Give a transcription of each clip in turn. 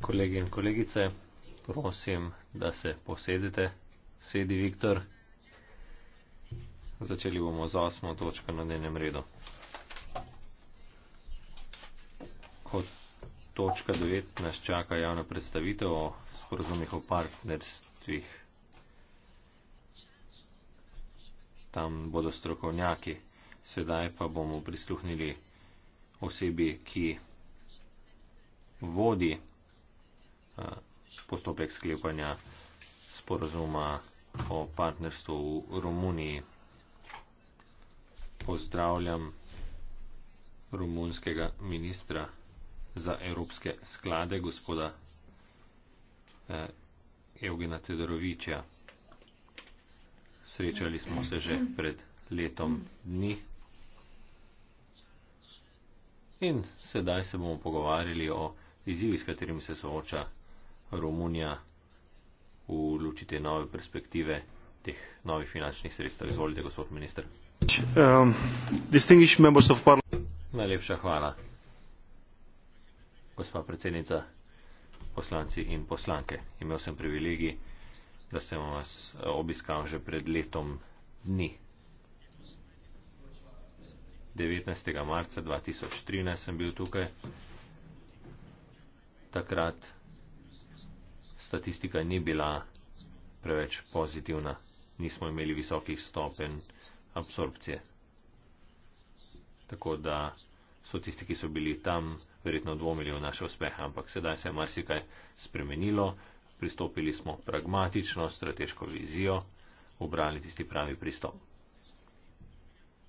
kolegi in kolegice prosim da se posedete sedi viktor začeli bomo z osmo točko na dnevnem redu kot točka devet nas čaka javna predstavitev o sporazumih o partnerstvih tam bodo strokovnjaki sedaj pa bomo prisluhnili osebi, ki vodi eh, postopek sklepanja sporozuma o partnerstvu v Romuniji. Pozdravljam romunskega ministra za evropske sklade, gospoda eh, Evgena Tedoroviča. Srečali smo se že pred letom dni. In sedaj se bomo pogovarjali o izzivi, s katerim se sooča Romunija v luči te nove perspektive teh novih finančnih sredstev. Izvolite, gospod minister. Um, Najlepša hvala, gospa predsednica, poslanci in poslanke. Imel sem privilegij, da sem vas obiskal že pred letom dni. 19. marca 2013 sem bil tukaj. Takrat statistika ni bila preveč pozitivna, nismo imeli visokih stopenj absorpcije. Tako da so tisti, ki so bili tam, verjetno dvomili v naše uspehe, ampak sedaj se je marsikaj spremenilo, pristopili smo pragmatično, strateško vizijo, obrali tisti pravi pristop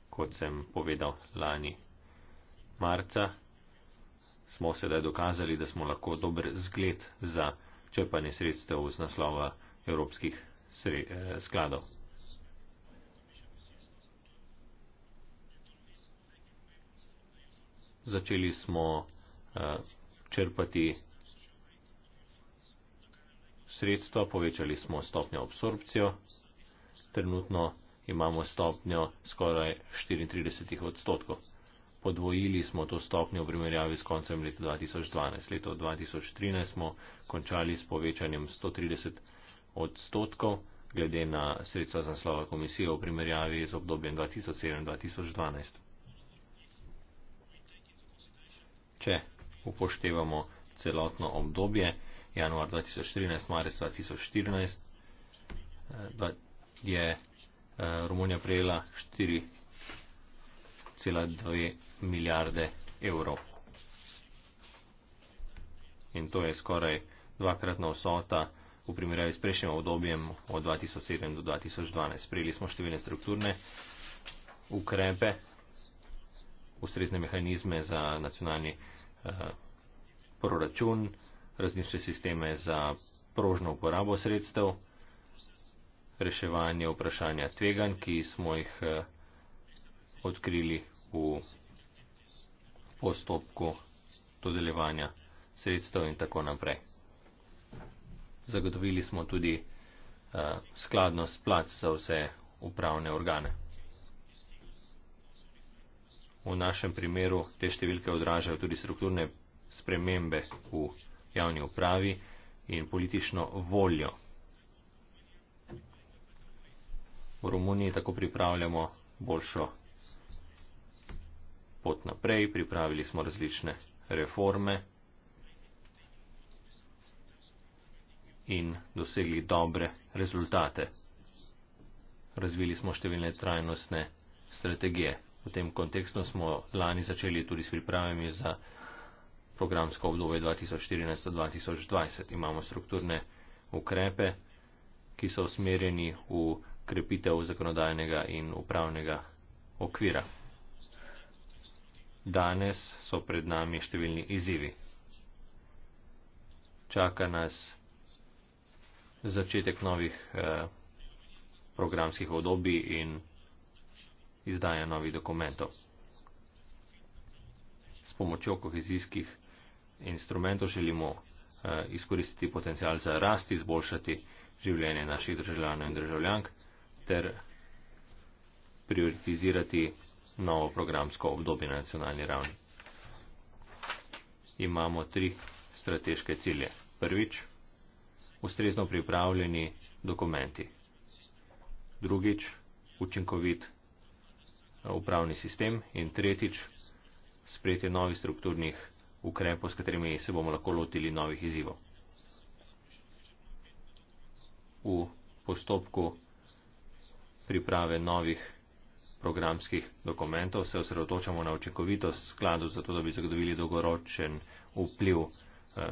kot sem povedal lani. Marca smo sedaj dokazali, da smo lahko dober zgled za črpanje sredstev z naslova evropskih sre, eh, skladov. Začeli smo eh, črpati sredstva, povečali smo stopnjo absorpcijo. Trenutno imamo stopnjo skoraj 34 odstotkov. Podvojili smo to stopnjo v primerjavi s koncem leta 2012. Leto 2013 smo končali s povečanjem 130 odstotkov glede na sredstva za slova komisije v primerjavi z obdobjem 2007-2012. Če upoštevamo celotno obdobje januar 2013-marec 2014, eh, je Eh, Romunija prejela 4,2 milijarde evrov. In to je skoraj dvakratna vsota v primerjavi s prejšnjim obdobjem od 2007 do 2012. Sprejeli smo številne strukturne ukrepe, ustrezne mehanizme za nacionalni eh, proračun, različne sisteme za prožno uporabo sredstev, reševanje vprašanja tveganj, ki smo jih eh, odkrili v postopku dodeljevanja sredstev in tako naprej. Zagotovili smo tudi eh, skladnost plač za vse upravne organe. V našem primeru te številke odražajo tudi strukturne spremembe v javni upravi in politično voljo v Romuniji tako pripravljamo boljšo pot naprej, pripravili smo različne reforme in dosegli dobre rezultate. Razvili smo številne trajnostne strategije. V tem kontekstu smo lani začeli tudi s pripravami za programsko obdobje 2014-2020. Imamo strukturne ukrepe, ki so usmerjeni v krepitev zakonodajnega in upravnega okvira. Danes so pred nami številni izzivi. Čaka nas začetek novih eh, programskih odobij in izdaja novih dokumentov. S pomočjo kohezijskih instrumentov želimo eh, izkoristiti potencial za rast, izboljšati življenje naših državljanov in državljank ter prioritizirati novo programsko obdobje na nacionalni ravni. Imamo tri strateške cilje. Prvič, ustrezno pripravljeni dokumenti. Drugič, učinkovit eh, upravni sistem. In tretjič, sprejetje novih strukturnih ukrepov, s katerimi se bomo lahko lotili novih izzivov. V postopku priprave novih programskih dokumentov, se osredotočamo na očekovitost skladov, zato da bi zagotovili dolgoročen vpliv eh,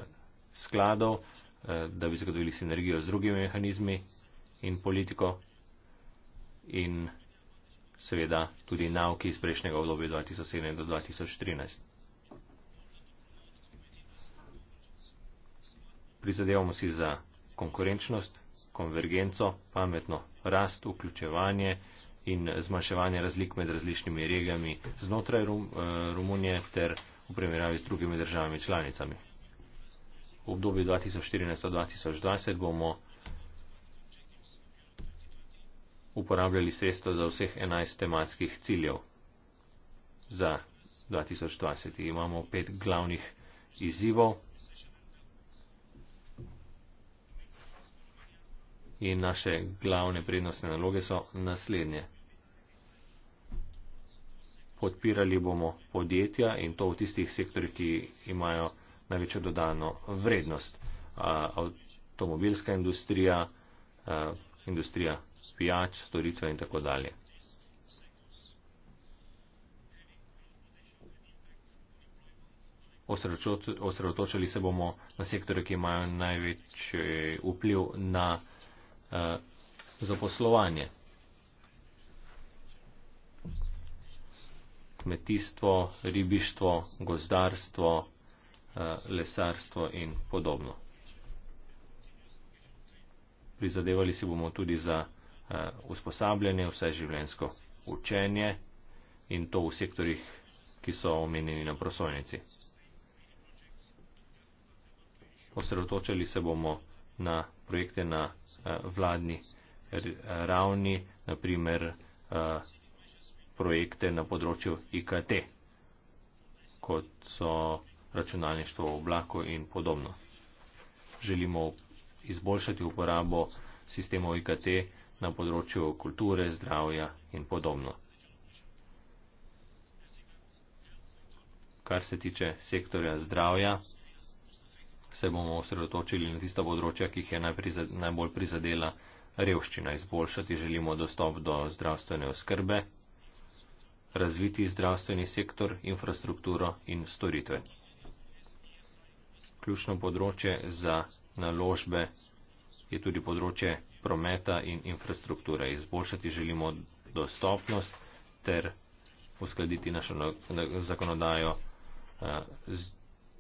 skladov, eh, da bi zagotovili sinergijo z drugimi mehanizmi in politiko in seveda tudi nauki iz prejšnjega obdobja 2007 do 2013. Prizadevamo si za konkurenčnost, konvergenco, pametno rast, vključevanje in zmanjševanje razlik med različnimi regijami znotraj Rum, eh, Rumunije ter v primerjavi z drugimi državami članicami. V obdobju 2014-2020 bomo uporabljali sredstva za vseh 11 tematskih ciljev za 2020. Imamo pet glavnih izzivov. In naše glavne prednostne naloge so naslednje. Podpirali bomo podjetja in to v tistih sektorjih, ki imajo največjo dodano vrednost. Avtomobilska industrija, industrija spijač, storitve in tako dalje. Osredotočili se bomo na sektore, ki imajo največji vpliv na. Eh, za poslovanje. Kmetijstvo, ribištvo, gozdarstvo, eh, lesarstvo in podobno. Prizadevali si bomo tudi za eh, usposabljanje, vseživljensko učenje in to v sektorjih, ki so omenjeni na prosojnici. Osredotočali se bomo na projekte na eh, vladni ravni, naprimer eh, projekte na področju IKT, kot so računalništvo v oblaku in podobno. Želimo izboljšati uporabo sistemov IKT na področju kulture, zdravja in podobno. Kar se tiče sektorja zdravja, se bomo osredotočili na tista področja, ki jih je prizad, najbolj prizadela revščina. Izboljšati želimo dostop do zdravstvene oskrbe, razviti zdravstveni sektor, infrastrukturo in storitve. Ključno področje za naložbe je tudi področje prometa in infrastrukture. Izboljšati želimo dostopnost ter uskladiti našo zakonodajo eh, z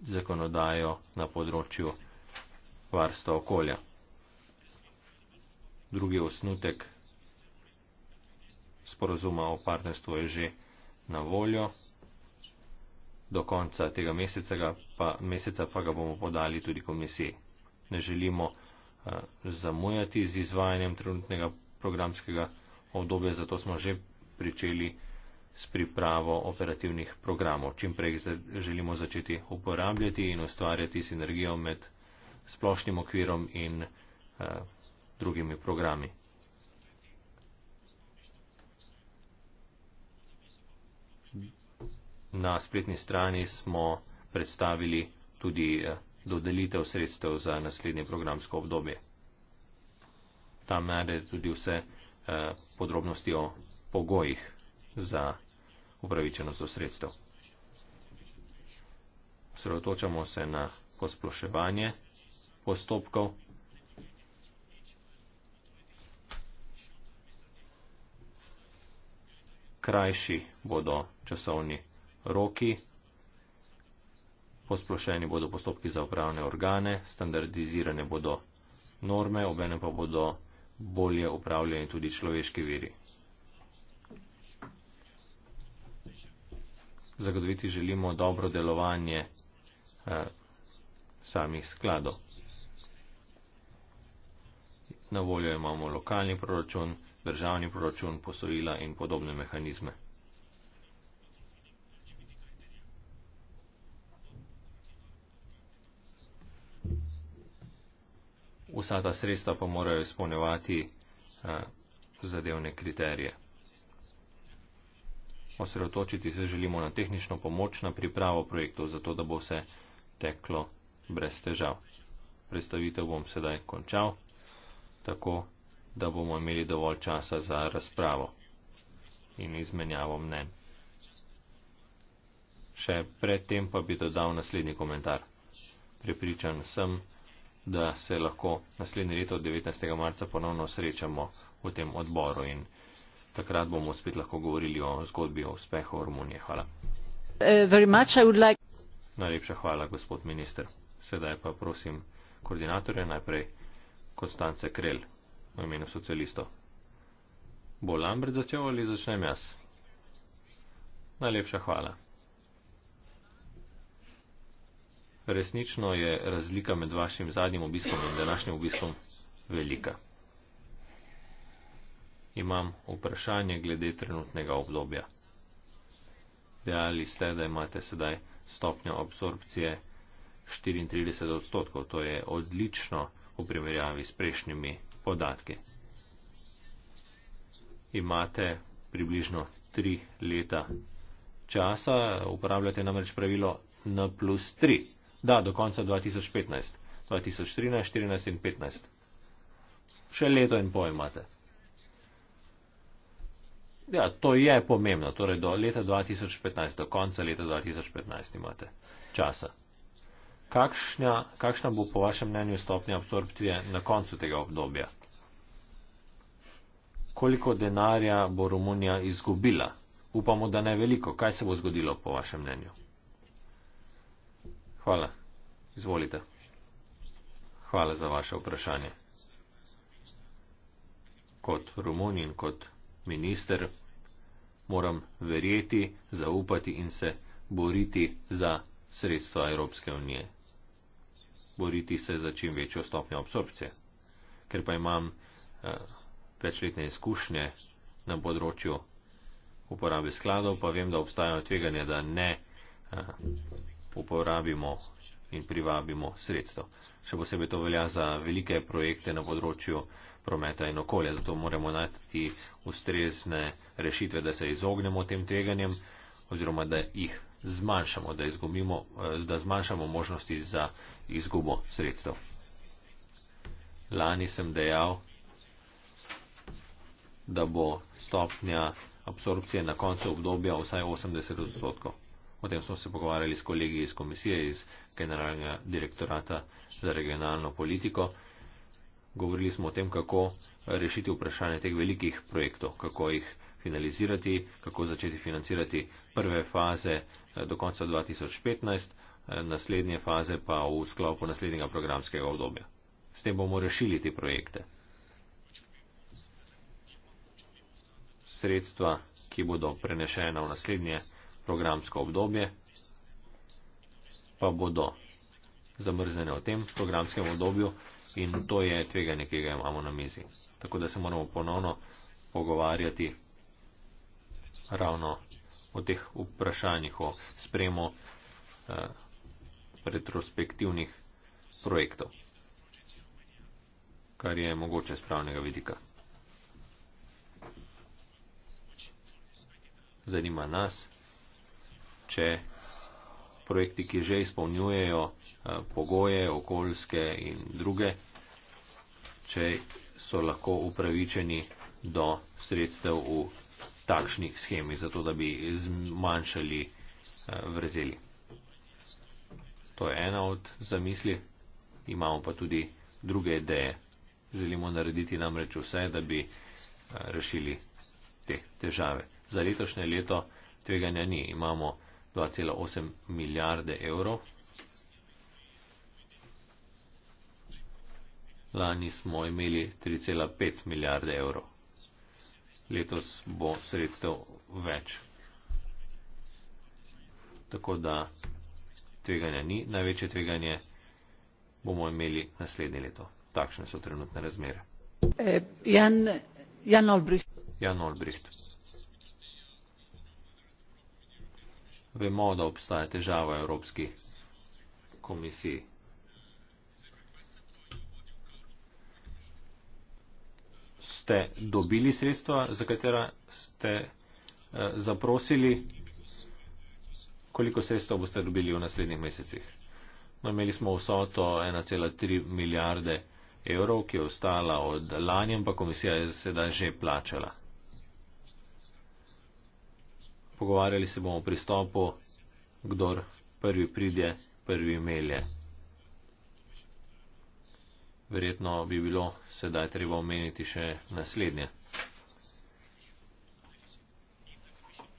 zakonodajo na področju varstva okolja. Drugi osnutek sporozuma o partnerstvu je že na voljo. Do konca tega meseca pa, meseca pa ga bomo podali tudi komisiji. Ne želimo uh, zamujati z izvajanjem trenutnega programskega obdobja, zato smo že pričeli uh, s pripravo operativnih programov. Čim prej želimo začeti uporabljati in ustvarjati sinergijo med splošnim okvirom in eh, drugimi programi. Na spletni strani smo predstavili tudi eh, dodelitev sredstev za naslednje programsko obdobje. Tam najde tudi vse eh, podrobnosti o pogojih za upravičenost do sredstev. Sredotočamo se na posploševanje postopkov. Krajši bodo časovni roki, posplošeni bodo postopki za upravne organe, standardizirane bodo norme, obene pa bodo bolje upravljeni tudi človeški viri. zagotoviti želimo dobro delovanje eh, samih skladov. Na voljo imamo lokalni proračun, državni proračun, posojila in podobne mehanizme. Vsa ta sredstva pa morajo izpolnevati eh, zadevne kriterije. Osredotočiti se želimo na tehnično pomoč na pripravo projektov, zato da bo vse teklo brez težav. Predstavitev bom sedaj končal, tako da bomo imeli dovolj časa za razpravo in izmenjavo mnen. Še predtem pa bi dodal naslednji komentar. Pripričan sem, da se lahko naslednje leto 19. marca ponovno srečamo v tem odboru in takrat bomo spet lahko govorili o zgodbi o uspehu Romunije. Hvala. Uh, like... Najlepša hvala, gospod minister. Sedaj pa prosim koordinatorja najprej Konstance Krel v imenu socialistov. Bo Lambert začel ali začnem jaz? Najlepša hvala. Resnično je razlika med vašim zadnjim obiskom in današnjim obiskom velika imam vprašanje glede trenutnega obdobja. Dejali ste, da imate sedaj stopnjo absorpcije 34 odstotkov, to je odlično v primerjavi s prejšnjimi podatki. Imate približno tri leta časa, uporabljate namreč pravilo N plus 3. Da, do konca 2015, 2013, 2014 in 2015. Še leto in pojmate. Ja, to je pomembno. Torej do leta 2015, do konca leta 2015 imate časa. Kakšna, kakšna bo po vašem mnenju stopnja absorpcije na koncu tega obdobja? Koliko denarja bo Romunija izgubila? Upamo, da ne veliko. Kaj se bo zgodilo po vašem mnenju? Hvala. Izvolite. Hvala za vaše vprašanje. Kot Romunin, kot minister, moram verjeti, zaupati in se boriti za sredstva Evropske unije. Boriti se za čim večjo stopnjo absorpcije. Ker pa imam eh, večletne izkušnje na področju uporabe skladov, pa vem, da obstajajo tveganja, da ne eh, uporabimo in privabimo sredstva. Še posebej to velja za velike projekte na področju prometa in okolja. Zato moramo najti ustrezne rešitve, da se izognemo tem tveganjem oziroma da jih zmanjšamo, da, izgubimo, eh, da zmanjšamo možnosti za izgubo sredstev. Lani sem dejal, da bo stopnja absorpcije na koncu obdobja vsaj 80 odstotkov. O tem smo se pogovarjali s kolegi iz komisije, iz generalnega direktorata za regionalno politiko govorili smo o tem, kako rešiti vprašanje teh velikih projektov, kako jih finalizirati, kako začeti financirati prve faze eh, do konca 2015, eh, naslednje faze pa v sklopu naslednjega programskega obdobja. S tem bomo rešili te projekte. Sredstva, ki bodo prenešena v naslednje programsko obdobje, pa bodo zamrznjene v tem programskem obdobju, In to je tveganje, ki ga imamo na mizi. Tako da se moramo ponovno pogovarjati ravno o teh vprašanjih, o spremu eh, retrospektivnih projektov, kar je mogoče z pravnega vidika. Zanima nas, če projekti, ki že izpolnjujejo eh, pogoje, okoljske in druge, če so lahko upravičeni do sredstev v takšnih schemi, zato da bi zmanjšali eh, vrzeli. To je ena od zamisli, imamo pa tudi druge ideje. Želimo narediti namreč vse, da bi eh, rešili te težave. Za letošnje leto tveganja ni. Imamo 2,8 milijarde evrov. Lani smo imeli 3,5 milijarde evrov. Letos bo sredstev več. Tako da tveganja ni. Največje tveganje bomo imeli naslednje leto. Takšne so trenutne razmere. Eh, Jan Olbricht. Jan Olbricht. Vemo, da obstaja težava Evropski komisiji. Ste dobili sredstva, za katera ste eh, zaprosili? Koliko sredstev boste dobili v naslednjih mesecih? No, imeli smo vsoto 1,3 milijarde evrov, ki je ostala od lani, pa komisija je sedaj že plačala pogovarjali se bomo o pristopu, kdor prvi pride, prvi melje. Verjetno bi bilo sedaj treba omeniti še naslednje.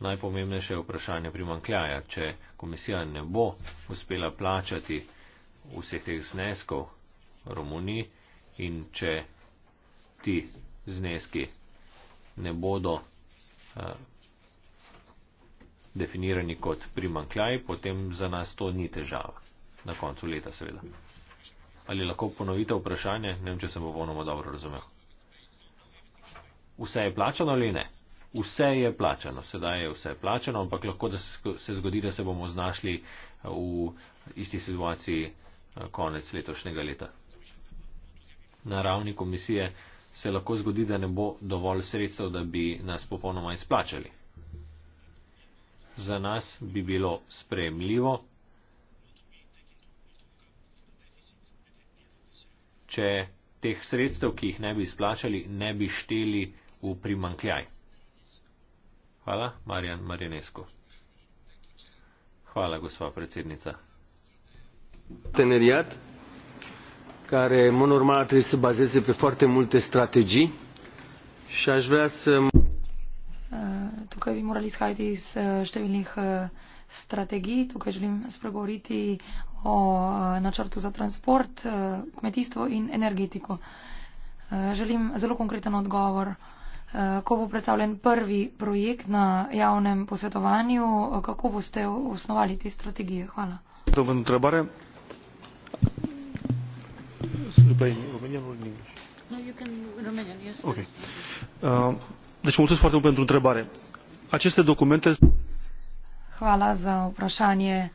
Najpomembnejše je vprašanje primankljaja. Če komisija ne bo uspela plačati vseh teh zneskov Romuniji in če ti zneski ne bodo eh, definirani kot primankljaj, potem za nas to ni težava. Na koncu leta, seveda. Ali lahko ponovite vprašanje? Ne vem, če sem popolnoma dobro razumel. Vse je plačano ali ne? Vse je plačano, sedaj je vse plačano, ampak lahko se zgodi, da se bomo znašli eh, v isti situaciji eh, konec letošnjega leta. Na ravni komisije se lahko zgodi, da ne bo dovolj sredstev, da bi nas popolnoma izplačali za nas bi bilo spremljivo, če teh sredstev, ki jih ne bi splačali, ne bi šteli v primankljaj. Hvala, Marjan Marinesko. Hvala, gospa predsednica. Teneriat, care, în mod normal, trebuie să bazeze pe foarte multe strategii și aș vrea să tukaj bi morali izhajati iz eh, številnih eh, strategij. Tukaj želim spregovoriti o eh, načrtu za transport, kmetijstvo in energetiko. Želim zelo konkreten odgovor. Ko bo predstavljen prvi projekt na javnem posvetovanju, kako boste osnovali te strategije? Hvala. Slovenijo, Romunijo, Romunijo aceste documente. hvala za vprašanje.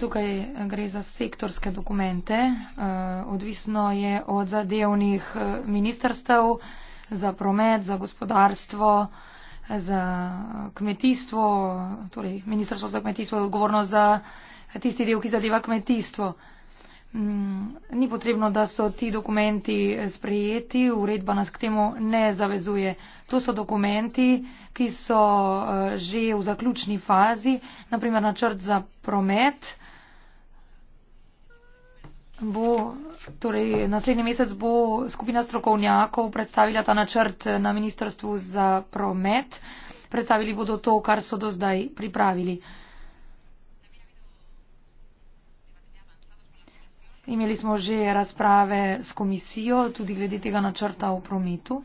tukaj gre za sektorske dokumente. Eh, odvisno je od zadevnih eh, ministrstev za promet za gospodarstvo za kmetijstvo torej ministrstvo za kmetijstvo je odgovorno za tisti del ki zadeva kmetijstvo. Mm, ni potrebno, da so ti dokumenti sprejeti, uredba nas k temu ne zavezuje. To so dokumenti, ki so eh, že v zaključni fazi, naprimer načrt za promet. Bo, torej, naslednji mesec bo skupina strokovnjakov predstavila ta načrt eh, na Ministrstvu za promet. Predstavili bodo to, kar so do zdaj pripravili. Imeli smo že razprave s komisijo, tudi glede tega načrta v prometu.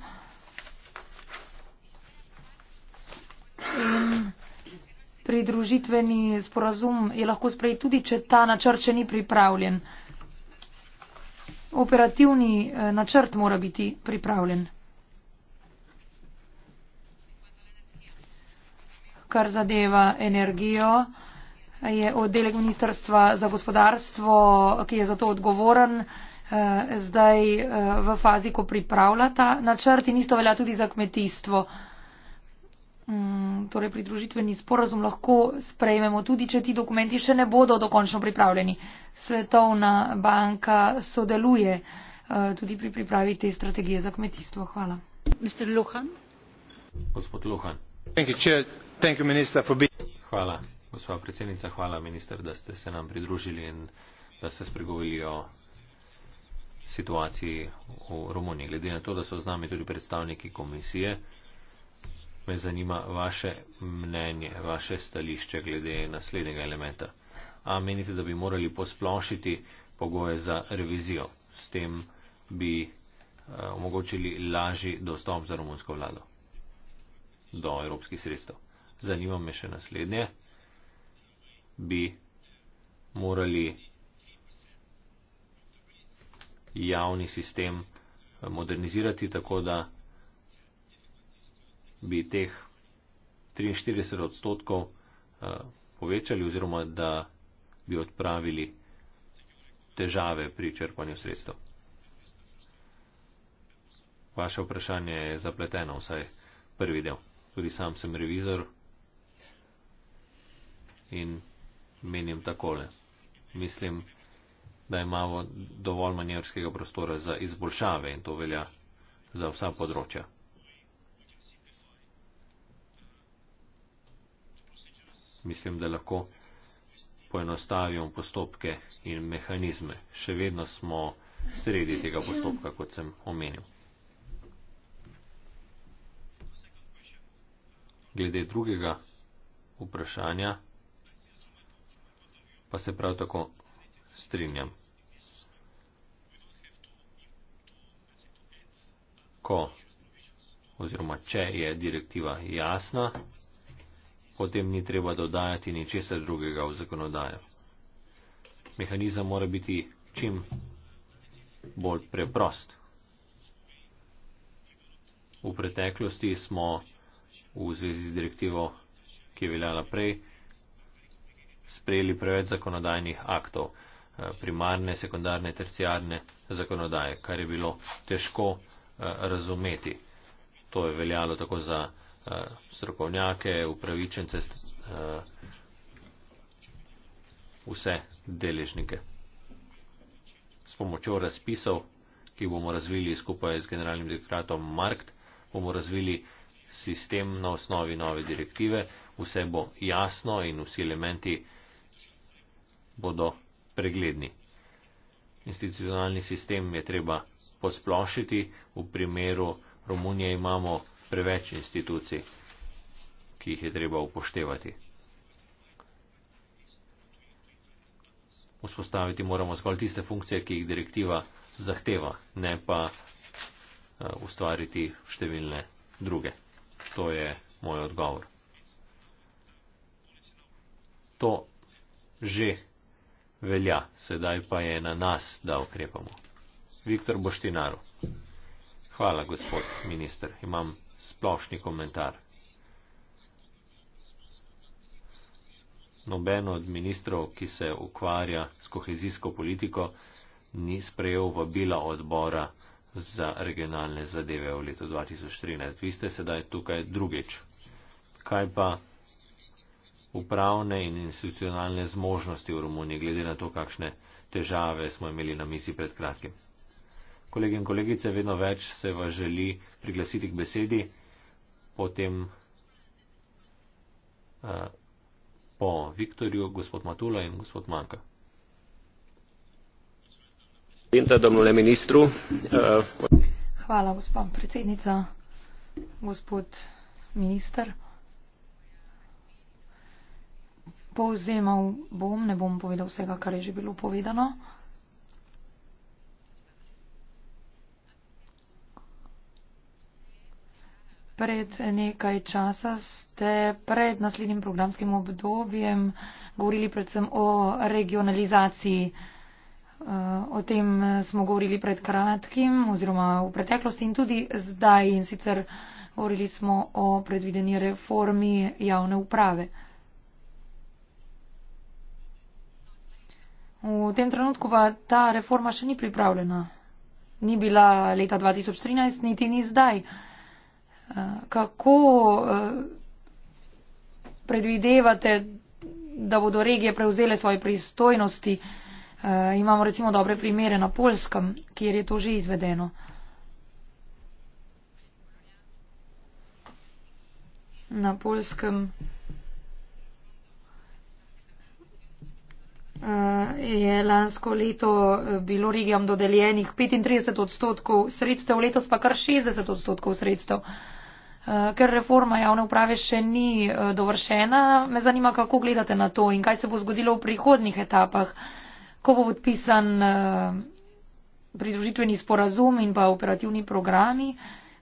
In pridružitveni sporazum je lahko sprejet tudi, če ta načrt še ni pripravljen. Operativni eh, načrt mora biti pripravljen. Kar zadeva energijo, je oddelek Ministrstva za gospodarstvo, ki je za to odgovoren, eh, zdaj eh, v fazi, ko pripravlja ta načrt in isto velja tudi za kmetijstvo. Mm, torej, pridružitveni sporazum lahko sprejmemo, tudi če ti dokumenti še ne bodo dokončno pripravljeni. Svetovna banka sodeluje eh, tudi pri pripravi te strategije za kmetijstvo. Hvala. Luhan. Gospod Luhan. Thank you, Chair. Thank you, Minister, for being here. Hvala. Gospa predsednica, hvala minister, da ste se nam pridružili in da ste spregovili o situaciji v Romuniji. Glede na to, da so z nami tudi predstavniki komisije, me zanima vaše mnenje, vaše stališče glede naslednjega elementa. A menite, da bi morali posplošiti pogoje za revizijo? S tem bi eh, omogočili lažji dostop za romunsko vlado do evropskih sredstev. Zanima me še naslednje bi morali javni sistem eh, modernizirati tako, da bi teh 43 odstotkov eh, povečali oziroma da bi odpravili težave pri črpanju sredstev. Vaše vprašanje je zapleteno, vsaj prvi del. Tudi sam sem revizor in menim takole. Mislim, da imamo dovolj manjerskega prostora za izboljšave in to velja za vsa področja. Mislim, da lahko poenostavimo postopke in mehanizme. Še vedno smo sredi tega postopka, kot sem omenil. Glede drugega vprašanja pa se prav tako strinjam. Ko oziroma če je direktiva jasna, potem ni treba dodajati ničesar drugega v zakonodajo. Mehanizem mora biti čim bolj preprost. V preteklosti smo v zvezi z direktivo, ki je veljala prej, sprejeli preveč zakonodajnih aktov, eh, primarne, sekundarne, terciarne zakonodaje, kar je bilo težko eh, razumeti. To je veljalo tako za eh, strokovnjake, upravičence, vse deležnike. S pomočjo razpisov, ki bomo razvili skupaj z generalnim direktoratom Markt, bomo razvili sistem na osnovi nove direktive, vse bo jasno in vsi elementi bodo pregledni. Institucionalni sistem je treba posplošiti. V primeru Romunije imamo preveč institucij, ki jih je treba upoštevati. Vzpostaviti moramo zgolj tiste funkcije, ki jih direktiva zahteva, ne pa eh, ustvariti številne druge. To je moj odgovor. To že velja, sedaj pa je na nas, da ukrepamo. Viktor Boštinaru. Hvala, gospod minister. Imam splošni komentar. Noben od ministrov, ki se ukvarja s kohezijsko politiko, ni sprejel vabila odbora za regionalne zadeve v letu 2013. Vi ste sedaj tukaj drugič. Kaj pa upravne in institucionalne zmožnosti v Romuniji, glede na to, kakšne težave smo imeli na misi pred kratkim. Kolegi in kolegice, vedno več se vas želi priglasiti k besedi, potem uh, po Viktorju, gospod Matula in gospod Manka. Eh, Hvala, gospod predsednica, gospod minister. povzemal bom, ne bom povedal vsega, kar je že bilo povedano. Pred nekaj časa ste pred naslednjim programskim obdobjem govorili predvsem o regionalizaciji. Eh, o tem smo govorili pred kratkim oziroma v preteklosti in tudi zdaj in sicer govorili smo o predvideni reformi javne uprave. V tem trenutku pa ta reforma še ni pripravljena. Ni bila leta 2013, niti ni zdaj. Eh, kako eh, predvidevate, da bodo regije prevzele svoje pristojnosti? Eh, imamo recimo dobre primere na Polskem, kjer je to že izvedeno. Na Polskem. Eh, je lansko leto eh, bilo regijam dodeljenih 35 odstotkov sredstev, letos pa kar 60 odstotkov sredstev. Eh, ker reforma javne uprave še ni dovršena, me zanima, kako gledate na to in kaj se bo zgodilo v prihodnih etapah, ko bo podpisan pridružitveni sporazum in pa operativni programi,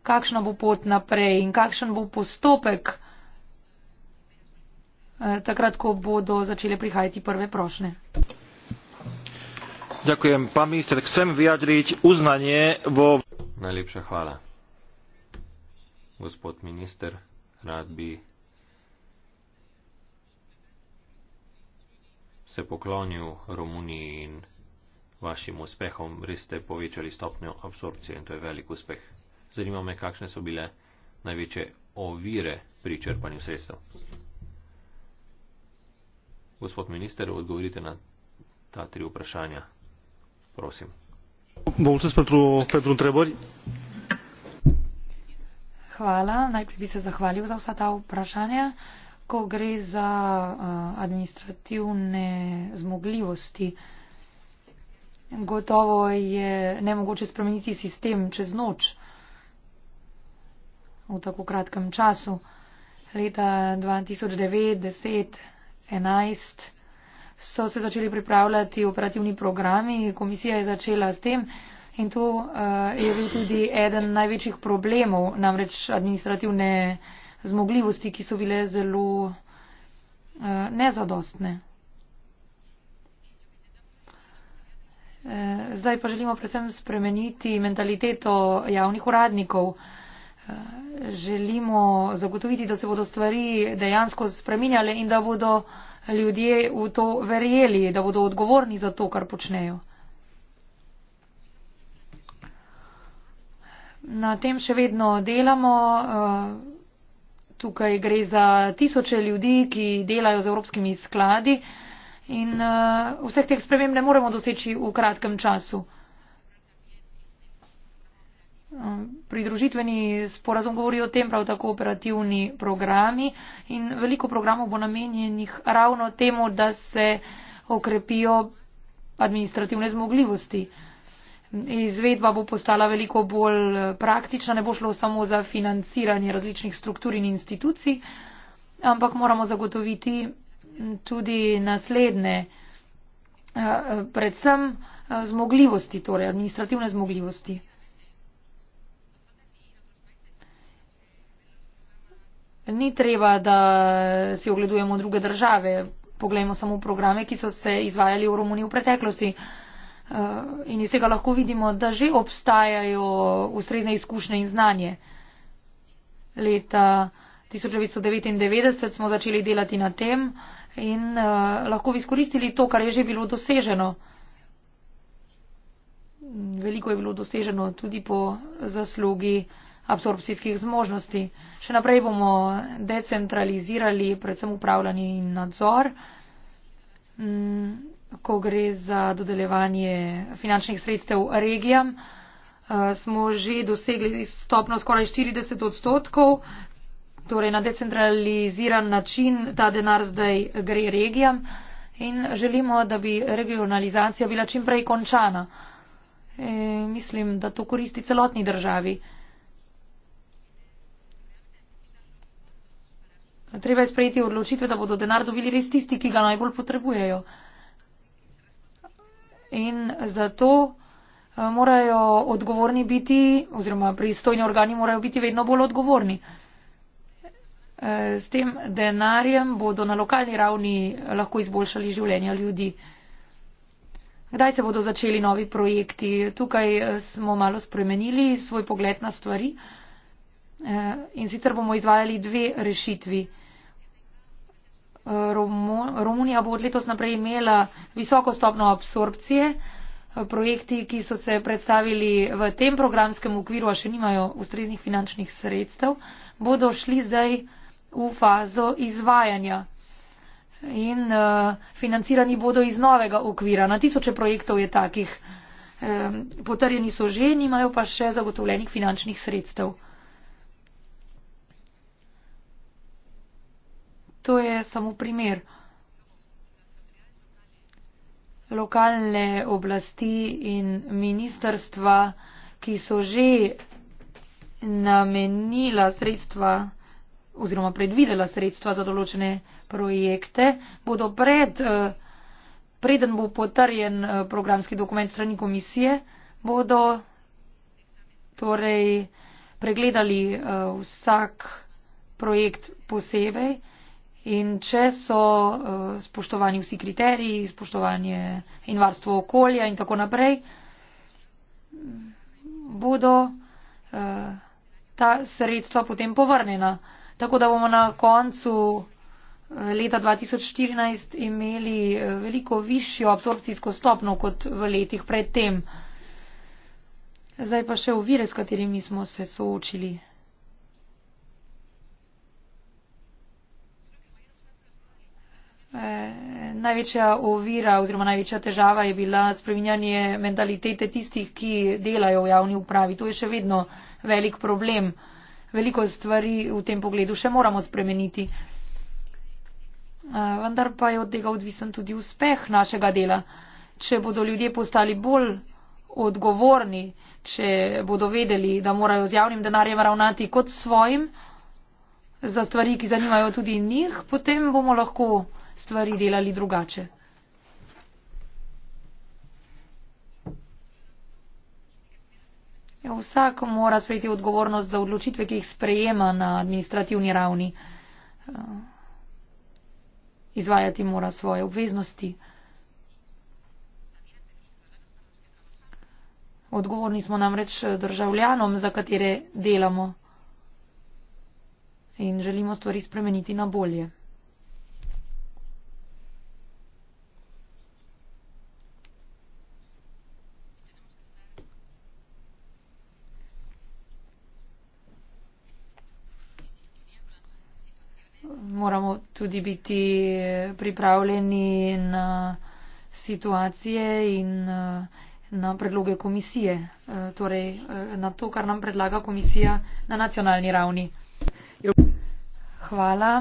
kakšna bo pot naprej in kakšen bo postopek. Eh, takrat, ko bodo začele prihajati prve prošne. Ďakujem. Pán minister, chcem vyjadriť uznanie vo... Najlepšia chvála. Gospod minister, rád by se poklonil Rumunii in vašim uspehom. Res ste povečali stopnjo absorpcije in to je velik uspeh. Zanima me, kakšne so bile največje ovire pri črpanju sredstev. Gospod minister, odgovorite na ta tri vprašanja. Prosim. Bolce s Petru Treborj. Hvala. Najprej bi se zahvalil za vsa ta vprašanja. Ko gre za eh, administrativne zmogljivosti, gotovo je nemogoče spremeniti sistem čez noč v tako kratkem času. Leta 2009-2010 2011 so se začeli pripravljati operativni programi, komisija je začela s tem in to uh, je bil tudi eden največjih problemov, namreč administrativne zmogljivosti, ki so bile zelo uh, nezadostne. Eh, zdaj pa želimo predvsem spremeniti mentaliteto javnih uradnikov želimo zagotoviti, da se bodo stvari dejansko spreminjale in da bodo ljudje v to verjeli, da bodo odgovorni za to, kar počnejo. Na tem še vedno delamo. Eh, tukaj gre za tisoče ljudi, ki delajo z evropskimi skladi in eh, vseh teh sprememb ne moremo doseči v kratkem času. Um, pridružitveni sporazum govori o tem, prav tako operativni programi in veliko programov bo namenjenih ravno temu, da se okrepijo administrativne zmogljivosti. Izvedba bo postala veliko bolj eh, praktična, ne bo šlo samo za financiranje različnih struktur in institucij, ampak moramo zagotoviti tudi naslednje, eh, eh, predvsem zmogljivosti, torej administrativne zmogljivosti. ni treba, da si ogledujemo druge države. Poglejmo samo programe, ki so se izvajali v Romuniji v preteklosti. Eh, in iz tega lahko vidimo, da že obstajajo ustrezne izkušnje in znanje. Leta 1999 smo začeli delati na tem in eh, lahko bi izkoristili to, kar je že bilo doseženo. Veliko je bilo doseženo tudi po zaslugi absorpcijskih zmožnosti. Še naprej bomo decentralizirali predvsem upravljanje in nadzor, mm, ko gre za dodeljevanje finančnih sredstev regijam. Eh, smo že dosegli stopno skoraj 40 odstotkov, torej na decentraliziran način ta denar zdaj gre regijam in želimo, da bi regionalizacija bila čim prej končana. E, mislim, da to koristi celotni državi. Treba je sprejeti odločitve, da bodo denar dobili res tisti, ki ga najbolj potrebujejo. In zato eh, morajo odgovorni biti, oziroma pristojni organi morajo biti vedno bolj odgovorni. Eh, s tem denarjem bodo na lokalni ravni lahko izboljšali življenja ljudi. Kdaj se bodo začeli novi projekti? Tukaj eh, smo malo spremenili svoj pogled na stvari. Eh, in sicer bomo izvajali dve rešitvi. Eh, Romunija bo od letos naprej imela visoko stopno absorpcije. Eh, projekti, ki so se predstavili v tem programskem okviru, a še nimajo ustreznih finančnih sredstev, bodo šli zdaj v fazo izvajanja. In uh, financirani bodo iz novega okvira. Na tisoče projektov je takih. Um, potrjeni so že, nimajo pa še zagotovljenih finančnih sredstev. To je samo primer. Lokalne oblasti in ministerstva, ki so že namenila sredstva oziroma predvidela sredstva za določene projekte, bodo pred, eh, preden bo potrjen eh, programski dokument strani komisije, bodo torej pregledali eh, vsak projekt posebej. In če so uh, spoštovani vsi kriteriji, spoštovanje in varstvo okolja in tako naprej, bodo uh, ta sredstva potem povrnjena. Tako da bomo na koncu eh, leta 2014 imeli veliko višjo absorpcijsko stopno kot v letih predtem. Zdaj pa še ovire, s katerimi smo se soočili. Eh, največja ovira oziroma največja težava je bila spreminjanje mentalitete tistih, ki delajo v javni upravi. To je še vedno velik problem. Veliko stvari v tem pogledu še moramo spremeniti. Eh, vendar pa je od tega odvisen tudi uspeh našega dela. Če bodo ljudje postali bolj odgovorni, če bodo vedeli, da morajo z javnim denarjem ravnati kot svojim, za stvari, ki zanimajo tudi njih, potem bomo lahko stvari delali drugače. Ja, vsak mora sprejeti odgovornost za odločitve, ki jih sprejema na administrativni ravni. Eh, izvajati mora svoje obveznosti. Odgovorni smo namreč državljanom, za katere delamo in želimo stvari spremeniti na bolje. moramo tudi biti pripravljeni na situacije in eh, na predloge komisije, eh, torej eh, na to, kar nam predlaga komisija na nacionalni ravni. Hvala.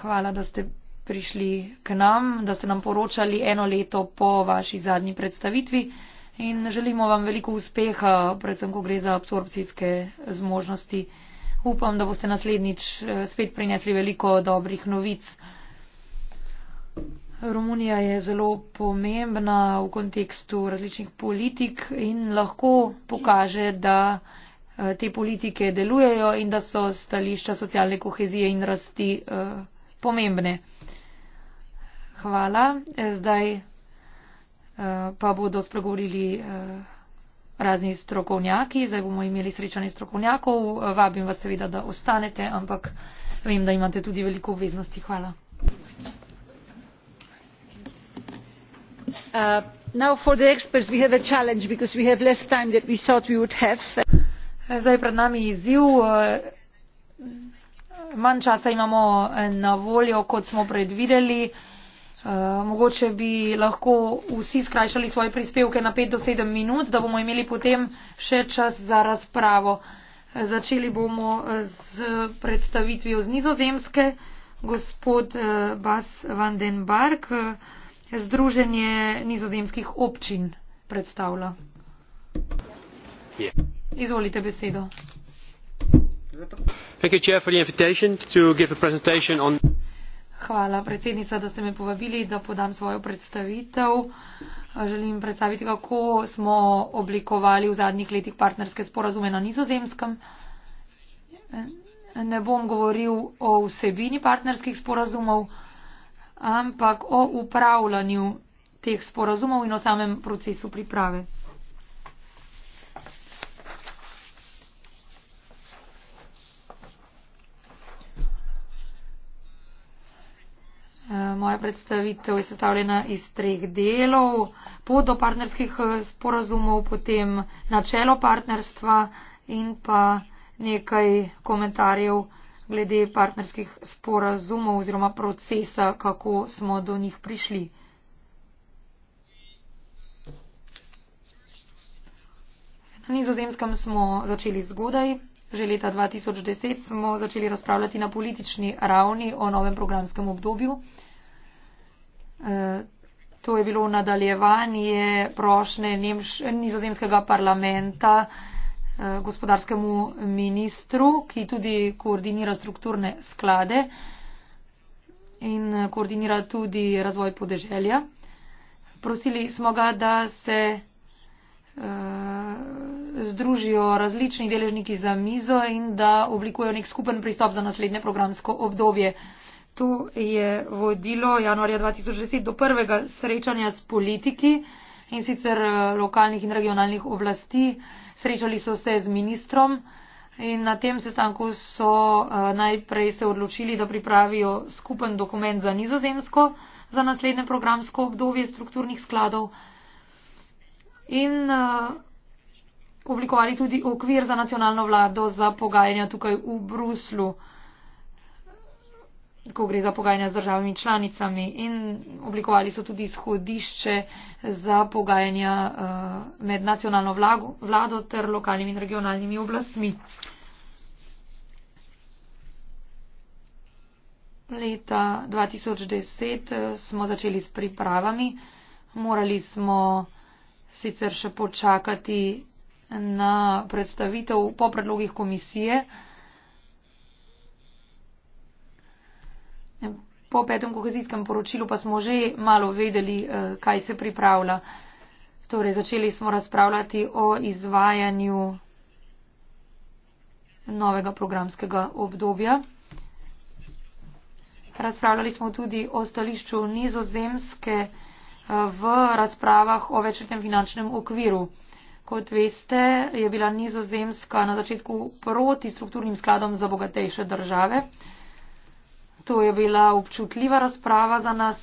Hvala, da ste prišli k nam, da ste nam poročali eno leto po vaši zadnji predstavitvi in želimo vam veliko uspeha, predvsem ko gre za absorpcijske zmožnosti upam, da boste naslednjič eh, spet prinesli veliko dobrih novic. Romunija je zelo pomembna v kontekstu različnih politik in lahko pokaže, da eh, te politike delujejo in da so stališča socialne kohezije in rasti eh, pomembne. Hvala. Zdaj pa bodo spregovorili razni strokovnjaki. Zdaj bomo imeli srečanje strokovnjakov. Vabim vas seveda, da ostanete, ampak vem, da imate tudi veliko obveznosti. Hvala. Uh, Zdaj pred nami je izziv. Uh, manj časa imamo na voljo, kot smo predvideli. Uh, Eh, mogoče bi lahko vsi skrajšali svoje prispevke na 5 do 7 minut, da bomo imeli potem še čas za razpravo. Začeli bomo eh, z predstavitvijo z nizozemske, gospod eh, Bas van den Bark, Združenje nizozemskih občin predstavlja. Izvolite besedo. Thank you, Chair, for the invitation to give a presentation on. Hvala, predsednica, da ste me povabili, da podam svojo predstavitev. Želim predstaviti, kako smo oblikovali v zadnjih letih partnerske sporazume na nizozemskem. Ne bom govoril o vsebini partnerskih sporazumov, ampak o upravljanju teh sporazumov in o samem procesu priprave. moja predstavitev je sestavljena iz treh delov. Pot do partnerskih eh, sporazumov, potem načelo partnerstva in pa nekaj komentarjev glede partnerskih sporazumov oziroma procesa, kako smo do njih prišli. Na nizozemskem smo začeli zgodaj. Že leta 2010 smo začeli razpravljati na politični ravni o novem programskem obdobju. Eh, to je bilo nadaljevanje prošnje Nemš nizozemskega parlamenta eh, gospodarskemu ministru, ki tudi koordinira strukturne sklade in eh, koordinira tudi razvoj podeželja. Prosili smo ga, da se uh, združijo različni deležniki za mizo in da oblikujejo nek skupen pristop za naslednje programsko obdobje. Uh, letu je vodilo januarja 2010 do prvega srečanja s politiki in sicer eh, lokalnih in regionalnih oblasti. Srečali so se z ministrom in na tem sestanku so eh, najprej se odločili, da pripravijo skupen dokument za nizozemsko za naslednje programsko obdobje strukturnih skladov in uh, oblikovali tudi okvir za nacionalno vlado za pogajanja tukaj v Bruslu. Uh, ko gre za pogajanja z državami članicami in oblikovali so tudi izhodišče za pogajanja eh, med nacionalno vlago, vlado ter lokalnimi in regionalnimi oblastmi. Leta 2010 eh, smo začeli s pripravami. Morali smo sicer še počakati na predstavitev po predlogih komisije. Ja, po petem kohezijskem poročilu pa smo že malo vedeli, eh, kaj se pripravlja. Torej, začeli smo razpravljati o izvajanju novega programskega obdobja. Razpravljali smo tudi o stališču nizozemske eh, v razpravah o večletnem finančnem okviru. Kot veste, je bila nizozemska na začetku proti strukturnim skladom za bogatejše države. To je bila občutljiva razprava za nas.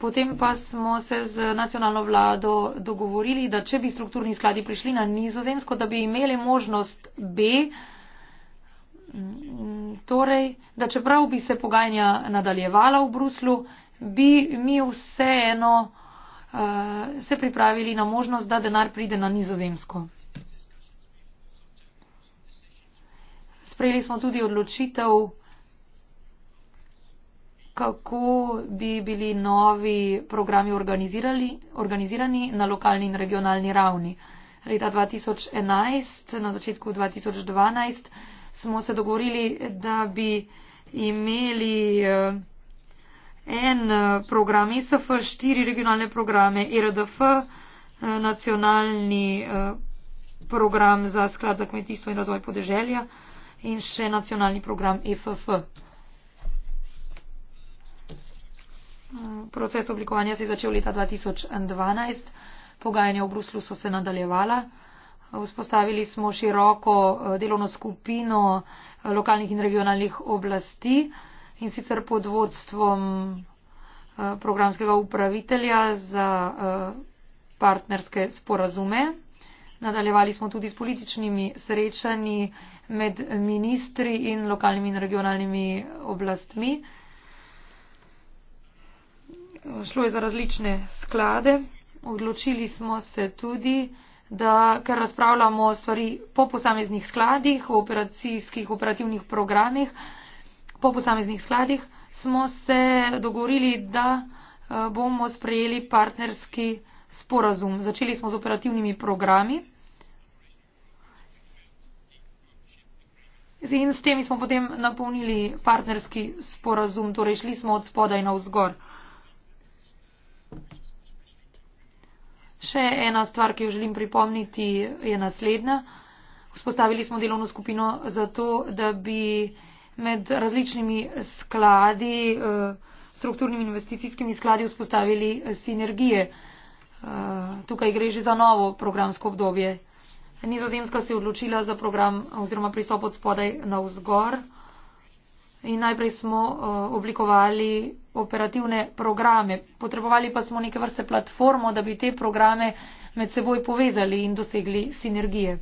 Potem pa smo se z nacionalno vlado dogovorili, da če bi strukturni skladi prišli na nizozemsko, da bi imeli možnost B, torej, da čeprav bi se pogajanja nadaljevala v Bruslu, bi mi vseeno uh, se pripravili na možnost, da denar pride na nizozemsko. Sprejeli smo tudi odločitev, kako bi bili novi programi organizirani na lokalni in regionalni ravni. Leta 2011, na začetku 2012, smo se dogovorili, da bi imeli eh, en eh, program ISF, e štiri regionalne programe IRDF, e eh, nacionalni program za sklad za kmetijstvo in razvoj podeželja in še nacionalni program IFF. E Proces oblikovanja se je začel leta 2012, pogajanja v Bruslu so se nadaljevala. Vzpostavili smo široko eh, delovno skupino eh, lokalnih in regionalnih oblasti in sicer pod vodstvom eh, programskega upravitelja za partnerske sporazume. Nadaljevali smo tudi s političnimi srečanji med ministri in lokalnimi in regionalnimi oblastmi šlo je za različne sklade. Odločili smo se tudi, da ker razpravljamo stvari po posameznih skladih, o operacijskih operativnih programih, po posameznih skladih, smo se dogovorili, da eh, bomo sprejeli partnerski sporazum. Začeli smo z operativnimi programi. In s temi smo potem napolnili partnerski sporazum, torej šli smo od spodaj na vzgor. Še ena stvar, ki jo želim pripomniti, je naslednja. Vzpostavili smo delovno skupino zato, da bi med različnimi skladi, eh, strukturnimi investicijskimi skladi vzpostavili eh, sinergije. Eh, tukaj gre že za novo programsko obdobje. Nizozemska se je odločila za program oziroma pristop od spodaj na vzgor. In najprej smo oblikovali operativne programe. Potrebovali pa smo neke vrste platformo, da bi te programe med seboj povezali in dosegli sinergije.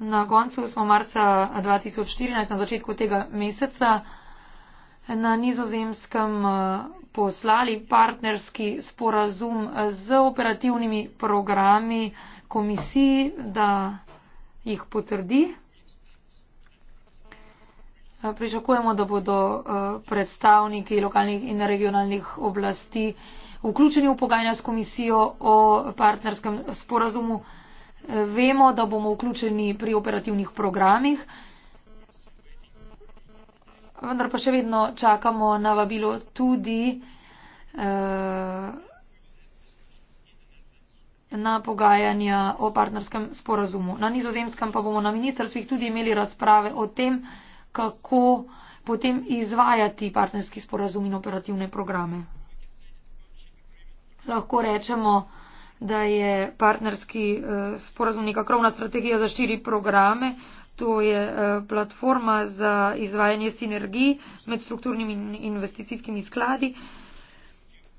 Na koncu smo marca 2014, na začetku tega meseca, na nizozemskem eh, poslali partnerski sporazum z operativnimi programi komisiji, da jih potrdi. Eh, pričakujemo, da bodo eh, predstavniki lokalnih in regionalnih oblasti vključeni v pogajanja s komisijo o partnerskem sporazumu. Eh, vemo, da bomo vključeni pri operativnih programih, vendar pa še vedno čakamo na vabilo tudi. Uh, na pogajanja o partnerskem sporazumu. Na nizozemskem pa bomo na ministrstvih tudi imeli razprave o tem, kako potem izvajati partnerski sporazum in operativne programe. Lahko rečemo, da je partnerski eh, sporazum neka krovna strategija za širi programe. To je eh, platforma za izvajanje sinergij med strukturnimi in investicijskimi skladi.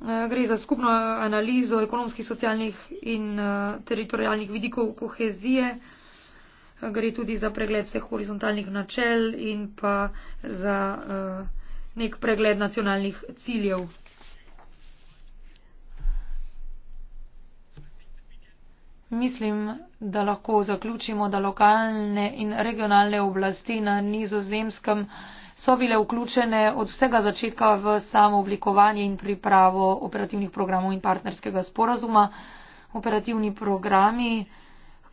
Eh, gre za skupno analizo ekonomskih, socialnih in eh, teritorijalnih vidikov kohezije. Eh, gre tudi za pregled vseh horizontalnih načel in pa za nek pregled nacionalnih ciljev. Mislim, da lahko zaključimo, da lokalne in regionalne oblasti na nizozemskem so bile vključene od vsega začetka v samo oblikovanje in pripravo operativnih programov in partnerskega sporazuma. Operativni programi,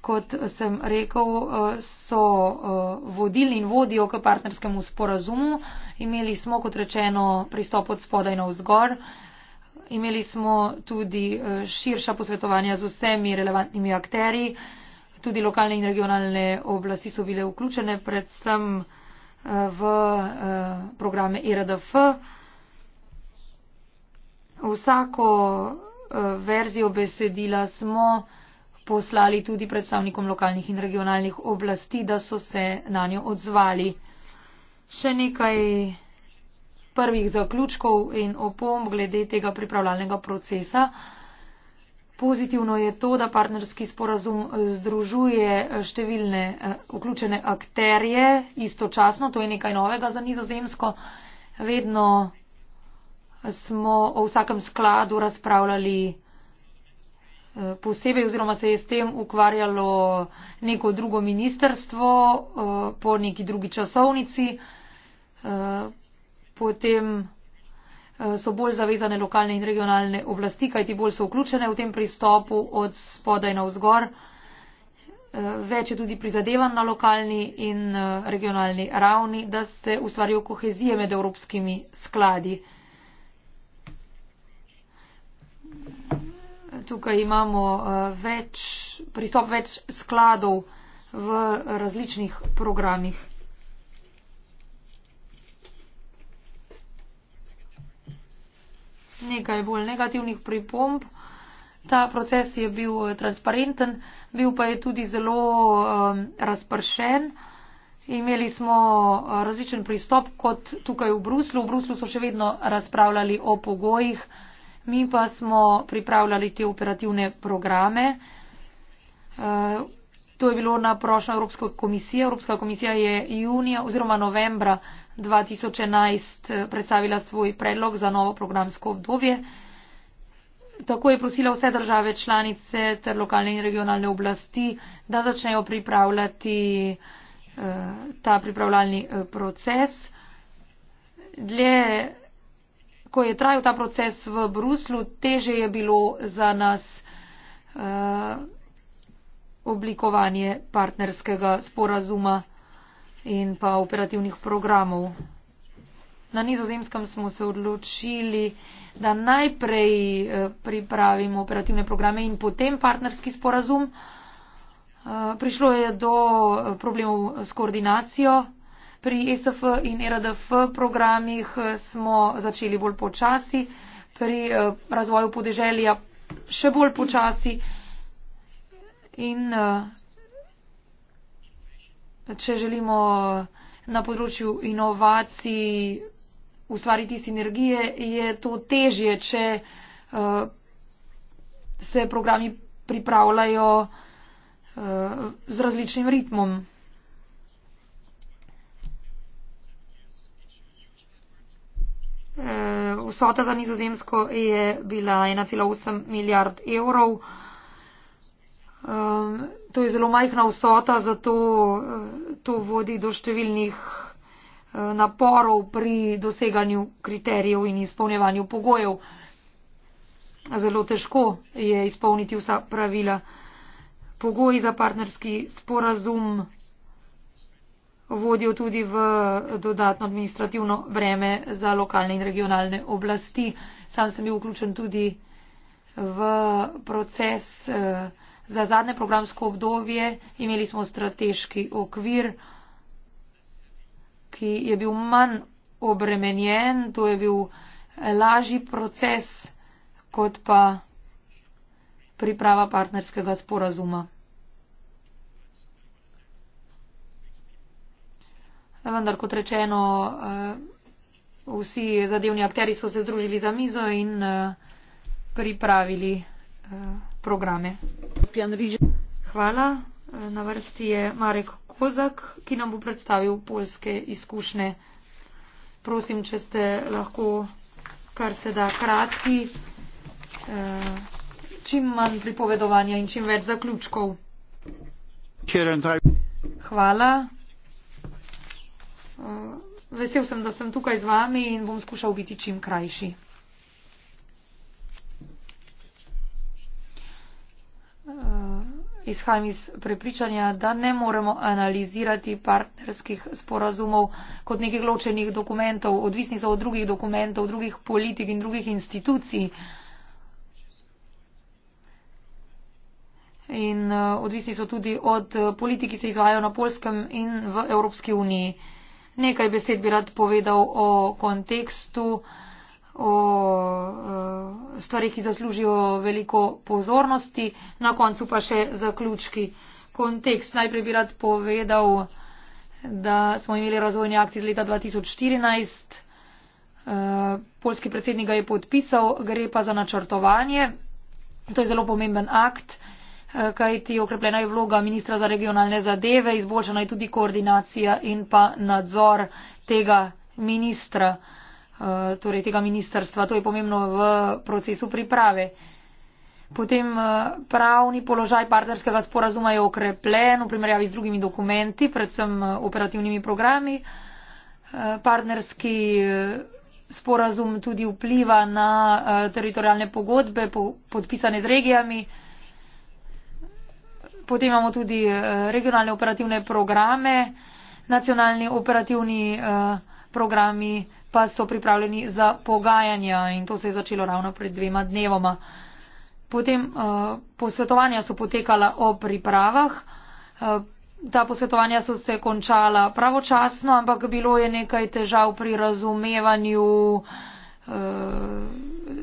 kot sem rekel, eh, so eh, vodili in vodijo k partnerskemu sporazumu. Imeli smo, kot rečeno, pristop od spodaj na vzgor. Imeli smo tudi eh, širša posvetovanja z vsemi relevantnimi akteri. Tudi lokalne in regionalne oblasti so bile vključene, predvsem v eh, programe IRDF. Vsako eh, verzijo besedila smo poslali tudi predstavnikom lokalnih in regionalnih oblasti, da so se na njo odzvali. Še nekaj prvih zaključkov in opomb glede tega pripravljalnega procesa. Uh, Pozitivno je to, da partnerski sporazum združuje eh, številne eh, vključene akterje istočasno. To je nekaj novega za nizozemsko. Vedno smo o vsakem skladu razpravljali eh, posebej oziroma se je s tem ukvarjalo neko drugo ministerstvo po neki drugi časovnici. Potem Eh, so bolj zavezane lokalne in regionalne oblasti, kajti bolj so vključene v tem pristopu od spodaj na vzgor. Eh, več je tudi prizadevan na lokalni in eh, regionalni ravni, da se ustvarijo kohezije med evropskimi skladi. Tukaj imamo več, pristop več skladov v različnih programih. nekaj bolj negativnih pripomb. Ta proces je bil eh, transparenten, bil pa je tudi zelo um, razpršen. Imeli smo eh, različen pristop kot tukaj v Bruslu. V Bruslu so še vedno razpravljali o pogojih, mi pa smo pripravljali te operativne programe. To je bilo na prošnjo Evropske komisije. Evropska komisija je junija oziroma novembra 2011 eh, predstavila svoj predlog za novo programsko obdobje. Tako je prosila vse države članice ter lokalne in regionalne oblasti, da začnejo pripravljati eh, ta pripravljalni eh, proces. Dlje, ko je trajal ta proces v Bruslu, teže je bilo za nas oblikovanje partnerskega sporazuma in pa operativnih programov. Na nizozemskem smo se odločili, da najprej eh, pripravimo operativne programe in potem partnerski sporazum. Eh, prišlo je do eh, problemov s koordinacijo. Pri ESF in e RDF programih smo začeli bolj počasi, pri razvoju podeželja še bolj počasi in če želimo na področju inovacij ustvariti sinergije, je to težje, če uh, se programi pripravljajo uh, z različnim ritmom. Uh, vsota za nizozemsko je bila 1,8 milijard evrov. Um, to je zelo majhna vsota, zato uh, to vodi do številnih eh, naporov pri doseganju kriterijev in izpolnjevanju pogojev. Zelo težko je izpolniti vsa pravila. Pogoji za partnerski sporazum vodijo tudi v dodatno administrativno breme za lokalne in regionalne oblasti. Sam sem bil vključen tudi v proces. Eh, Za zadnje programsko obdobje imeli smo strateški okvir, ki je bil manj obremenjen, to je bil eh, lažji proces kot pa priprava partnerskega sporazuma. Vendar, kot rečeno, eh, vsi zadevni akteri so se združili za mizo in eh, pripravili programe. Hvala. Na vrsti je Marek Kozak, ki nam bo predstavil polske izkušnje. Prosim, če ste lahko kar se da kratki, eh, čim manj pripovedovanja in čim več zaključkov. Hvala. Eh, vesel sem, da sem tukaj z vami in bom skušal biti čim krajši. izhajam iz prepričanja, da ne moremo analizirati partnerskih sporazumov kot nekih ločenih dokumentov, odvisni so od drugih dokumentov, drugih politik in drugih institucij. In eh, odvisni so tudi od eh, politik, ki se izvajo na Polskem in v Evropski uniji. Nekaj besed bi rad povedal o kontekstu o eh, stvari, ki zaslužijo veliko pozornosti. Na koncu pa še zaključki. Kontekst. Najprej bi rad povedal, da smo imeli razvojni akt iz leta 2014. Eh, Polski predsednik ga je podpisal, gre pa za načrtovanje. To je zelo pomemben akt, eh, kajti okrepljena je vloga ministra za regionalne zadeve, izboljšana je tudi koordinacija in pa nadzor tega ministra. Eh, torej tega ministrstva. To je pomembno v procesu priprave. Potem eh, pravni položaj partnerskega sporazuma je okrepljen v primerjavi z drugimi dokumenti, predvsem eh, operativnimi programi. Partnerski sporazum tudi vpliva na teritorijalne pogodbe podpisane z regijami. Potem imamo tudi regionalne operativne programe, nacionalni operativni programi pa so pripravljeni za pogajanja in to se je začelo ravno pred dvema dnevoma. Potem uh, posvetovanja so potekala o pripravah. Uh, ta posvetovanja so se končala pravočasno, ampak bilo je nekaj težav pri razumevanju uh,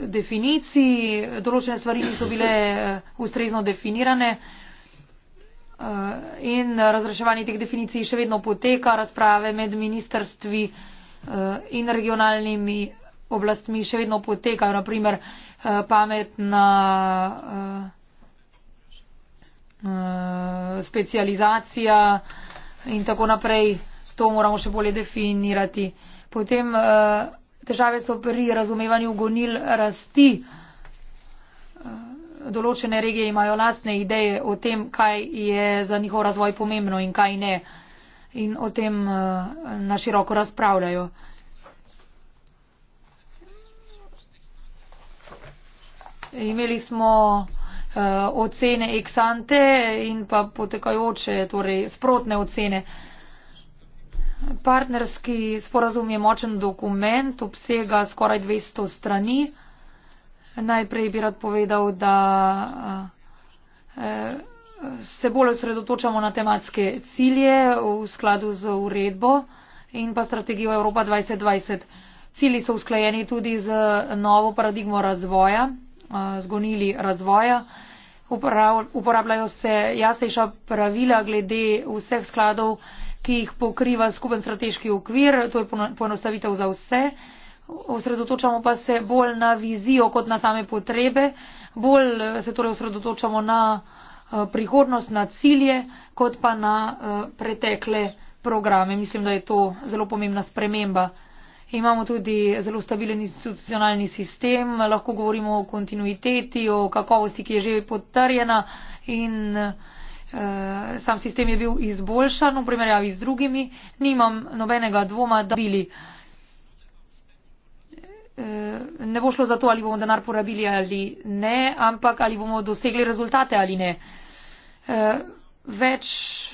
definicij. Določene stvari niso bile ustrezno definirane uh, in razreševanje teh definicij še vedno poteka, razprave med ministerstvi. Uh, Eh, in regionalnimi oblastmi še vedno potekajo, naprimer eh, pametna eh, specializacija in tako naprej. To moramo še bolje definirati. Potem težave so pri razumevanju gonil rasti. Določene regije imajo lastne ideje o tem, kaj je za njihov razvoj pomembno in kaj ne in o tem eh, na široko razpravljajo. Imeli smo eh, ocene eksante in pa potekajoče, torej sprotne ocene. Partnerski sporazum je močen dokument, obsega skoraj 200 strani. Najprej bi rad povedal, da eh, se bolj osredotočamo na tematske cilje v skladu z uredbo in pa strategijo Evropa 2020. Cili so usklajeni tudi z novo paradigmo razvoja, zgonili razvoja. Uporabljajo se jasnejša pravila glede vseh skladov, ki jih pokriva skupen strateški okvir. To je poenostavitev za vse. Osredotočamo pa se bolj na vizijo kot na same potrebe. Bolj se torej osredotočamo na. Eh, prihodnost na cilje, kot pa na eh, pretekle programe. Mislim, da je to zelo pomembna sprememba. Imamo tudi zelo stabilen institucionalni sistem, lahko govorimo o kontinuiteti, o kakovosti, ki je že potrjena in eh, sam sistem je bil izboljšan v primerjavi z drugimi. Nimam nobenega dvoma, da bili. Eh, ne bo šlo za to, ali bomo denar porabili ali ne, ampak ali bomo dosegli rezultate ali ne. Eh, več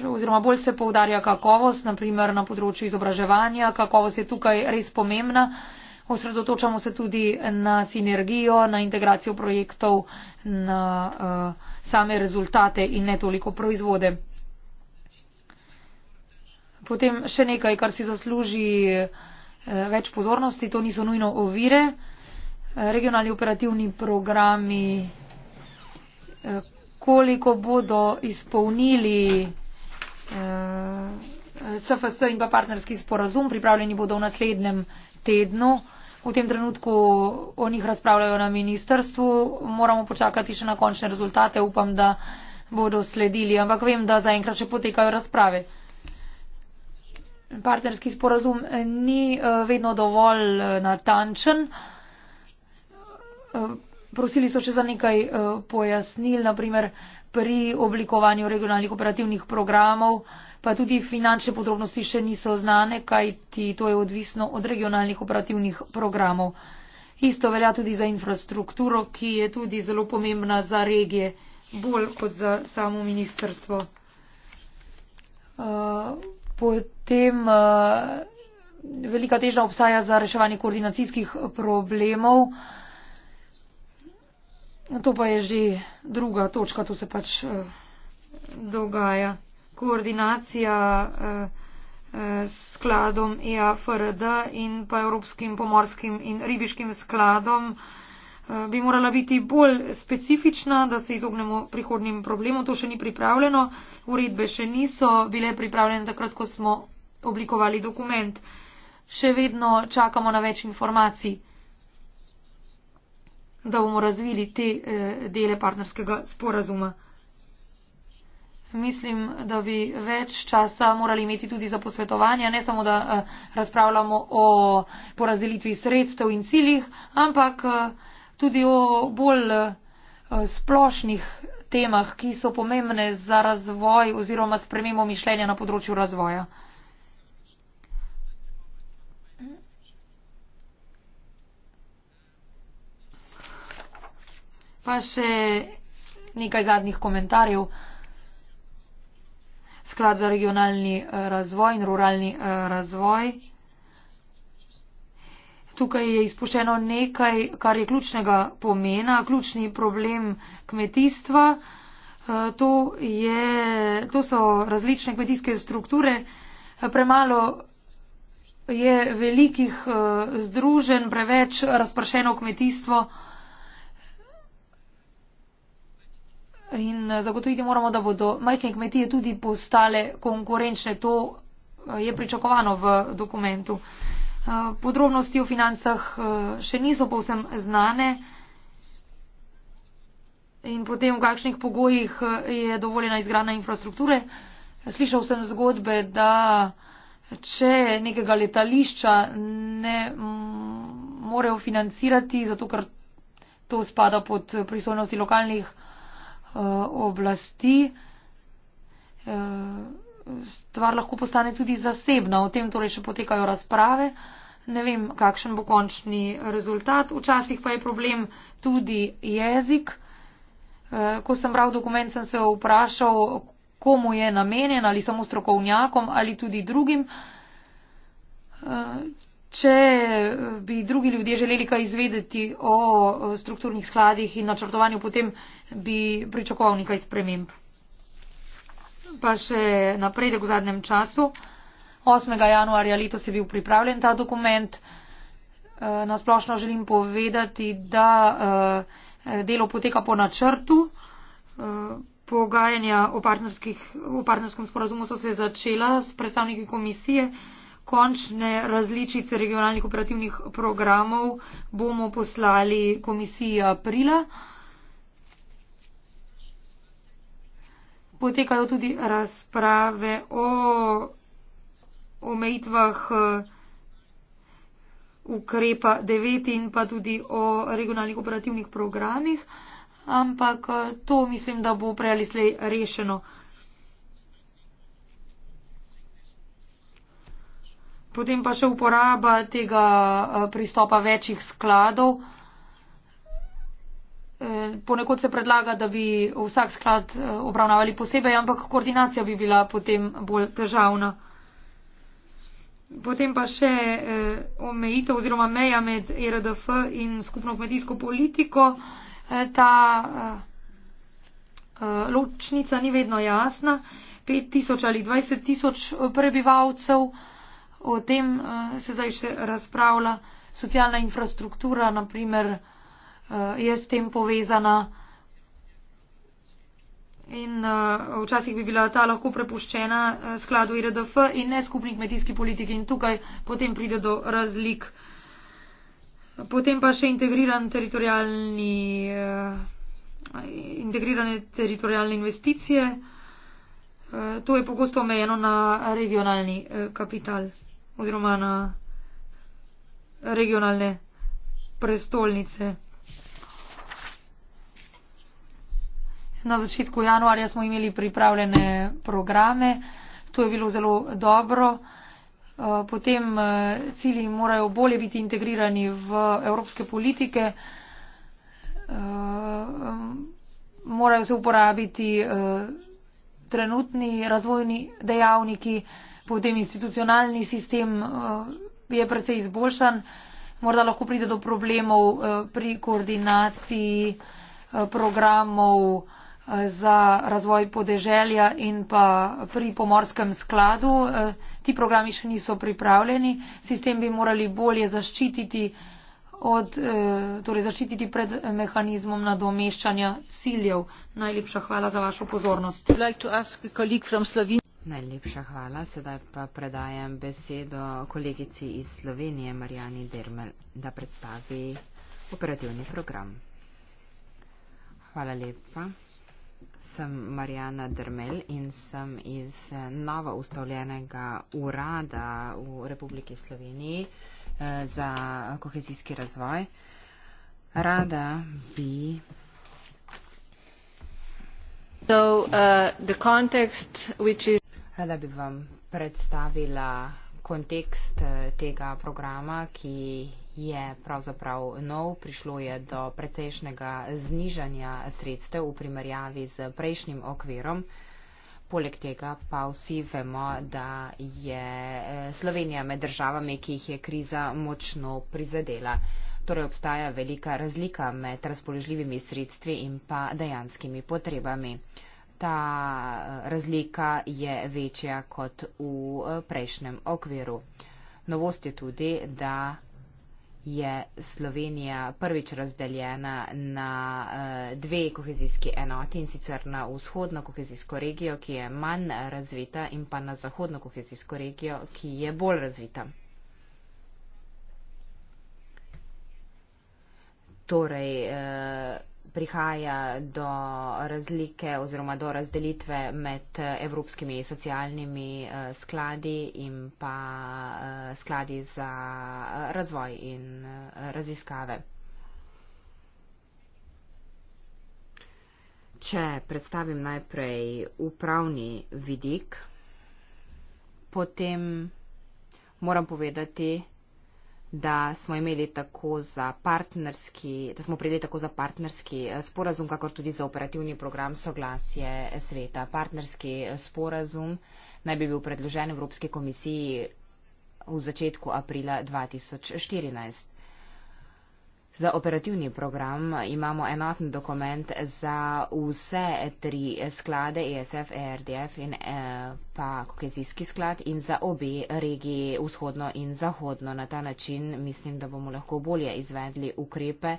oziroma bolj se povdarja kakovost, naprimer na področju izobraževanja. Kakovost je tukaj res pomembna. Osredotočamo se tudi na sinergijo, na integracijo projektov, na uh, same rezultate in ne toliko proizvode. Potem še nekaj, kar si zasluži uh, več pozornosti, to niso nujno ovire. Uh, regionalni operativni programi. Uh, koliko bodo izpolnili eh, CFS in pa partnerski sporazum, pripravljeni bodo v naslednjem tednu. V tem trenutku o njih razpravljajo na ministerstvu, moramo počakati še na končne rezultate, upam, da bodo sledili, ampak vem, da zaenkrat še potekajo razprave. Partnerski sporazum eh, ni eh, vedno dovolj eh, natančen. Prosili so še za nekaj eh, pojasnil, naprimer pri oblikovanju regionalnih operativnih programov, pa tudi finančne podrobnosti še niso znane, kajti to je odvisno od regionalnih operativnih programov. Isto velja tudi za infrastrukturo, ki je tudi zelo pomembna za regije, bolj kot za samo ministrstvo. Eh, potem eh, velika težava obstaja za reševanje koordinacijskih problemov. To pa je že druga točka, to se pač eh, dogaja. Koordinacija eh, eh, s skladom EAFRD in pa Evropskim pomorskim in ribiškim skladom bi morala biti bolj specifična, da se izognemo prihodnim problemom. To še ni pripravljeno. Uredbe še niso bile pripravljene takrat, ko smo oblikovali dokument. Še vedno čakamo na več informacij da bomo razvili te eh, dele partnerskega sporazuma. Mislim, da bi več časa morali imeti tudi za posvetovanje, ne samo, da eh, razpravljamo o porazdelitvi sredstev in ciljih, ampak eh, tudi o bolj splošnih temah, ki so pomembne za razvoj oziroma spremembo mišljenja na področju razvoja. Pa še nekaj zadnjih komentarjev. Sklad za regionalni eh, razvoj in ruralni eh, razvoj. Tukaj je izpušeno nekaj, kar je ključnega pomena, ključni problem kmetijstva. Eh, to, je, to so različne kmetijske strukture. Premalo je velikih združen, preveč razpršeno kmetijstvo. in eh, zagotoviti moramo, da bodo majhne kmetije tudi postale konkurenčne. To eh, je pričakovano v dokumentu. Eh, podrobnosti o financah še niso povsem znane in potem v kakšnih pogojih je dovoljena izgradna infrastrukture. Slišal sem zgodbe, da če nekega letališča ne morejo financirati, zato ker to spada pod pristojnosti lokalnih Eh, oblasti, eh, stvar lahko postane tudi zasebna. O tem torej še potekajo razprave. Ne vem, kakšen bo končni rezultat. Včasih pa je problem tudi jezik. Eh, ko sem bral dokument, sem se vprašal, komu je namenjen, ali samo strokovnjakom, ali tudi drugim. Če eh, bi drugi ljudje želeli kaj izvedeti o eh, strukturnih skladih in načrtovanju, potem bi pričakoval nekaj sprememb. Pa še napredek v zadnjem času. 8. januarja letos je bil pripravljen ta dokument. Eh, Nasplošno želim povedati, da delo poteka po načrtu. Pogajanja o, o partnerskem sporazumu so se začela s predstavniki komisije končne različice regionalnih operativnih programov bomo poslali komisiji aprila. Potekajo tudi razprave o omejitvah eh, ukrepa 9 in pa tudi o regionalnih operativnih programih, ampak eh, to mislim, da bo prej ali slej rešeno. potem pa še uporaba tega eh, pristopa večjih skladov. Eh, ponekod se predlaga, da bi vsak sklad eh, obravnavali posebej, ampak koordinacija bi bila potem bolj težavna. Potem pa še omejitev oziroma meja med e RDF in skupno kmetijsko politiko. Ta ločnica ni vedno jasna. 5000 ali 20 tisoč prebivalcev o tem uh, se zdaj še razpravlja. Socialna infrastruktura, naprimer, uh, eh, je s tem povezana. In uh, včasih bi bila ta lahko prepuščena uh, skladu IRDF in ne skupni kmetijski politiki. In tukaj potem pride do razlik. Potem pa še integriran teritorijalni, uh, integrirane teritorijalne investicije. Uh, to je pogosto omejeno na regionalni uh, kapital oziroma na regionalne prestolnice. Na začetku januarja smo imeli pripravljene programe, to je bilo zelo dobro. Eh, potem eh, cilji morajo bolje biti integrirani v evropske politike, eh, morajo se uporabiti trenutni razvojni dejavniki, potem institucionalni sistem eh, je precej izboljšan. Morda lahko pride do problemov eh, pri koordinaciji eh, programov za razvoj podeželja in pa pri pomorskem skladu. Ti programi še niso pripravljeni. Sistem bi morali bolje zaščititi, od, torej zaščititi pred mehanizmom nadomeščanja ciljev. Najlepša hvala za vašo pozornost. Like Najlepša hvala. Sedaj pa predajam besedo kolegici iz Slovenije, Marjani Dermel, da predstavi operativni program. Hvala lepa. Sem Marjana Dermel in sem iz novo ustavljenega urada v Republiki Sloveniji eh, za kohezijski razvoj. Rada bi. So, uh, da bi vam predstavila kontekst eh, tega programa, ki je pravzaprav nov. Prišlo je do precejšnjega znižanja sredstev v primerjavi z prejšnjim okvirom. Poleg tega pa vsi vemo, da je eh, Slovenija med državami, ki jih je kriza močno prizadela. Torej obstaja velika razlika med razpoložljivimi sredstvi in pa dejanskimi potrebami ta eh, razlika je večja kot v eh, prejšnjem okviru. Novost je tudi, da je Slovenija prvič razdeljena na eh, dve kohezijski enoti in sicer na vzhodno kohezijsko regijo, ki je manj razvita in pa na zahodno kohezijsko regijo, ki je bolj razvita. Torej, prihaja do razlike oziroma do razdelitve med eh, evropskimi socialnimi eh, skladi in pa eh, skladi za razvoj in raziskave. Če predstavim najprej upravni vidik, potem moram povedati, da smo imeli tako za partnerski, da smo prijeli tako za partnerski eh, sporazum, kakor tudi za operativni program soglasje sveta. Partnerski eh, sporazum naj bi bil predložen Evropski komisiji v začetku aprila 2014. Za operativni program imamo enoten dokument za vse tri sklade, ESF, ERDF in eh, pa kohezijski sklad in za obi regiji vzhodno in zahodno. Na ta način mislim, da bomo lahko bolje izvedli ukrepe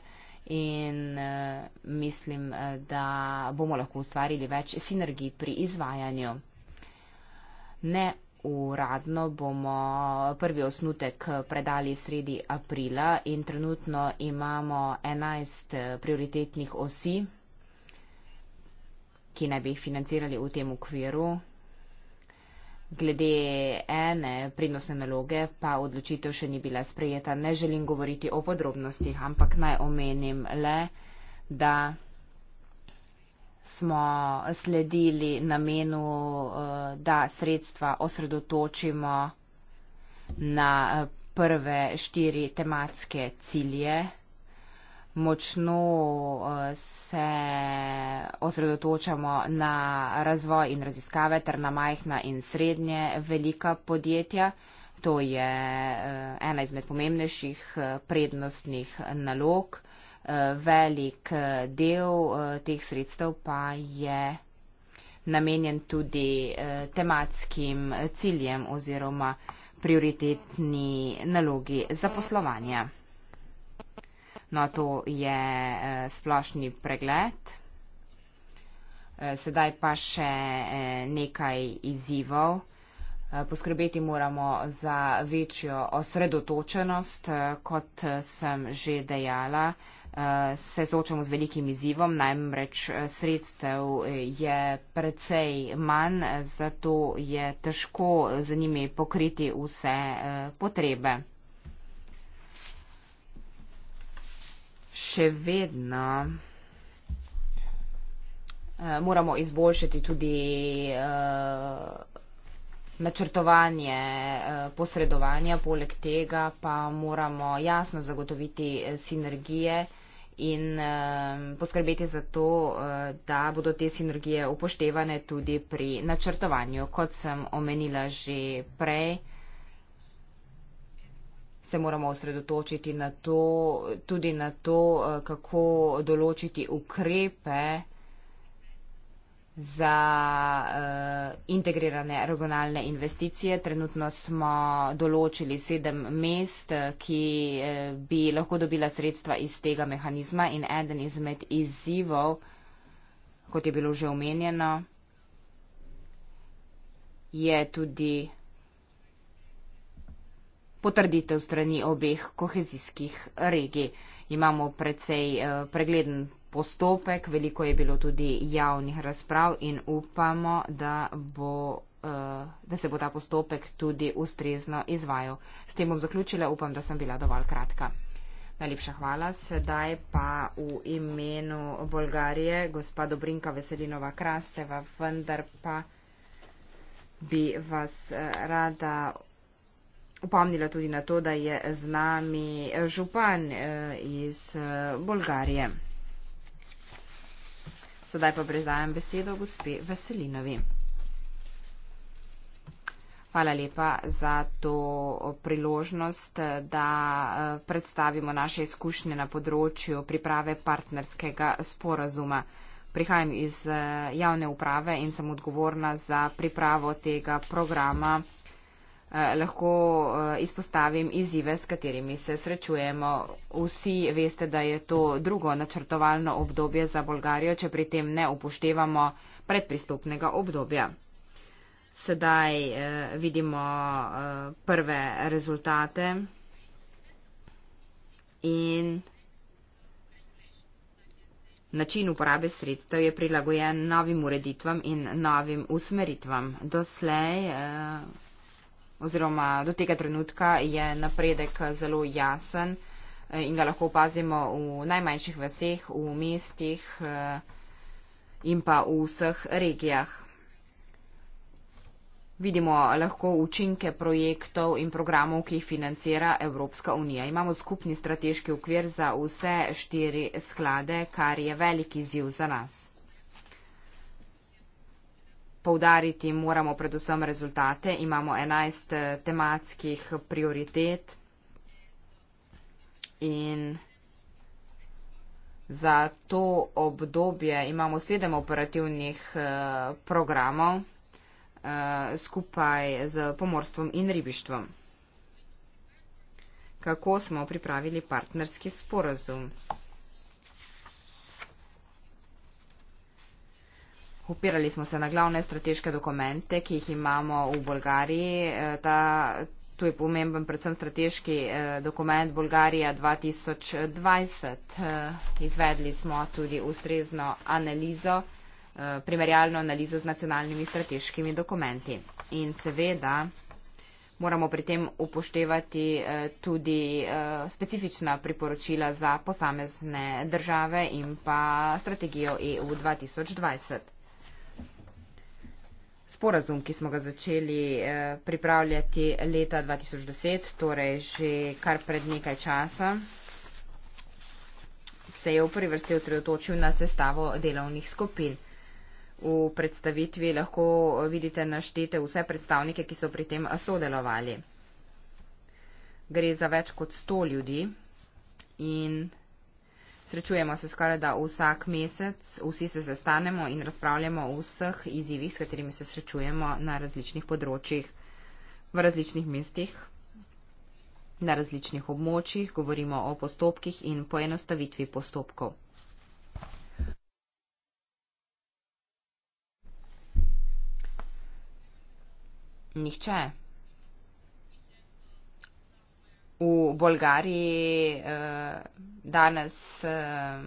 in eh, mislim, da bomo lahko ustvarili več sinergij pri izvajanju. Ne Uradno bomo prvi osnutek predali sredi aprila in trenutno imamo 11 prioritetnih osi, ki naj bi jih financirali v tem okviru. Glede ene prednostne naloge pa odločitev še ni bila sprejeta. Ne želim govoriti o podrobnostih, ampak naj omenim le, da smo sledili namenu, eh, da sredstva osredotočimo na eh, prve štiri tematske cilje. Močno eh, se osredotočamo na razvoj in raziskave ter na majhna in srednje velika podjetja. To je ena izmed pomembnejših prednostnih nalog velik eh, del eh, teh sredstev pa je namenjen tudi eh, tematskim ciljem oziroma prioritetni nalogi za poslovanje. No, to je splošni pregled. Sedaj pa še nekaj izzivov. Poskrbeti moramo za večjo osredotočenost, kot sem že dejala, se soočamo z velikim izzivom, namreč eh, sredstev eh, je precej manj, zato je težko z njimi pokriti vse eh, potrebe. Še vedno moramo izboljšati tudi načrtovanje posredovanja, poleg tega pa moramo jasno zagotoviti sinergije in uh, poskrbeti za to, uh, da bodo te sinergije upoštevane tudi pri načrtovanju. Kot sem omenila že prej, se moramo osredotočiti na to, tudi na to, uh, kako določiti ukrepe, uh, za uh, integrirane regionalne investicije. Trenutno smo določili sedem mest, eh, ki uh, bi lahko dobila sredstva iz tega mehanizma in eden izmed izzivov, kot je bilo že omenjeno, je tudi potrditev strani obeh kohezijskih regij imamo precej eh, pregleden postopek, veliko je bilo tudi javnih razprav in upamo, da, bo, eh, da se bo ta postopek tudi ustrezno izvajal. S tem bom zaključila, upam, da sem bila dovolj kratka. Najlepša hvala. Sedaj pa v imenu Bolgarije, gospa Dobrinka Veselinova Krasteva, vendar pa bi vas eh, rada upomnila tudi na to, da je z nami župan eh, iz eh, Bolgarije. Sedaj pa prezajam besedo gospe Veselinovi. Hvala lepa za to priložnost, da eh, predstavimo naše izkušnje na področju priprave partnerskega sporazuma. Prihajam iz javne uprave in sem odgovorna za pripravo tega programa Eh, lahko eh, izpostavim izzive, s katerimi se srečujemo. Vsi veste, da je to drugo načrtovalno obdobje za Bolgarijo, če pri tem ne upoštevamo predpristopnega obdobja. Sedaj eh, vidimo prve rezultate in način uporabe sredstev je prilagojen novim ureditvam in novim usmeritvam. Doslej oziroma do tega trenutka je napredek zelo jasen eh, in ga lahko opazimo v najmanjših vseh, v mestih eh, in pa v vseh regijah. Vidimo lahko učinke projektov in programov, ki jih financira Evropska unija. Imamo skupni strateški okvir za vse štiri sklade, kar je veliki ziv za nas poudariti moramo predvsem rezultate. Imamo 11 eh, tematskih prioritet in za to obdobje imamo 7 operativnih eh, programov eh, skupaj z pomorstvom in ribištvom. Kako smo pripravili partnerski sporozum? Opirali smo se na glavne strateške dokumente, ki jih imamo v Bolgariji. E, ta, tu je pomemben predvsem strateški e, dokument Bolgarija 2020. E, izvedli smo tudi ustrezno analizo, primerjalno analizo z nacionalnimi strateškimi dokumenti. In seveda moramo pri tem upoštevati tudi specifična priporočila za posamezne države in pa strategijo EU 2020 sporazum, ki smo ga začeli eh, pripravljati leta 2010, torej že kar pred nekaj časa, se je v prvi vrsti osredotočil na sestavo delovnih skupin. V predstavitvi lahko vidite naštete vse predstavnike, ki so pri tem sodelovali. Gre za več kot sto ljudi in Srečujemo se skoraj da vsak mesec, vsi se sestanemo in razpravljamo o vseh izzivih, s katerimi se srečujemo na različnih področjih, v različnih mestih, na različnih območjih, govorimo o postopkih in poenostavitvi postopkov. Nihče, v Bolgariji eh, danes eh,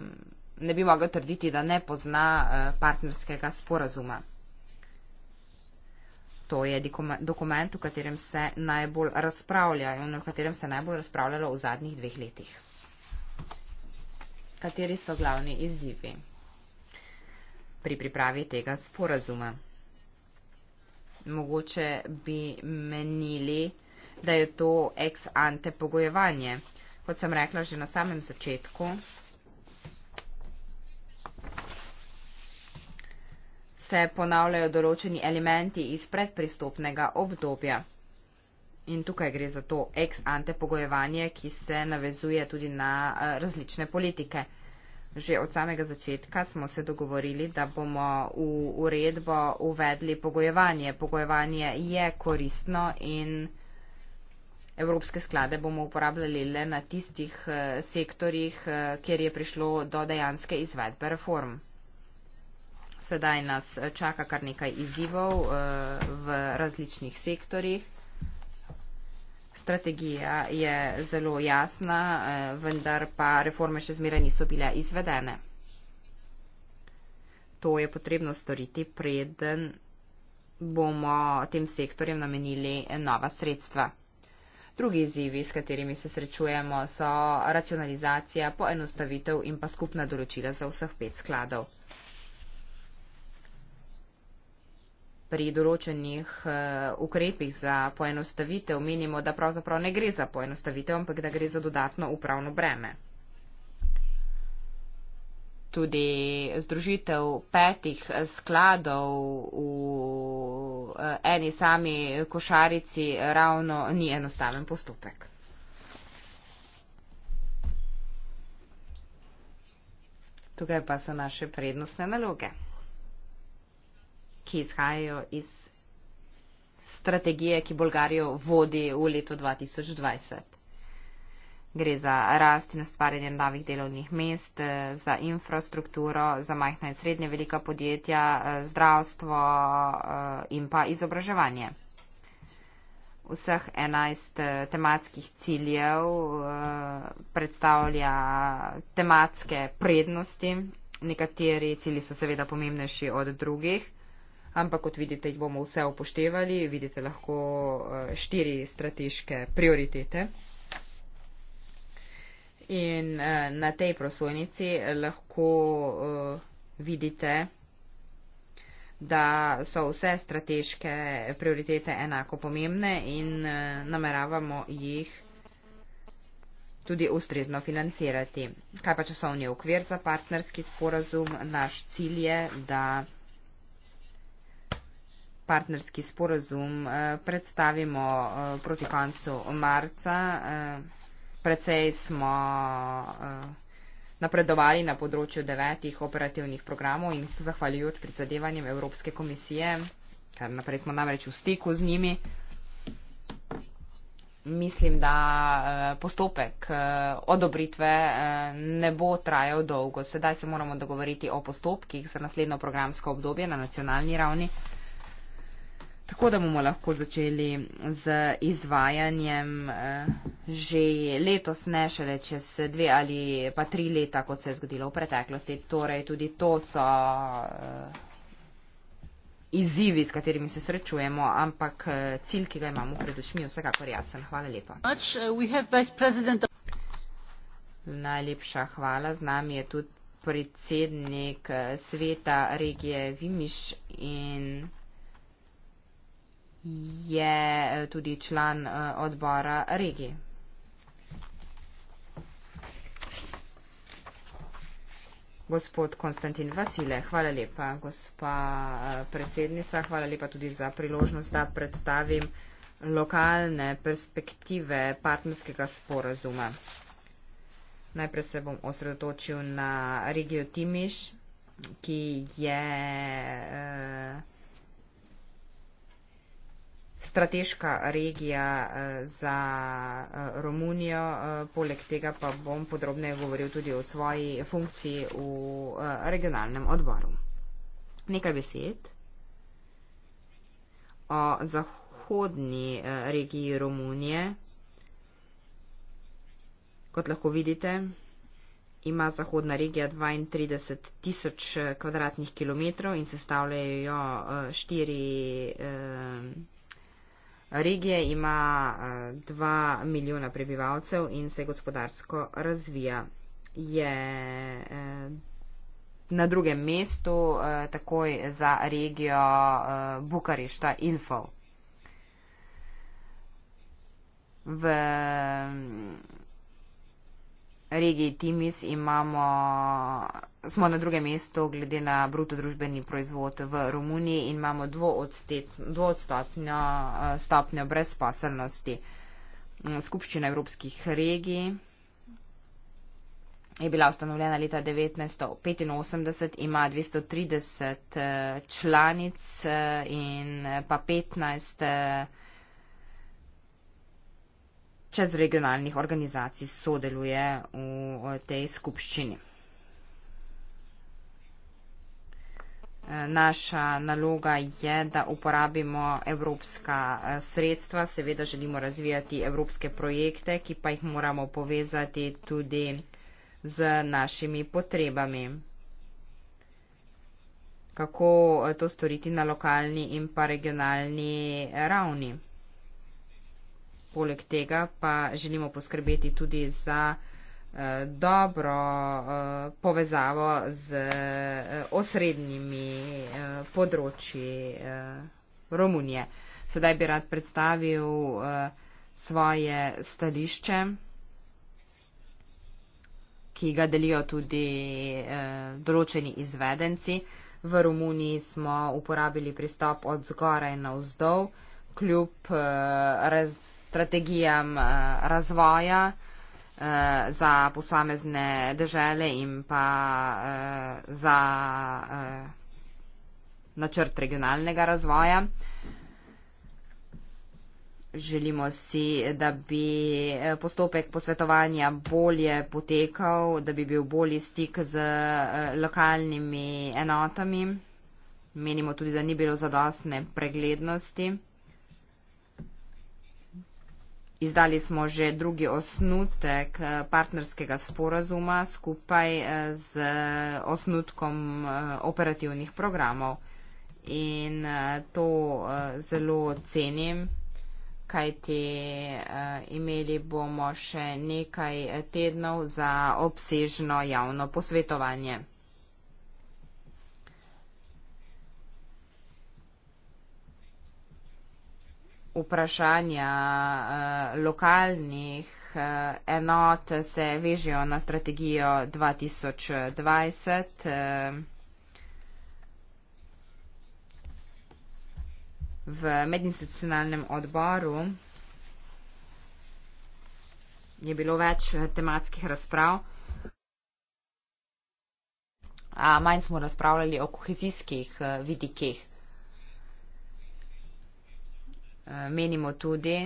ne bi mogel trditi, da ne pozna eh, partnerskega sporazuma. To je dokument, v katerem se najbolj razpravlja in v katerem se najbolj razpravljalo v zadnjih dveh letih. Kateri so glavni izzivi pri pripravi tega sporazuma? Mogoče bi menili, da da je to ex ante pogojevanje. Kot sem rekla že na samem začetku, se ponavljajo določeni elementi iz predpristopnega obdobja. In tukaj gre za to ex ante pogojevanje, ki se navezuje tudi na eh, različne politike. Že od samega začetka smo se dogovorili, da bomo v uredbo uvedli pogojevanje. Pogojevanje je koristno in evropske sklade bomo uporabljali le na tistih eh, sektorjih, eh, kjer je prišlo do dejanske izvedbe reform. Sedaj nas eh, čaka kar nekaj izzivov v različnih sektorjih. Strategija je zelo jasna, vendar pa reforme še zmeraj niso bile izvedene. To je potrebno storiti, preden bomo tem sektorjem namenili nova sredstva. Drugi izzivi, s katerimi se srečujemo, so racionalizacija, poenostavitev in pa skupna določila za vseh pet skladov. Pri določenih uh, ukrepih za poenostavitev menimo, da pravzaprav ne gre za poenostavitev, ampak da gre za dodatno upravno breme tudi združitev petih skladov v eh, eni sami košarici ravno ni enostaven postopek. Tukaj pa so naše prednostne naloge, ki izhajajo iz strategije, ki Bolgarijo vodi v letu 2020. Gre za rast in ustvarjanje novih delovnih mest, eh, za infrastrukturo, za majhna in srednje velika podjetja, eh, zdravstvo eh, in pa izobraževanje. Vseh 11 tematskih ciljev predstavlja tematske prednosti. Nekateri cilji so seveda pomembnejši od drugih, ampak kot vidite, jih bomo vse upoštevali. Vidite lahko štiri strateške prioritete. In uh, na tej prosojnici lahko uh, vidite, da so vse strateške prioritete enako pomembne in uh, nameravamo jih tudi ustrezno financirati. Kaj pa časovni okvir za partnerski sporazum? Naš cilj je, da partnerski sporazum predstavimo proti koncu marca precej smo eh, napredovali na področju devetih operativnih programov in zahvaljujoč predsedevanjem Evropske komisije, ker naprej smo namreč v stiku z njimi. Mislim, da eh, postopek eh, odobritve ne bo trajal dolgo. Sedaj se moramo dogovoriti o postopkih za naslednjo programsko obdobje na nacionalni ravni. Tako da bomo lahko začeli z izvajanjem eh, že letos, ne šele čez dve ali pa tri leta, kot se je zgodilo v preteklosti. Torej, tudi to so eh, izzivi, s katerimi se srečujemo, ampak eh, cilj, ki ga imamo pred očmi, vsekakor jasen. Hvala lepa. Najlepša hvala. Z nami je tudi predsednik sveta regije Vimiš in je eh, tudi član eh, odbora regije. Gospod Konstantin Vasile, hvala lepa, gospa eh, predsednica, hvala lepa tudi za priložnost, da predstavim lokalne perspektive partnerskega sporazuma. Najprej se bom osredotočil na regijo Timiš, ki je. Eh, strateška regija eh, za eh, Romunijo. Eh, poleg tega pa bom podrobneje govoril tudi o svoji funkciji v regionalnem odboru. Nekaj besed o zahodni regiji Romunije. Kot lahko vidite, ima zahodna regija 32 tisoč kvadratnih kilometrov in sestavljajo jo štiri. Eh, Regija ima 2 eh, milijona prebivalcev in se gospodarsko razvija. Je eh, na drugem mestu eh, takoj za regijo Bukarešta Ilfov. V regiji Timis imamo, smo na drugem mestu glede na bruto družbeni proizvod v Romuniji in imamo dvoodstotno eh, stopnjo brezposelnosti. Mm, skupščina evropskih regij je bila ustanovljena leta 1985, ima 230 eh, članic eh, in pa 15 članic čez regionalnih organizacij sodeluje v tej skupščini. E, naša naloga je, da uporabimo evropska e, sredstva, seveda želimo razvijati evropske projekte, ki pa jih moramo povezati tudi z našimi potrebami. Kako e, to storiti na lokalni in pa regionalni ravni? poleg tega pa želimo poskrbeti tudi za eh, dobro eh, povezavo z eh, osrednjimi področji Romunije. Sedaj bi rad predstavil svoje stališče, ki ga delijo tudi določeni izvedenci. V Romuniji smo uporabili pristop od zgoraj na vzdolj, kljub različnosti strategijam eh, razvoja eh, za posamezne dežele in pa eh, za načrt regionalnega razvoja. Želimo si, da bi postopek posvetovanja bolje potekal, da bi bil bolji stik z lokalnimi enotami. Menimo tudi, da ni bilo zadostne preglednosti. Izdali smo že drugi osnutek eh, partnerskega sporazuma skupaj eh, z eh, osnutkom operativnih programov. In to zelo cenim, kajti imeli bomo še nekaj tednov za obsežno javno posvetovanje. vprašanja eh, lokalnih eh, enot se vežijo na strategijo 2020. Eh, v medinstitucionalnem odboru je bilo več tematskih razprav. A manj smo razpravljali o kohezijskih vidikih menimo tudi,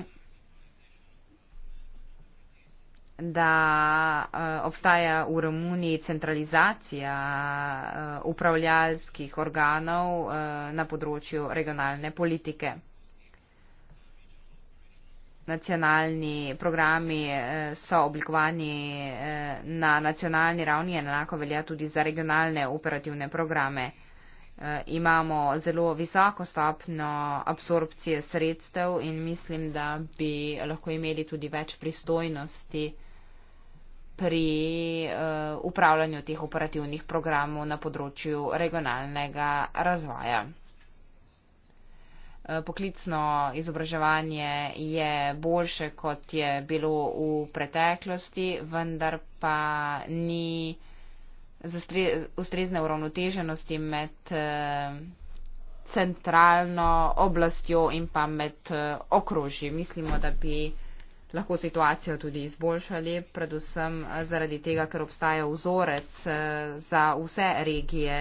da eh, obstaja v Romuniji centralizacija eh, upravljalskih organov eh, na področju regionalne politike. Nacionalni programi so oblikovani na nacionalni ravni, enako velja tudi za regionalne operativne programe. Eh, imamo zelo visoko stopno absorpcije sredstev in mislim, da bi lahko imeli tudi več pristojnosti pri uh, upravljanju teh operativnih programov na področju regionalnega razvoja. Eh, poklicno izobraževanje je boljše, kot je bilo v preteklosti, vendar pa ni ustrezne uravnoteženosti med eh, centralno oblastjo in pa med eh, okrožji. Mislimo, da bi lahko situacijo tudi izboljšali, predvsem eh, zaradi tega, ker obstaja vzorec za vse regije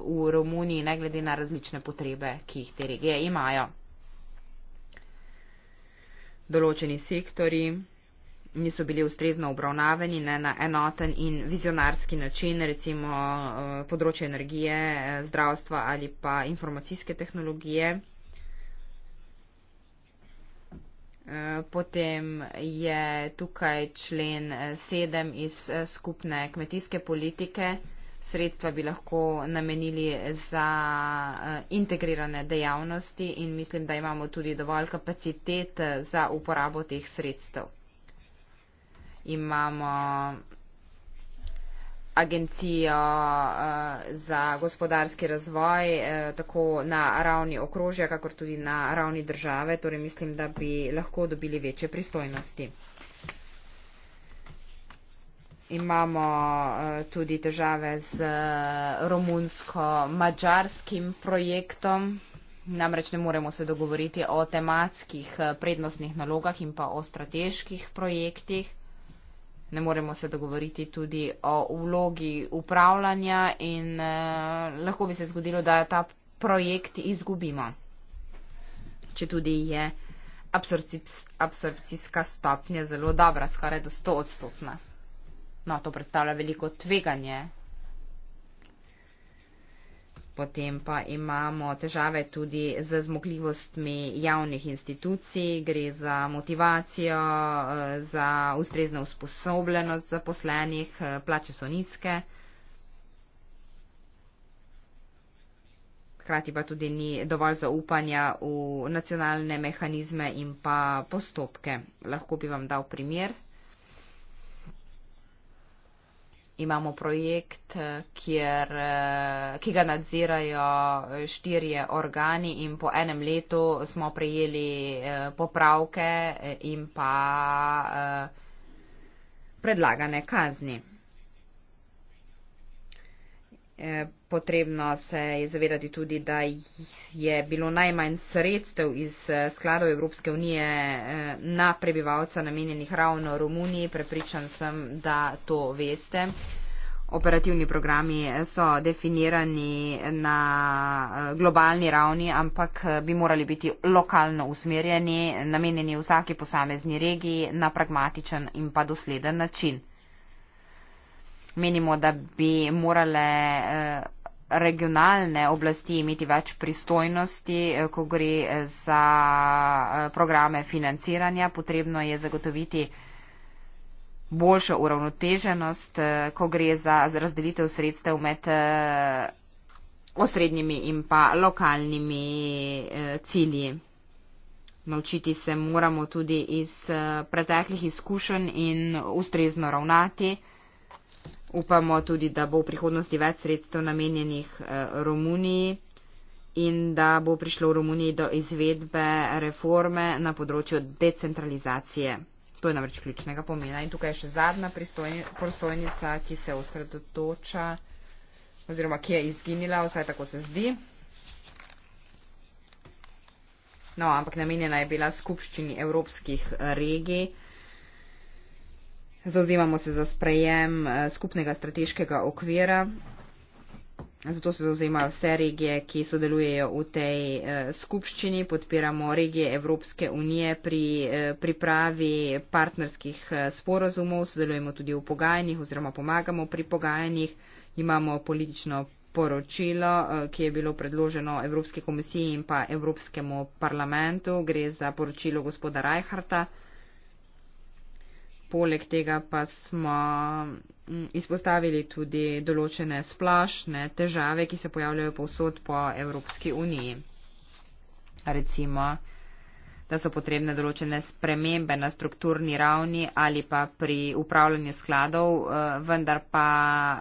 v Romuniji, ne glede na različne potrebe, ki jih te regije imajo. Določeni sektori niso bili ustrezno obravnaveni ne, na enoten in vizionarski način, recimo eh, področje energije, eh, zdravstva ali pa informacijske tehnologije. Eh, potem je tukaj člen 7 iz skupne kmetijske politike. Sredstva bi lahko namenili za integrirane dejavnosti in mislim, da imamo tudi dovolj kapacitet za uporabo teh sredstev imamo agencijo eh, za gospodarski razvoj eh, tako na ravni okrožja, kakor tudi na ravni države, torej mislim, da bi lahko dobili večje pristojnosti. Imamo eh, tudi težave z romunsko-mađarskim projektom, namreč ne moremo se dogovoriti o tematskih prednostnih nalogah in pa o strateških projektih ne moremo se dogovoriti tudi o vlogi upravljanja in eh, lahko bi se zgodilo, da ta projekt izgubimo, če tudi je absorpcijska stopnja zelo dobra, skoraj do 100 odstotna. No, to predstavlja veliko tveganje Potem pa imamo težave tudi z zmogljivostmi javnih institucij, gre za motivacijo, eh, za ustrezno usposobljenost zaposlenih, eh, plače so nizke. Hkrati pa tudi ni dovolj zaupanja v nacionalne mehanizme in pa postopke. Lahko bi vam dal primer. imamo projekt, eh, kjer, eh, ki ga nadzirajo eh, štirje organi in po enem letu smo prejeli popravke in pa predlagane kazni potrebno se je zavedati tudi, da je bilo najmanj sredstev iz eh, skladov Evropske unije eh, na prebivalca namenjenih ravno Romuniji. Prepričan sem, da to veste. Operativni programi eh, so definirani na globalni ravni, ampak bi morali biti lokalno usmerjeni, namenjeni vsaki posamezni regiji na pragmatičen in pa dosleden način. Menimo, da bi morale regionalne oblasti imeti več pristojnosti, eh, ko gre eh, za eh, programe financiranja. Potrebno je zagotoviti boljšo uravnoteženost, ko gre za razdelitev sredstev med osrednjimi in pa lokalnimi cilji. Naučiti se moramo tudi iz preteklih izkušenj in ustrezno ravnati upamo tudi, da bo v prihodnosti več sredstev namenjenih eh, Romuniji in da bo prišlo v Romuniji do izvedbe reforme na področju decentralizacije. To je namreč ključnega pomena. In tukaj je še zadnja prosojnica, ki se osredotoča oziroma ki je izginila, vsaj tako se zdi. No, ampak namenjena je bila skupščini evropskih regij. Zauzemamo se za sprejem eh, skupnega strateškega okvira. Zato se zauzemajo vse regije, ki sodelujejo v tej eh, skupščini. Podpiramo regije Evropske unije pri eh, pripravi partnerskih sporazumov. Sodelujemo tudi v pogajanjih oziroma pomagamo pri pogajanjih. Imamo politično poročilo, ki je bilo predloženo Evropske komisiji in pa Evropskemu parlamentu. Gre za poročilo gospoda Reiharta. Poleg tega pa smo mm, izpostavili tudi določene splošne težave, ki se pojavljajo povsod po Evropski uniji. Recimo, da so potrebne določene spremembe na strukturni ravni ali pa pri upravljanju skladov, eh, vendar pa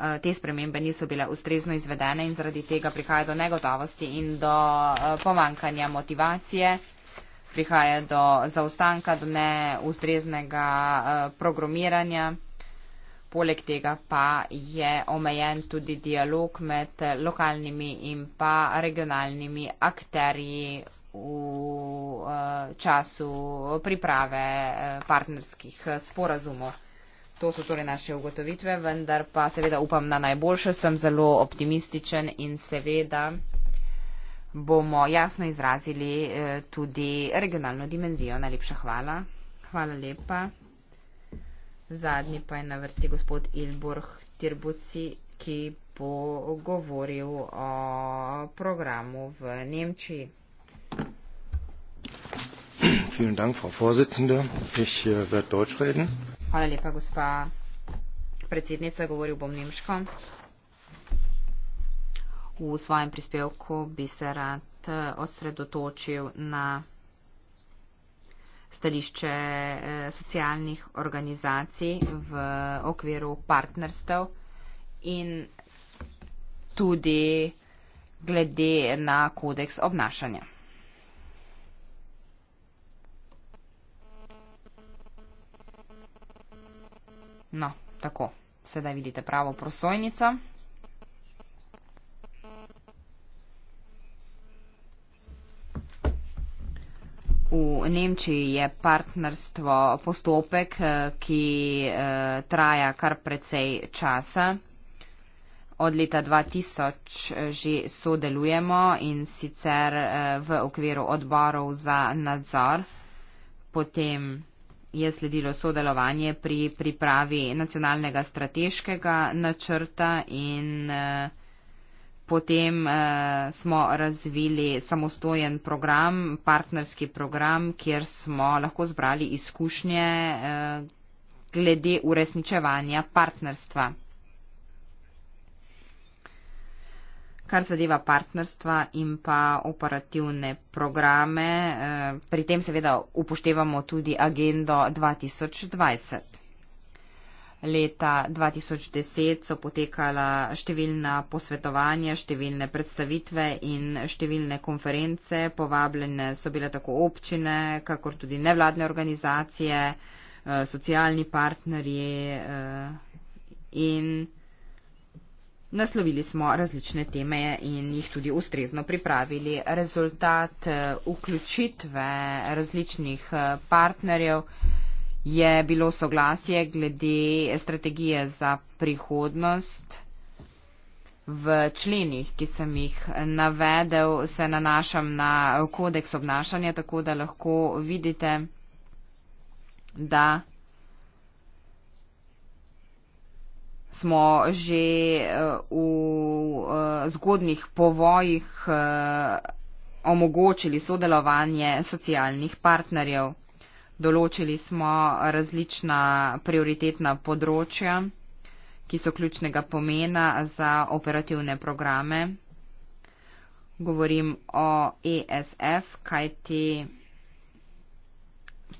eh, te spremembe niso bile ustrezno izvedene in zaradi tega prihaja do negotovosti in do eh, pomankanja motivacije prihaja do zaostanka, do neustreznega eh, programiranja. Poleg tega pa je omejen tudi dialog med lokalnimi in pa regionalnimi akterji v eh, času priprave eh, partnerskih sporazumov. To so torej naše ugotovitve, vendar pa seveda upam na najboljše, sem zelo optimističen in seveda bomo jasno izrazili eh, tudi regionalno dimenzijo. Najlepša hvala. Hvala lepa. Zadnji pa je na vrsti gospod Ilborg Tirbuci, ki bo govoril o programu v Nemčiji. Vielen Dank, Frau Vorsitzende. Ich äh, werde Deutsch reden. Hvala lepa, gospa predsednica, govoril bom nemško v svojem prispevku bi se rad eh, osredotočil na stališče eh, socialnih organizacij v okviru partnerstev in tudi glede na kodeks obnašanja. No, tako, sedaj vidite pravo prosojnico. Nemčiji je partnerstvo postopek, eh, ki eh, traja kar precej časa. Od leta 2000 eh, že sodelujemo in sicer v okviru odborov za nadzor. Potem je sledilo sodelovanje pri pripravi nacionalnega strateškega načrta in eh, Potem eh, smo razvili samostojen program, partnerski program, kjer smo lahko zbrali izkušnje eh, glede uresničevanja partnerstva. Kar zadeva partnerstva in pa operativne programe, eh, pri tem seveda upoštevamo tudi agendo 2020. Leta 2010 so potekala številna posvetovanja, številne predstavitve in številne konference. Povabljene so bile tako občine, kakor tudi nevladne organizacije, eh, socialni partnerji eh, in naslovili smo različne teme in jih tudi ustrezno pripravili. Rezultat eh, vključitve različnih partnerjev je bilo soglasje glede strategije za prihodnost. V členih, ki sem jih navedel, se nanašam na kodeks obnašanja, tako da lahko vidite, da smo že eh, v eh, zgodnih povojih eh, omogočili sodelovanje socialnih partnerjev določili smo različna prioritetna področja, ki so ključnega pomena za operativne programe. Govorim o ESF, kajti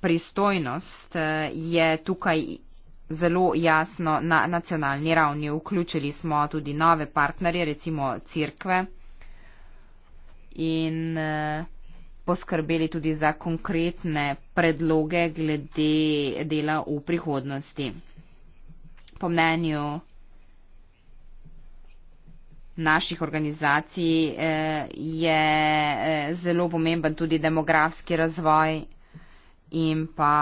pristojnost eh, je tukaj zelo jasno na nacionalni ravni. Vključili smo tudi nove partnerje, recimo crkve. In eh, poskrbeli tudi za konkretne predloge glede dela v prihodnosti. Po mnenju naših organizacij eh, je eh, zelo pomemben tudi demografski razvoj in pa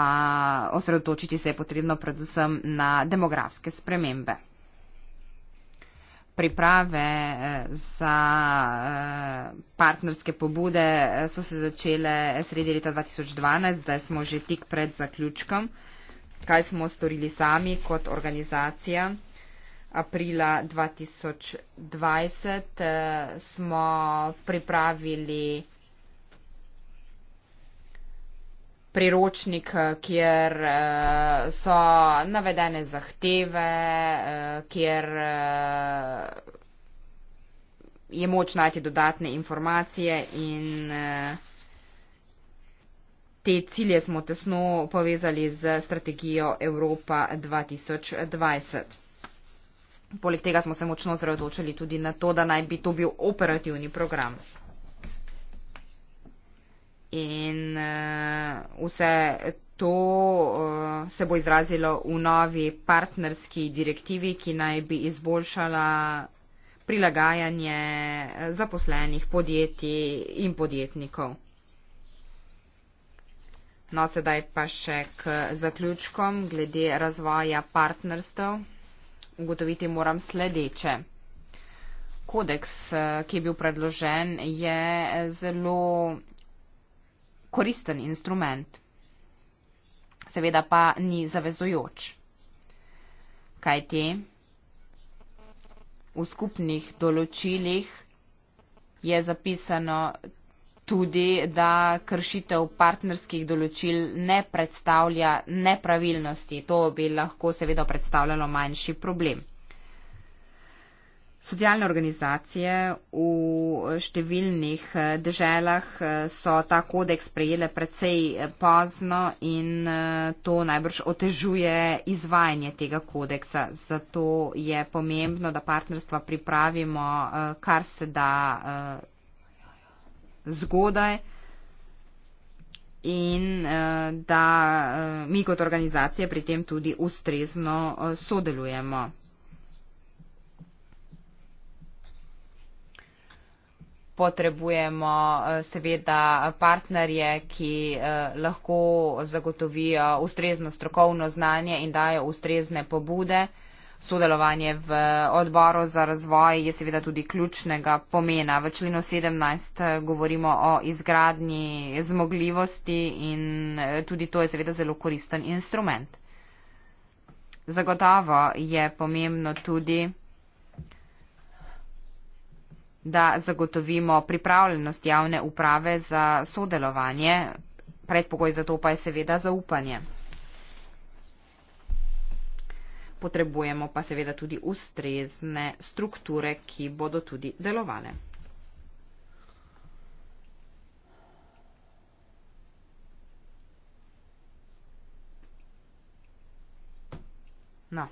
osredotočiti se je potrebno predvsem na demografske spremembe priprave eh, za eh, partnerske pobude eh, so se začele sredi leta 2012, zdaj smo že tik pred zaključkom. Kaj smo storili sami kot organizacija? Aprila 2020 smo pripravili priročnik, eh, kjer uh, so navedene zahteve, uh, kjer uh, je moč najti dodatne informacije in uh, te cilje smo tesno povezali z strategijo Evropa 2020. Poleg tega smo se močno zredočili tudi na to, da naj bi to bil operativni program in uh, vse to uh, se bo izrazilo v novi partnerski direktivi, ki naj bi izboljšala prilagajanje zaposlenih podjetij in podjetnikov. No, sedaj pa še k zaključkom glede razvoja partnerstv. Ugotoviti moram sledeče. Kodeks, eh, ki je bil predložen, je zelo koristen instrument. Seveda pa ni zavezojoč. Kaj ti? V skupnih določilih je zapisano tudi, da kršitev partnerskih določil ne predstavlja nepravilnosti. To bi lahko seveda predstavljalo manjši problem socialne organizacije v številnih eh, državah eh, so ta kodeks prejele precej eh, pozno in to najbrž otežuje izvajanje tega kodeksa. Zato je pomembno, da partnerstva pripravimo kar se da zgodaj in da mi kot organizacije pri tem tudi ustrezno sodelujemo. potrebujemo eh, seveda partnerje, ki eh, lahko zagotovijo ustrezno strokovno znanje in dajo ustrezne pobude. Sodelovanje v odboru za razvoj je seveda tudi ključnega pomena. V členu 17 eh, govorimo o izgradnji zmogljivosti in tudi to je seveda zelo koristen instrument. Zagotovo je pomembno tudi, da zagotovimo pripravljenost javne uprave za sodelovanje. Predpogoj za to pa je seveda zaupanje. Potrebujemo pa seveda tudi ustrezne strukture, ki bodo tudi delovane. No,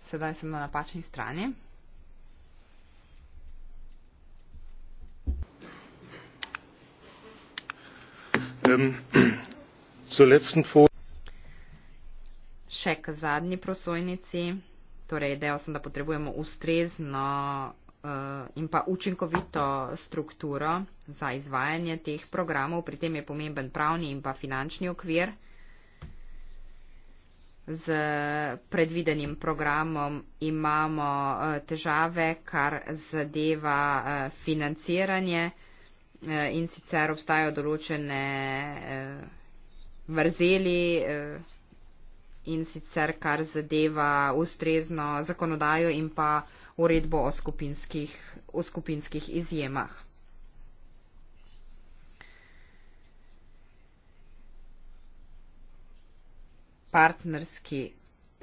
sedaj sem na napačni strani. Ähm, Še k zadnji prosojnici. Torej, dejal sem, da potrebujemo ustrezno eh, in pa učinkovito strukturo za izvajanje teh programov. Pri tem je pomemben pravni in pa finančni okvir z predvidenim programom imamo eh, težave, kar zadeva eh, financiranje. Eh, in sicer obstajajo določene eh, vrzeli eh, in sicer kar zadeva ustrezno zakonodajo in pa uredbo o skupinskih, o skupinskih izjemah. Partnerski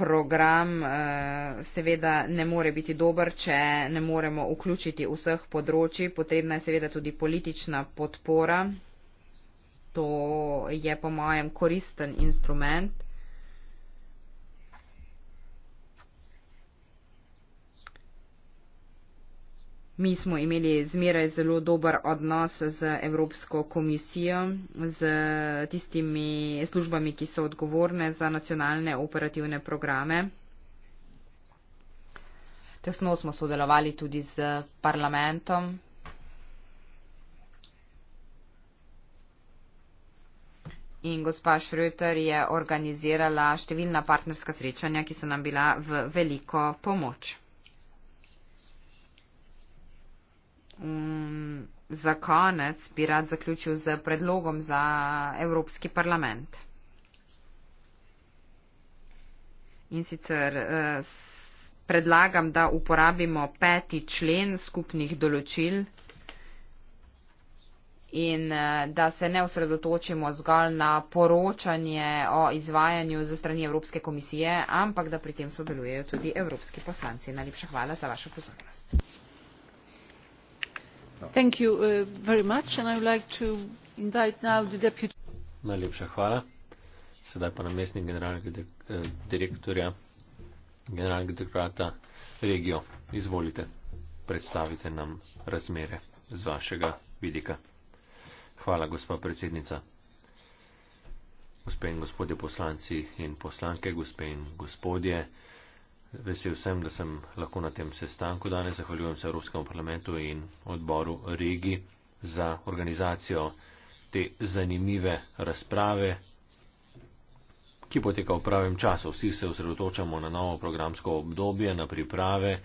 program eh, seveda ne more biti dober, če ne moremo vključiti vseh področji. Potrebna je seveda tudi politična podpora. To je po mojem koristen instrument. Mi smo imeli zmeraj zelo dober odnos z Evropsko komisijo, z tistimi službami, ki so odgovorne za nacionalne operativne programe. Tesno smo sodelovali tudi z parlamentom. In gospa Šrüter je organizirala številna partnerska srečanja, ki so nam bila v veliko pomoč. um, za konec bi rad zaključil z predlogom za Evropski parlament. In sicer eh, predlagam, da uporabimo peti člen skupnih določil in eh, da se ne osredotočimo zgolj na poročanje o izvajanju za strani Evropske komisije, ampak da pri tem sodelujejo tudi evropski poslanci. Najlepša hvala za vašo pozornost. No. Uh, najlepša hvala. Sedaj pa namestnik generalnega eh, direktorja, generalnega direktorata regijo. Izvolite, predstavite nam razmere z vašega vidika. Hvala, gospa predsednica. Gospe in gospodje poslanci in poslanke, gospe in gospodje. Vesel sem, da sem lahko na tem sestanku danes. Zahvaljujem se Evropskemu parlamentu in odboru Regi za organizacijo te zanimive razprave, ki poteka v pravem času. Vsi se osredotočamo na novo programsko obdobje, na priprave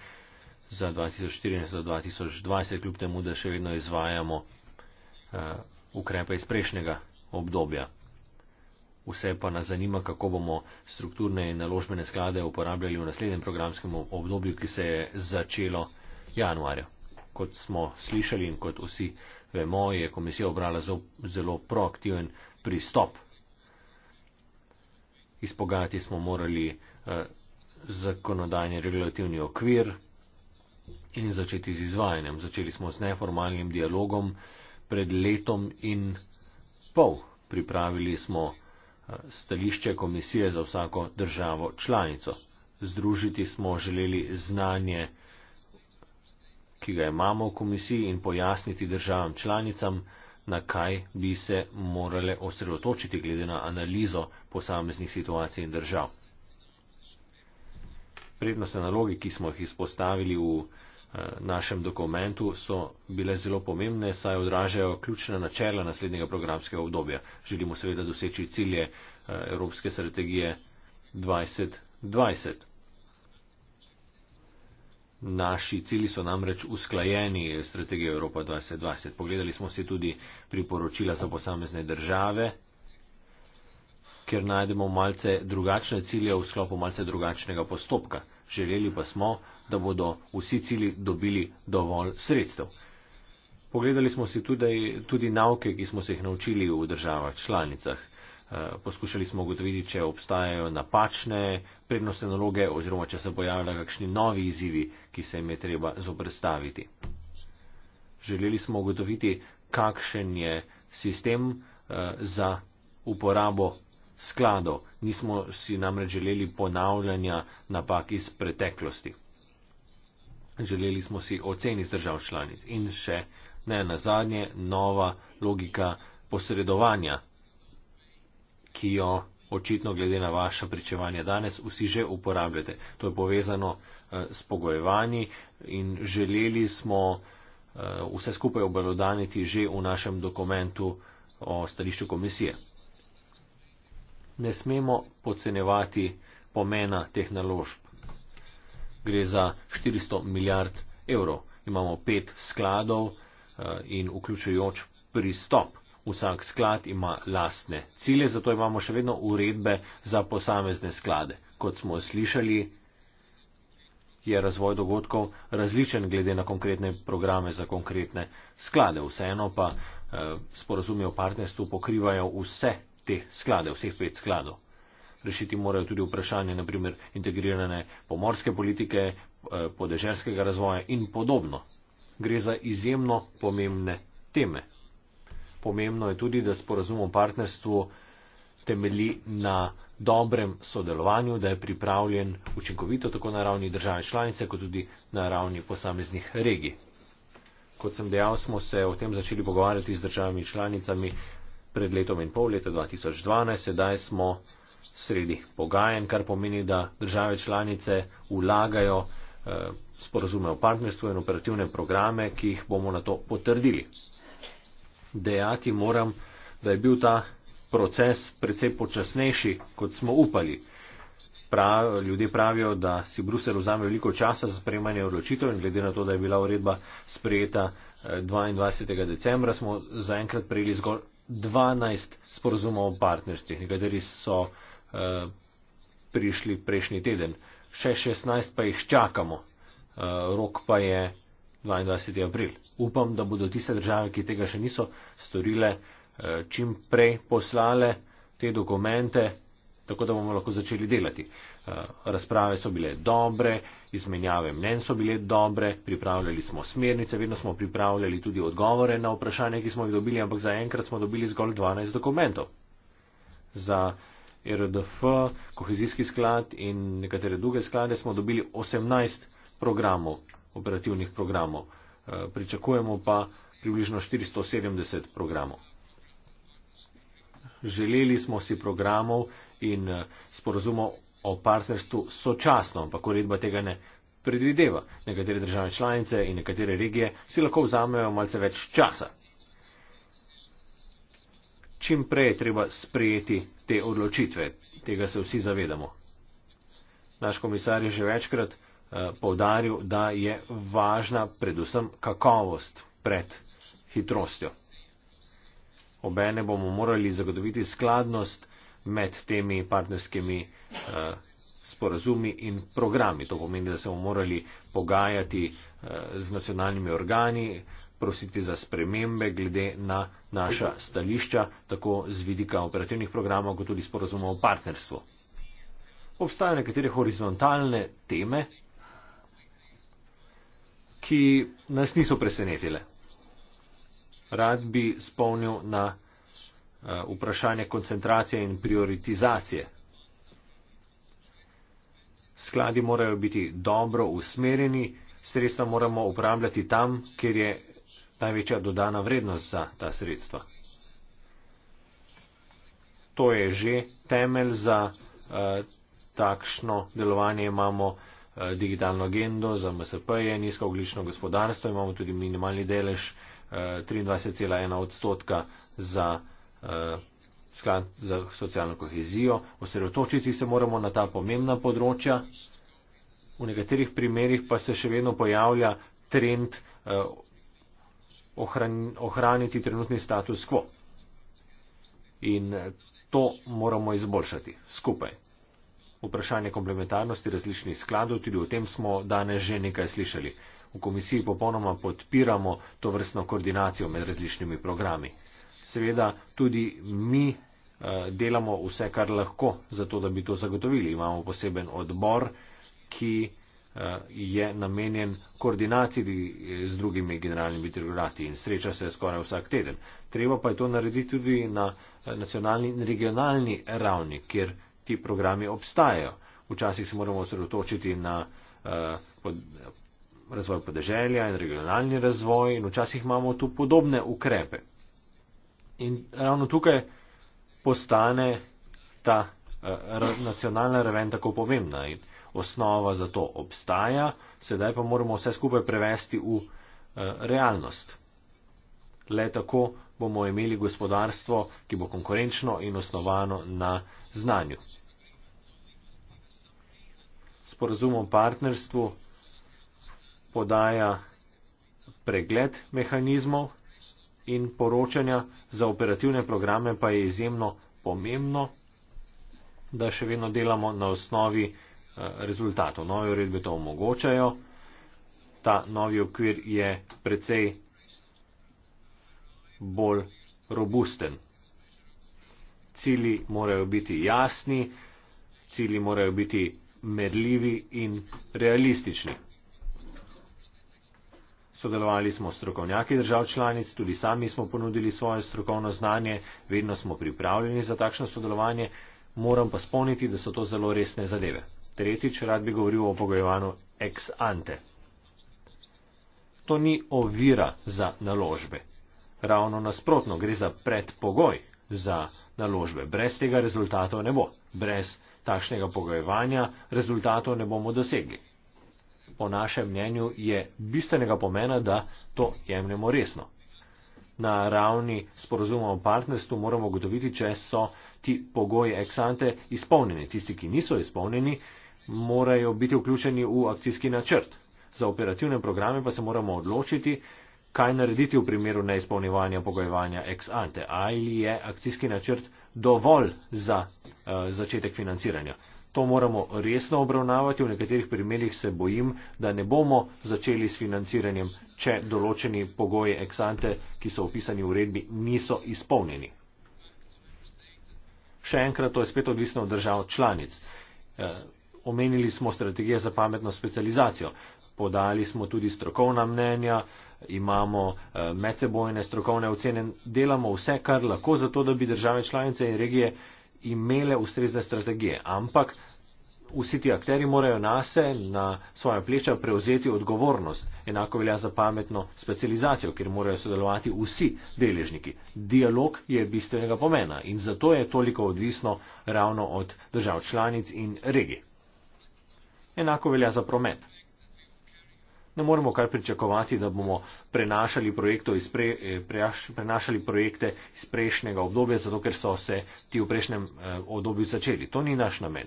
za 2014-2020, kljub temu, da še vedno izvajamo uh, ukrepe iz prejšnjega obdobja vse pa nas zanima, kako bomo strukturne in naložbene sklade uporabljali v naslednjem programskem obdobju, ki se je začelo januarja. Kot smo slišali in kot vsi vemo, je komisija obrala zelo, zelo proaktiven pristop. Izpogajati smo morali eh, zakonodajni regulativni okvir in začeti z izvajanjem. Začeli smo s neformalnim dialogom pred letom in pol. Pripravili smo stališče komisije za vsako državo članico. Združiti smo želeli znanje, ki ga imamo v komisiji in pojasniti državam članicam, na kaj bi se morale osredotočiti glede na analizo posameznih situacij in držav. Prednostne naloge, ki smo jih izpostavili v Eh, našem dokumentu so bile zelo pomembne, saj odražajo ključne načela naslednjega programskega obdobja. Želimo seveda doseči cilje eh, Evropske strategije 2020. Naši cili so namreč usklajeni s strategijo Evropa 2020. Pogledali smo si tudi priporočila za posamezne države kjer najdemo malce drugačne cilje v sklopu malce drugačnega postopka. Želeli pa smo, da bodo vsi cili dobili dovolj sredstev. Pogledali smo si tudi, tudi nauke, ki smo se jih naučili v državah članicah. Eh, poskušali smo ugotoviti, če obstajajo napačne prednostne naloge oziroma če se pojavljajo kakšni novi izzivi, ki se jim je treba zoprstaviti. Želeli smo ugotoviti, kakšen je sistem eh, za uporabo sklado, nismo si namreč želeli ponavljanja napak iz preteklosti. Želeli smo si oceni z držav članic in še ne na zadnje nova logika posredovanja, ki jo očitno glede na vaše pričevanje danes vsi že uporabljate. To je povezano eh, s pogojevanji in želeli smo eh, vse skupaj obelodaniti že v našem dokumentu o stališču komisije ne smemo podcenevati pomena teh naložb. Gre za 400 milijard evrov. Imamo pet skladov eh, in vključujoč pristop. Vsak sklad ima lastne cilje, zato imamo še vedno uredbe za posamezne sklade. Kot smo slišali, je razvoj dogodkov različen glede na konkretne programe za konkretne sklade. Vseeno pa eh, sporazumijo partnerstvu pokrivajo vse te sklade, vseh pet skladov. Rešiti morajo tudi vprašanje, naprimer, integrirane pomorske politike, eh, podeželskega razvoja in podobno. Gre za izjemno pomembne teme. Pomembno je tudi, da sporazum o partnerstvu temeli na dobrem sodelovanju, da je pripravljen učinkovito tako na ravni države članice, kot tudi na ravni posameznih regij. Kot sem dejal, smo se o tem začeli pogovarjati z državami članicami pred letom in pol leta 2012, sedaj smo sredi pogajen, kar pomeni, da države članice vlagajo eh, sporozume o partnerstvu in operativne programe, ki jih bomo na to potrdili. Dejati moram, da je bil ta proces precej počasnejši, kot smo upali. Prav, ljudje pravijo, da si Brusel vzame veliko časa za sprejemanje odločitev in glede na to, da je bila uredba sprejeta 22. Eh, decembra, smo zaenkrat prejeli zgolj 12 sporozumov o partnerstvih, nekateri so uh, prišli prejšnji teden, še 16 pa jih čakamo, uh, rok pa je 22. april. Upam, da bodo tiste države, ki tega še niso storile, uh, čim prej poslale te dokumente, tako da bomo lahko začeli delati. Uh, Eh, razprave so bile dobre, izmenjave mnen so bile dobre, pripravljali smo smernice, vedno smo pripravljali tudi odgovore na vprašanje, ki smo jih dobili, ampak zaenkrat smo dobili zgolj 12 dokumentov. Za RDF, kohezijski sklad in nekatere druge sklade smo dobili 18 programov, operativnih programov. Eh, pričakujemo pa približno 470 programov. Želeli smo si programov in eh, sporozumov o partnerstvu sočasno, ampak uredba tega ne predvideva. Nekatere države članice in nekatere regije si lahko vzamejo malce več časa. Čim prej je treba sprejeti te odločitve, tega se vsi zavedamo. Naš komisar je že večkrat uh, eh, povdaril, da je važna predvsem kakovost pred hitrostjo. Obene bomo morali zagotoviti skladnost med temi partnerskimi uh, sporazumi in programi. To pomeni, da se bomo morali pogajati uh, z nacionalnimi organi, prositi za spremembe glede na naša stališča, tako z vidika operativnih programov, kot tudi sporazumov o partnerstvu. Obstajajo nekatere horizontalne teme, ki nas niso presenetile. Rad bi spomnil na Eh, vprašanje koncentracije in prioritizacije. Skladi morajo biti dobro usmerjeni, sredstva moramo uporabljati tam, kjer je največja dodana vrednost za ta sredstva. To je že temelj za uh, takšno delovanje. Imamo uh, digitalno agendo za MSP, je nizko oglično gospodarstvo, imamo tudi minimalni delež uh, 23,1 odstotka za. Uh, Eh, sklad za socialno kohezijo. Osredotočiti se moramo na ta pomembna področja. V nekaterih primerjih pa se še vedno pojavlja trend eh, ohraniti trenutni status quo. In to moramo izboljšati skupaj. Vprašanje komplementarnosti različnih skladov, tudi o tem smo danes že nekaj slišali. V komisiji popolnoma podpiramo to vrstno koordinacijo med različnimi programi seveda tudi mi eh, delamo vse, kar lahko, zato da bi to zagotovili. Imamo poseben odbor, ki eh, je namenjen koordinaciji eh, z drugimi generalnimi trgovati in sreča se skoraj vsak teden. Treba pa je to narediti tudi na nacionalni in regionalni ravni, kjer ti programi obstajajo. Včasih se moramo osredotočiti na pod, razvoj podeželja in regionalni razvoj in včasih imamo tu podobne ukrepe. In ravno tukaj postane ta eh, nacionalna raven tako pomembna in osnova za to obstaja, sedaj pa moramo vse skupaj prevesti v eh, realnost. Le tako bomo imeli gospodarstvo, ki bo konkurenčno in osnovano na znanju. Sporazum o partnerstvu podaja pregled mehanizmov, in poročanja za operativne programe pa je izjemno pomembno, da še vedno delamo na osnovi eh, rezultatov. Nove uredbe to omogočajo. Ta novi okvir je precej bolj robusten. Cili morajo biti jasni, cili morajo biti merljivi in realistični. Sodelovali smo strokovnjaki držav članic, tudi sami smo ponudili svoje strokovno znanje, vedno smo pripravljeni za takšno sodelovanje, moram pa spomniti, da so to zelo resne zadeve. Tretjič, rad bi govoril o pogojevanju ex ante. To ni ovira za naložbe. Ravno nasprotno, gre za predpogoj za naložbe. Brez tega rezultatov ne bo. Brez takšnega pogojevanja rezultatov ne bomo dosegli po našem mnenju je bistvenega pomena, da to jemljemo resno. Na ravni sporozuma o partnerstvu moramo ugotoviti, če so ti pogoji eksante izpolnjeni. Tisti, ki niso izpolnjeni, morajo biti vključeni v akcijski načrt. Za operativne programe pa se moramo odločiti, kaj narediti v primeru neizpolnjevanja pogojevanja eksante. Ali je akcijski načrt dovolj za uh, začetek financiranja? To moramo resno obravnavati, v nekaterih primerjih se bojim, da ne bomo začeli s financiranjem, če določeni pogoji eksante, ki so opisani v uredbi, niso izpolnjeni. Še enkrat, to je spet odvisno od držav članic. E, omenili smo strategije za pametno specializacijo, podali smo tudi strokovna mnenja, imamo e, medsebojne strokovne ocene, delamo vse, kar lahko, zato da bi države članice in regije imele ustrezne strategije, ampak vsi ti akteri morajo na se, na svoja pleča prevzeti odgovornost. Enako velja za pametno specializacijo, kjer morajo sodelovati vsi deležniki. Dialog je bistvenega pomena in zato je toliko odvisno ravno od držav članic in regij. Enako velja za promet ne moremo kaj pričakovati, da bomo prenašali, iz pre, eh, preaš, prenašali projekte iz prejšnjega obdobja, zato ker so se ti v prejšnjem eh, obdobju začeli. To ni naš namen.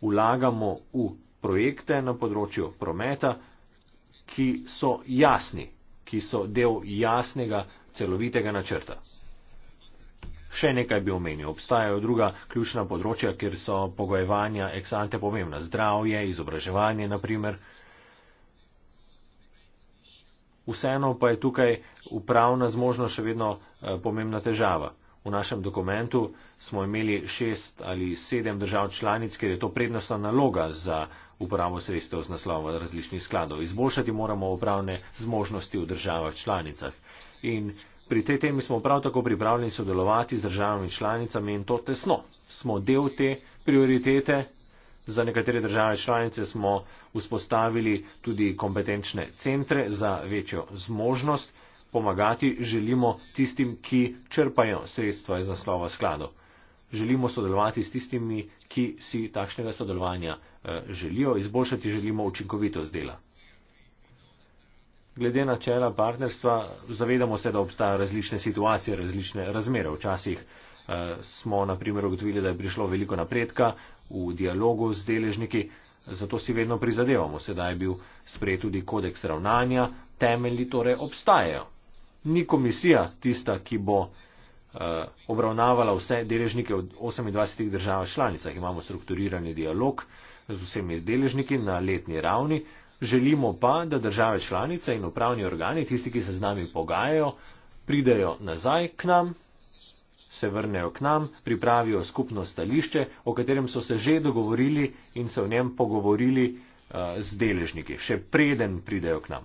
Ulagamo v projekte na področju prometa, ki so jasni, ki so del jasnega, celovitega načrta. Še nekaj bi omenil. Obstajajo druga ključna področja, kjer so pogojevanja eksante pomembna. Zdravje, izobraževanje, naprimer. Vseeno pa je tukaj upravna zmožnost še vedno eh, pomembna težava. V našem dokumentu smo imeli šest ali sedem držav članic, ker je to prednostna naloga za uporabo sredstev z naslova različnih skladov. Izboljšati moramo upravne zmožnosti v državah članicah. In pri tej temi smo prav tako pripravljeni sodelovati z državami članicami in to tesno. Smo del te prioritete Za nekatere države članice smo vzpostavili tudi kompetenčne centre za večjo zmožnost. Pomagati želimo tistim, ki črpajo sredstva iz naslova skladov. Želimo sodelovati s tistimi, ki si takšnega sodelovanja eh, želijo, izboljšati želimo učinkovitost dela. Glede na načela partnerstva zavedamo se, da obstajajo različne situacije, različne razmere. Včasih Eh, smo na primer ugotovili, da je prišlo veliko napredka v dialogu z deležniki, zato si vedno prizadevamo. Sedaj je bil sprejet tudi kodeks ravnanja, temelji torej obstajajo. Ni komisija tista, ki bo eh, obravnavala vse deležnike v 28 državah članicah. Imamo strukturirani dialog z vsemi deležniki na letni ravni. Želimo pa, da države članice in upravni organi, tisti, ki se z nami pogajajo, pridejo nazaj k nam se vrnejo k nam, pripravijo skupno stališče, o katerem so se že dogovorili in se v njem pogovorili eh, z deležniki, še preden pridejo k nam.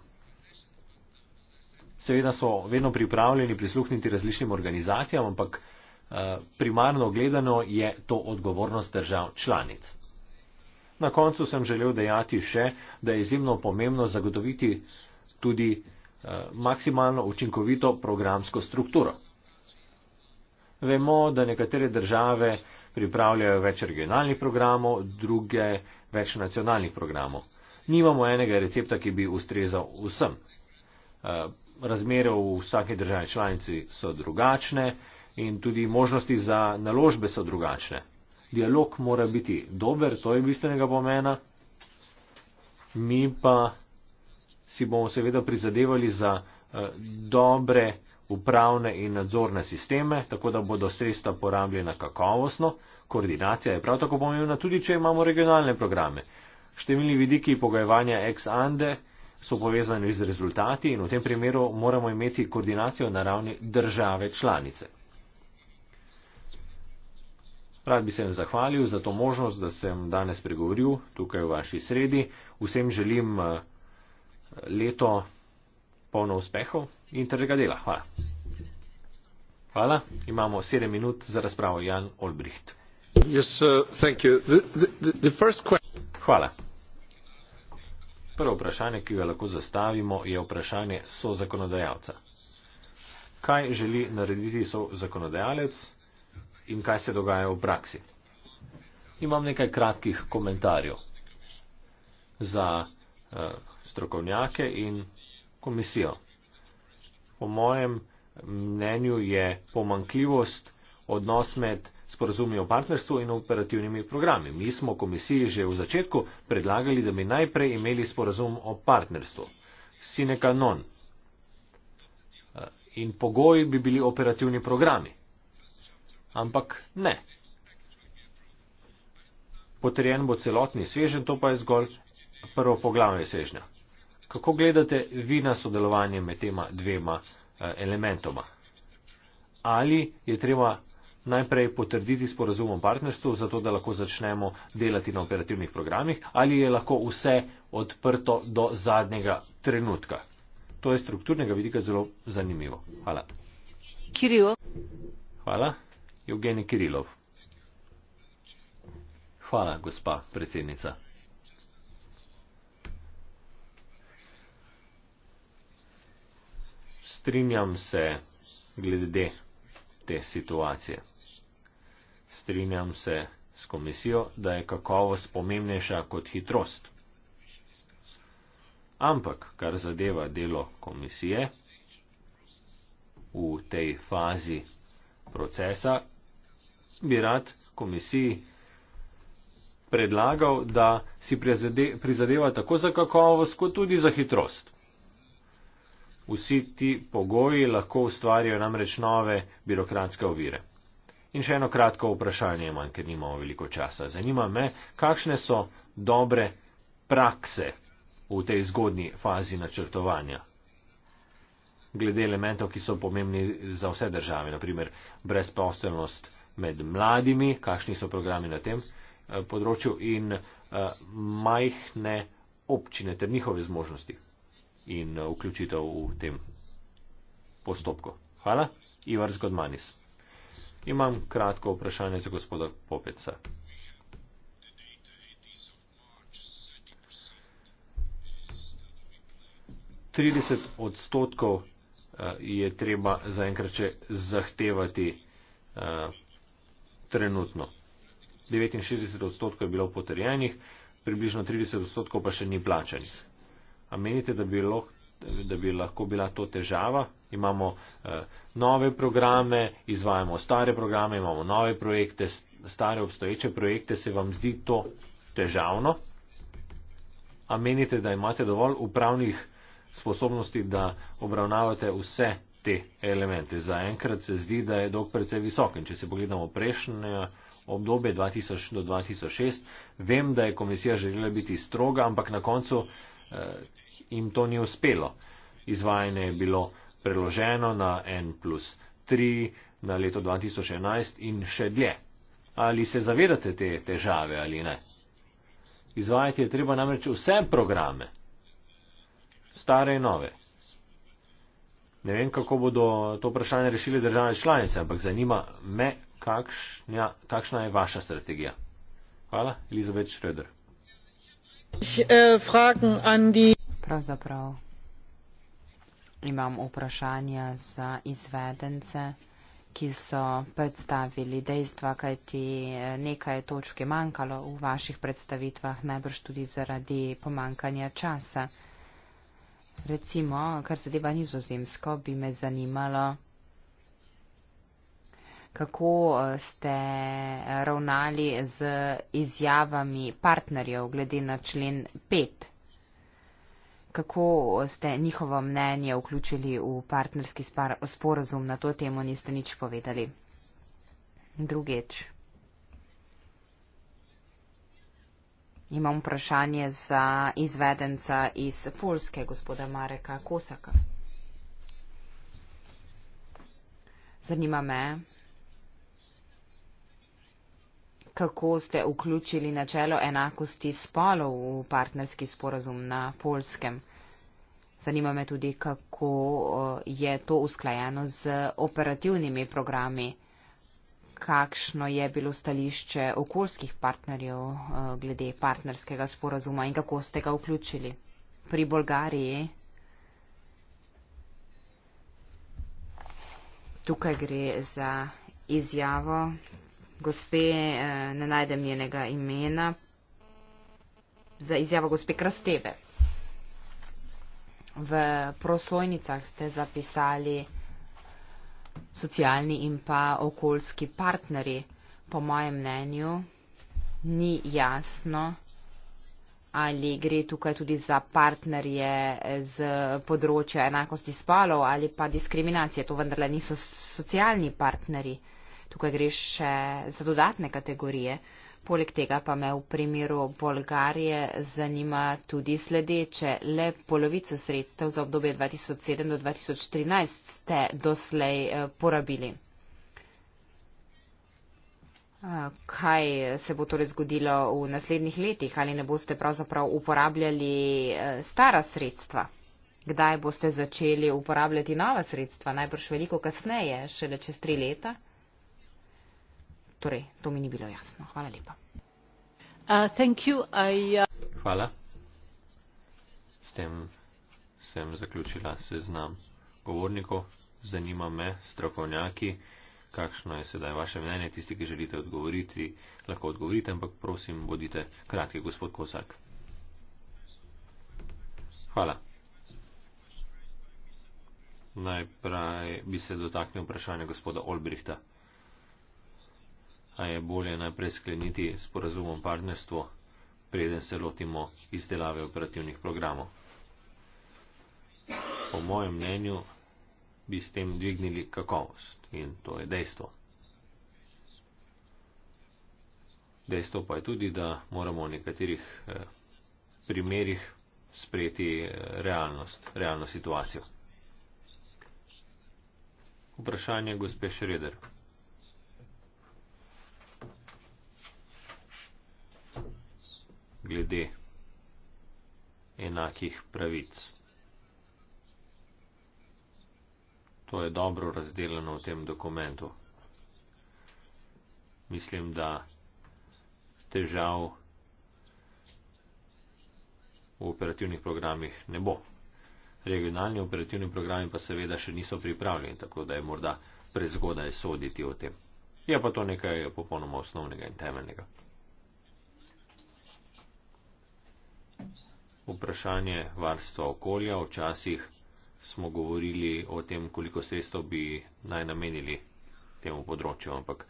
Seveda so vedno pripravljeni prisluhniti različnim organizacijam, ampak eh, primarno gledano je to odgovornost držav članic. Na koncu sem želel dejati še, da je izjemno pomembno zagotoviti tudi eh, maksimalno učinkovito programsko strukturo. Vemo, da nekatere države pripravljajo več regionalnih programov, druge več nacionalnih programov. Nimamo enega recepta, ki bi ustrezal vsem. Eh, razmere v vsaki državi članici so drugačne in tudi možnosti za naložbe so drugačne. Dialog mora biti dober, to je bistvenega pomena. Mi pa si bomo seveda prizadevali za eh, dobre upravne in nadzorne sisteme, tako da bodo sredstva porabljena kakovostno. Koordinacija je prav tako pomembna, tudi če imamo regionalne programe. Številni vidiki pogajevanja ex ante so povezani z rezultati in v tem primeru moramo imeti koordinacijo na ravni države članice. Rad bi se jim zahvalil za to možnost, da sem danes pregovoril tukaj v vaši sredi. Vsem želim eh, leto polno uspehov in trdega dela. Hvala. Hvala. Imamo sedem minut za razpravo. Jan Olbricht. Yes, the, the, the Hvala. Prvo vprašanje, ki ga lahko zastavimo, je vprašanje so zakonodajalca. Kaj želi narediti so zakonodajalec in kaj se dogaja v praksi? Imam nekaj kratkih komentarjev za uh, strokovnjake in komisijo. Po mojem mnenju je pomankljivost odnos med sporazumi o partnerstvu in operativnimi programi. Mi smo komisiji že v začetku predlagali, da bi najprej imeli sporazum o partnerstvu. Sine qua non. Eh, in pogoji bi bili operativni programi. Ampak ne. Potrjen bo celotni svežen, to pa je zgolj prvo poglavje svežnja. Kako gledate vi na sodelovanje med tema dvema eh, elementoma? Ali je treba najprej potrditi sporazum o partnerstvu, zato da lahko začnemo delati na operativnih programih, ali je lahko vse odprto do zadnjega trenutka? To je strukturnega vidika zelo zanimivo. Hvala. Kirilov. Hvala. Evgeni Kirilov. Hvala, gospa predsednica. strinjam se glede te situacije. Strinjam se s komisijo, da je kakovost pomembnejša kot hitrost. Ampak, kar zadeva delo komisije v tej fazi procesa, bi rad komisiji predlagal, da si prizadeva tako za kakovost, kot tudi za hitrost vsi ti pogoji lahko ustvarjajo namreč nove birokratske ovire. In še eno kratko vprašanje imam, ker nimamo veliko časa. Zanima me, kakšne so dobre prakse v tej zgodni fazi načrtovanja? Glede elementov, ki so pomembni za vse države, naprimer brezposelnost med mladimi, kakšni so programi na tem eh, področju in eh, majhne občine ter njihove zmožnosti in eh, vključitev v tem postopku. Hvala. Ivar Zgodmanis. Imam kratko vprašanje za gospoda Popeca. Trideset odstotkov eh, je treba zaenkrat še zahtevati eh, trenutno. 69 odstotkov je bilo potrjenih, približno 30 odstotkov pa še ni plačanih. A menite, da bi lahko da bi lahko bila to težava. Imamo eh, nove programe, izvajamo stare programe, imamo nove projekte, stare obstoječe projekte, se vam zdi to težavno? A menite, da imate dovolj upravnih sposobnosti, da obravnavate vse te elemente? Zaenkrat se zdi, da je dolg predvsej visok. In če se pogledamo prejšnje obdobje 2000 do 2006, vem, da je komisija želela biti stroga, ampak na koncu Eh, jim to ni uspelo. Izvajanje je bilo preloženo na N plus 3 na leto 2011 in še dlje. Ali se zavedate te težave ali ne? Izvajati je treba namreč vse programe, stare in nove. Ne vem, kako bodo to vprašanje rešili države članice, ampak zanima me, kakšna, kakšna je vaša strategija. Hvala, Elizabeth Schröder. Äh, Pravzaprav imam vprašanja za izvedence, ki so predstavili dejstva, kajti eh, nekaj točke manjkalo v vaših predstavitvah, najbrž tudi zaradi pomankanja časa. Recimo, kar zadeva nizozemsko, bi me zanimalo, kako eh, ste ravnali z izjavami partnerjev glede na člen 5. Kako ste njihovo mnenje vključili v partnerski sporazum, na to temo niste nič povedali. Drugič. Imam vprašanje za izvedenca iz Polske, gospoda Mareka Kosaka. Zanima me, kako ste vključili načelo enakosti spolov v partnerski sporazum na polskem. Zanima me tudi, kako eh, je to usklajeno z operativnimi programi, kakšno je bilo stališče okoljskih partnerjev eh, glede partnerskega sporazuma in kako ste ga vključili. Pri Bolgariji. Tukaj gre za izjavo, gospe, eh, ne najdem njenega imena, za izjavo gospe Krastebe. V prosojnicah ste zapisali socialni in pa okoljski partnerji. Po mojem mnenju ni jasno, ali gre tukaj tudi za partnerje z področja enakosti spolov ali pa diskriminacije. To vendarle niso socialni partnerji tukaj gre še za dodatne kategorije. Poleg tega pa me v primeru Bolgarije zanima tudi sledeče. Le polovico sredstev za obdobje 2007 do 2013 ste doslej eh, porabili. Eh, kaj se bo torej zgodilo v naslednjih letih? Ali ne boste pravzaprav uporabljali eh, stara sredstva? Kdaj boste začeli uporabljati nova sredstva? Najbrž veliko kasneje, šele čez tri leta? Torej, to mi ni bilo jasno. Hvala lepa. Uh, you, I, uh... Hvala. S tem sem zaključila seznam govornikov. Zanima me, strokovnjaki, kakšno je sedaj vaše mnenje. Tisti, ki želite odgovoriti, lahko odgovorite, ampak prosim, bodite kratki, gospod Kosak. Hvala. Najprej bi se dotaknil vprašanja gospoda Olbrihta a je bolje najprej skleniti sporazumom partnerstvo, preden se lotimo izdelave operativnih programov. Po mojem mnenju bi s tem dvignili kakovost in to je dejstvo. Dejstvo pa je tudi, da moramo v nekaterih eh, primerjih sprejeti eh, realnost, realno situacijo. Vprašanje gospe Šreder. glede enakih pravic. To je dobro razdeljeno v tem dokumentu. Mislim, da težav v operativnih programih ne bo. Regionalni operativni programi pa seveda še niso pripravljeni, tako da je morda prezgodaj soditi o tem. Je pa to nekaj popolnoma osnovnega in temeljnega. vprašanje varstva okolja. Včasih smo govorili o tem, koliko sredstev bi naj namenili temu področju, ampak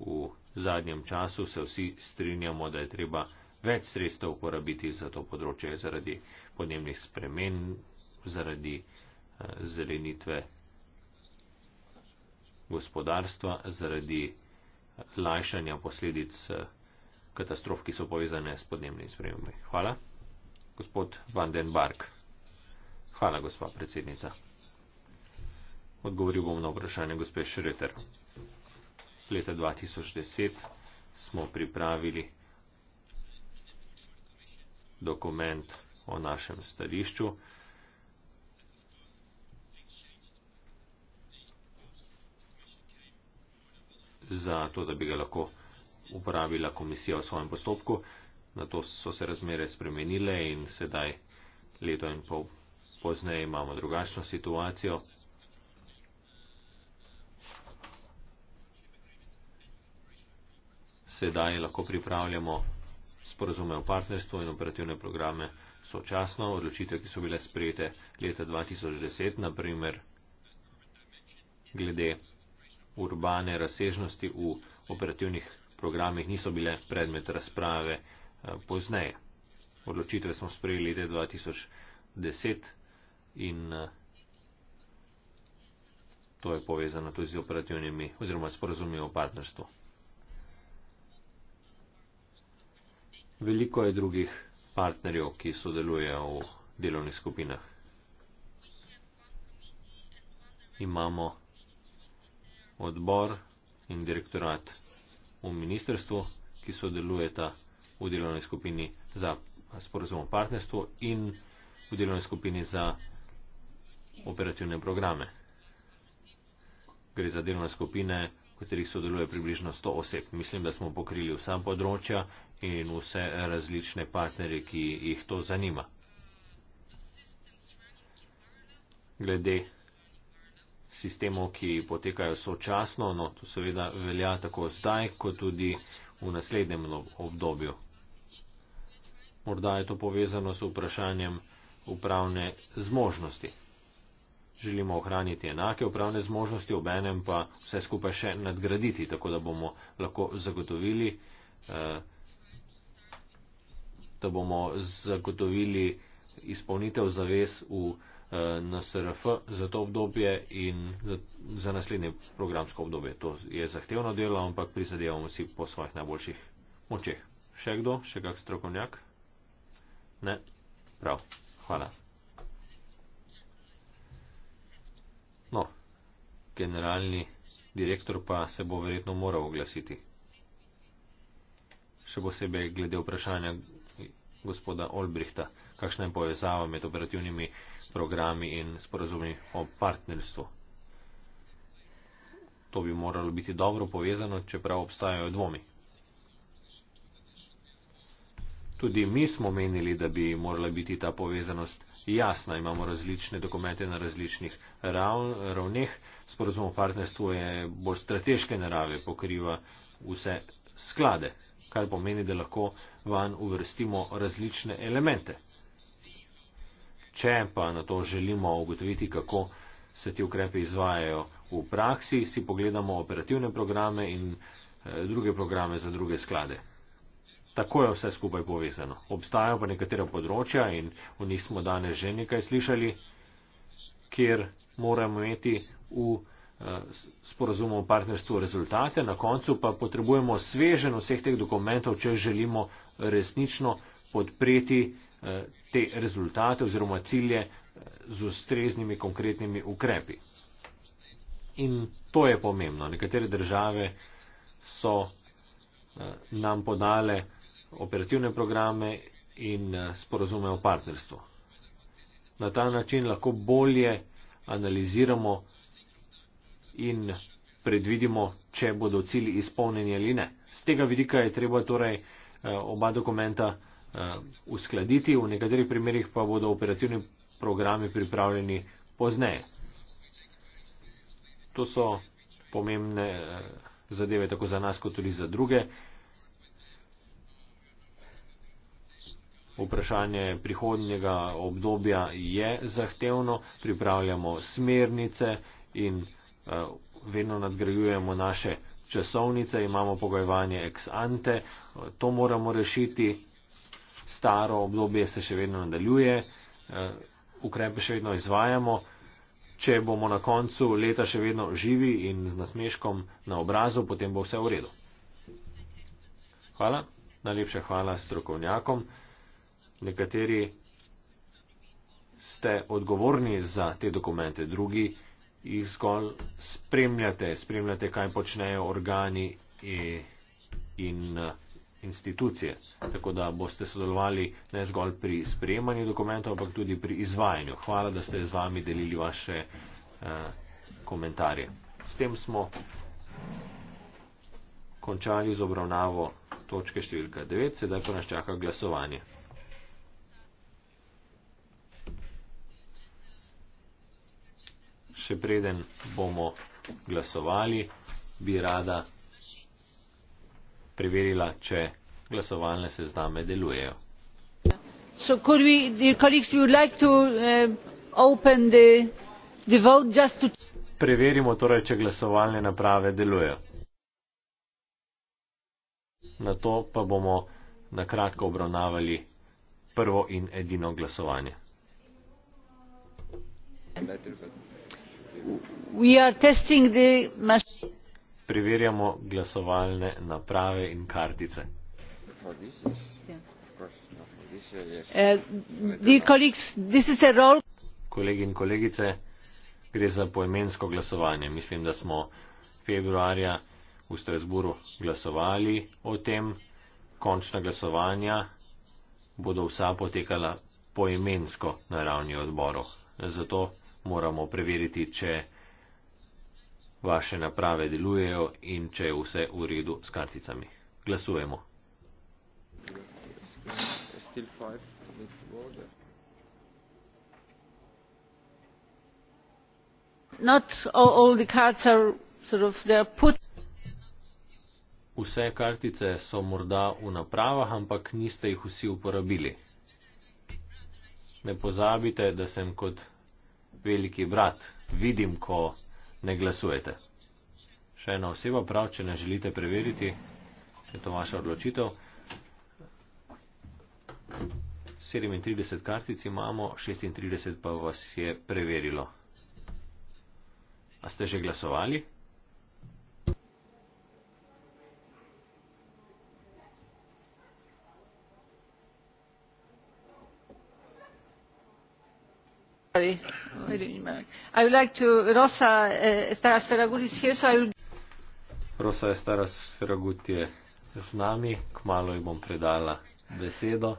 v zadnjem času se vsi strinjamo, da je treba več sredstev uporabiti za to področje zaradi podnebnih spremen, zaradi eh, zelenitve gospodarstva, zaradi eh, lajšanja posledic eh, katastrof, ki so povezane s podnebnimi spremembami. Hvala gospod Van den Bark. Hvala, gospa predsednica. Odgovoril bom na vprašanje gospe Šreter. Leta 2010 smo pripravili dokument o našem stališču. za to, da bi ga lahko uporabila komisija v svojem postopku na to so se razmere spremenile in sedaj leto in pol pozneje imamo drugačno situacijo. Sedaj lahko pripravljamo sporozume o partnerstvu in operativne programe sočasno, odločitev, ki so bile sprejete leta 2010, na primer glede urbane razsežnosti v operativnih programih niso bile predmet razprave Eh, pozneje. Odločitve smo sprejeli leta 2010 in eh, to je povezano tudi z operativnimi oziroma sporozumi o partnerstvu. Veliko je drugih partnerjev, ki sodelujejo v delovnih skupinah. Imamo odbor in direktorat v ministrstvu, ki sodelujeta v delovni skupini za sporozum o partnerstvu in v delovni skupini za operativne programe. Gre za delovne skupine, v katerih sodeluje približno 100 oseb. Mislim, da smo pokrili vsa področja in vse različne partnerje, ki jih to zanima. Glede sistemov, ki potekajo sočasno, no to seveda velja tako zdaj, kot tudi v naslednjem obdobju. Morda je to povezano s vprašanjem upravne zmožnosti. Želimo ohraniti enake upravne zmožnosti, ob enem pa vse skupaj še nadgraditi, tako da bomo lahko zagotovili, eh, da bomo zagotovili izpolnitev zavez v eh, NSRF za to obdobje in za naslednje programsko obdobje. To je zahtevno delo, ampak prizadevamo si po svojih najboljših močeh. Še kdo? Še kak strokovnjak? Ne. Prav. Hvala. No, generalni direktor pa se bo verjetno moral oglasiti. Še posebej glede vprašanja gospoda Olbrihta, kakšna je povezava med operativnimi programi in sporazumi o partnerstvu. To bi moralo biti dobro povezano, čeprav obstajajo dvomi. Tudi mi smo menili, da bi morala biti ta povezanost jasna. Imamo različne dokumente na različnih rav, ravneh. Sporozum o partnerstvu je bolj strateške narave, pokriva vse sklade, kar pomeni, da lahko van uvrstimo različne elemente. Če pa na to želimo ugotoviti, kako se ti ukrepe izvajajo v praksi, si pogledamo operativne programe in eh, druge programe za druge sklade. Tako je vse skupaj povezano. Obstajajo pa nekatera področja in o njih smo danes že nekaj slišali, kjer moramo imeti v eh, sporozumu o partnerstvu rezultate, na koncu pa potrebujemo sveženo vseh teh dokumentov, če želimo resnično podpreti eh, te rezultate oziroma cilje eh, z ustreznimi konkretnimi ukrepi. In to je pomembno. Nekatere države so nam podale operativne programe in eh, sporozume o partnerstvu. Na ta način lahko bolje analiziramo in predvidimo, če bodo cilji izpolnjeni ali ne. Z tega vidika je treba torej eh, oba dokumenta eh, uskladiti, v nekaterih primerjih pa bodo operativni programi pripravljeni pozneje. To so pomembne zadeve tako za nas kot tudi za druge. vprašanje prihodnjega obdobja je zahtevno, pripravljamo smernice in eh, vedno nadgrajujemo naše časovnice, imamo pogojevanje ex ante, to moramo rešiti, staro obdobje se še vedno nadaljuje, eh, ukrepe še vedno izvajamo. Če bomo na koncu leta še vedno živi in z nasmeškom na obrazu, potem bo vse v redu. Hvala, najlepša hvala strokovnjakom. Nekateri ste odgovorni za te dokumente, drugi jih zgolj spremljate, spremljate, kaj počnejo organi e, in e, institucije. Tako da boste sodelovali ne zgolj pri spremljanju dokumentov, ampak tudi pri izvajanju. Hvala, da ste z vami delili vaše e, komentarje. S tem smo končali z obravnavo točke številka 9, sedaj pa nas čaka glasovanje. še preden bomo glasovali, bi rada preverila, če glasovalne sezname delujejo. So could we, dear colleagues, we would like to uh, open the, the vote just to... Preverimo torej, če glasovalne naprave delujejo. Na to pa bomo na kratko obravnavali prvo in edino glasovanje. Better, but preverjamo glasovalne naprave in kartice uh, kolegi in kolegice gre za poimensko glasovanje mislim da smo februarja v strasburu glasovali o tem končna glasovanja bodo vsa potekala poimensko na ravni odborov zato moramo preveriti, če vaše naprave delujejo in če je vse v redu s karticami. Glasujemo. Vse kartice so morda v napravah, ampak niste jih vsi uporabili. Ne pozabite, da sem kot veliki brat, vidim, ko ne glasujete. Še ena oseba prav, če ne želite preveriti, je to vaša odločitev. 37 kartic imamo, 36 pa vas je preverilo. A ste že glasovali? Ready? Eh, Rosa Estaras Feragut je z nami, kmalo ji bom predala besedo.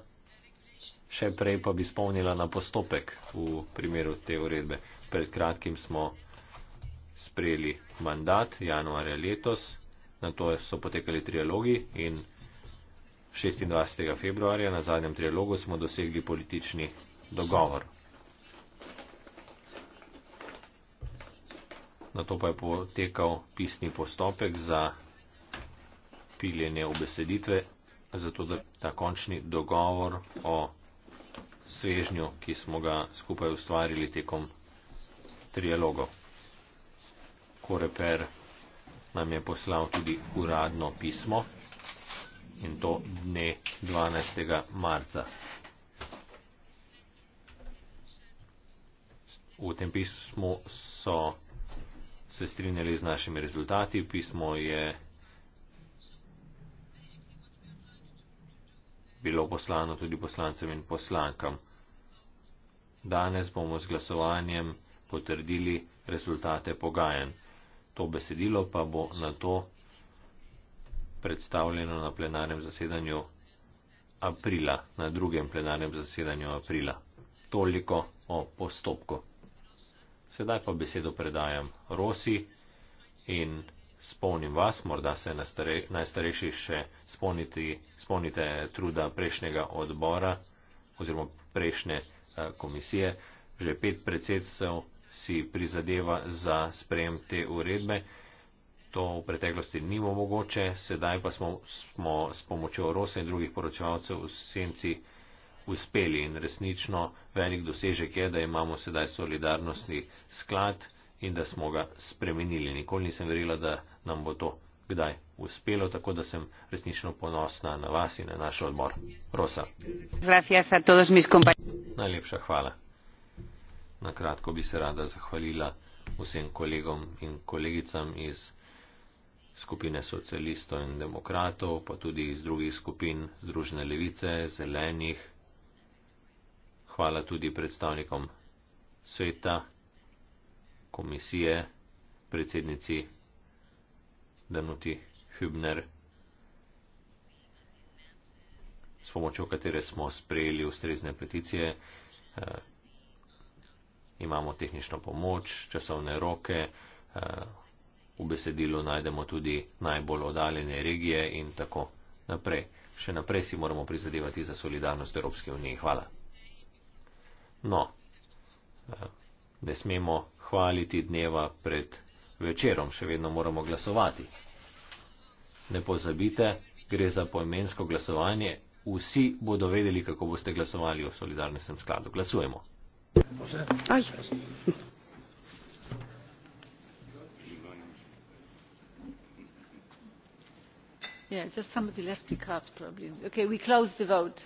Še prej pa bi spomnila na postopek v primeru te uredbe. Pred kratkim smo sprejeli mandat januarja letos, na to so potekali trialogi in 26. februarja na zadnjem trialogu smo dosegli politični dogovor. na to pa je potekal pisni postopek za piljenje obeseditve, zato da ta končni dogovor o svežnju, ki smo ga skupaj ustvarili tekom trialogov. Koreper nam je poslal tudi uradno pismo in to dne 12. marca. V tem pismu so se strinjali z našimi rezultati. Pismo je bilo poslano tudi poslancem in poslankam. Danes bomo z glasovanjem potrdili rezultate pogajen. To besedilo pa bo na to predstavljeno na plenarnem zasedanju aprila, na drugem plenarnem zasedanju aprila. Toliko o postopku. Sedaj pa besedo predajam Rosi in spomnim vas, morda se najstarejši še spomniti, spomnite truda prejšnjega odbora oziroma prejšnje eh, komisije. Že pet predsedcev si prizadeva za sprejem te uredbe. To v preteklosti nimo mogoče, sedaj pa smo, smo s pomočjo Rosa in drugih poročevalcev v senci uspeli in resnično velik dosežek je, da imamo sedaj solidarnostni sklad in da smo ga spremenili. Nikoli nisem verjela, da nam bo to kdaj uspelo, tako da sem resnično ponosna na vas in na naš odbor. Rosa. Najlepša hvala. Na kratko bi se rada zahvalila vsem kolegom in kolegicam iz skupine socialistov in demokratov, pa tudi iz drugih skupin, Združene levice, Zelenih, hvala tudi predstavnikom sveta, komisije, predsednici Danuti Hübner, s pomočjo katere smo sprejeli ustrezne peticije. Eh, imamo tehnično pomoč, časovne roke, eh, v besedilu najdemo tudi najbolj odaljene regije in tako naprej. Še naprej si moramo prizadevati za solidarnost Evropske unije. Hvala. No, eh, ne smemo hvaliti dneva pred večerom, še vedno moramo glasovati. Ne pozabite, gre za poimensko glasovanje. Vsi bodo vedeli, kako boste glasovali o solidarnostnem skladu. Glasujemo. Aj. Yeah, just somebody left the cards probably. Okay, we close the vote.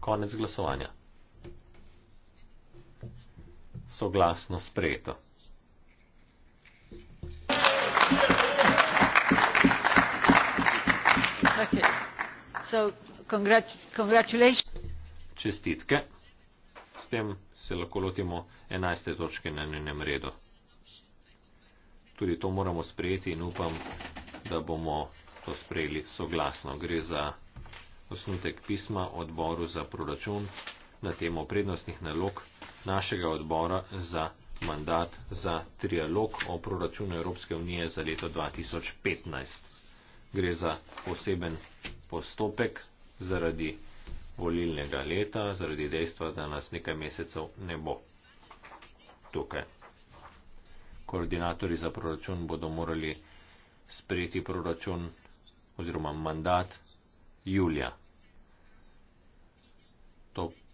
Konec glasovanja soglasno sprejeto. Okay. Čestitke. S tem se lahko lotimo 11. točke na njenem redu. Tudi to moramo sprejeti in upam, da bomo to sprejeli soglasno. Gre za osnutek pisma odboru za proračun na temo prednostnih nalog našega odbora za mandat za trialog o proračunu Evropske unije za leto 2015. Gre za poseben postopek zaradi volilnega leta, zaradi dejstva, da nas nekaj mesecev ne bo tukaj. Koordinatori za proračun bodo morali sprejeti proračun oziroma mandat julija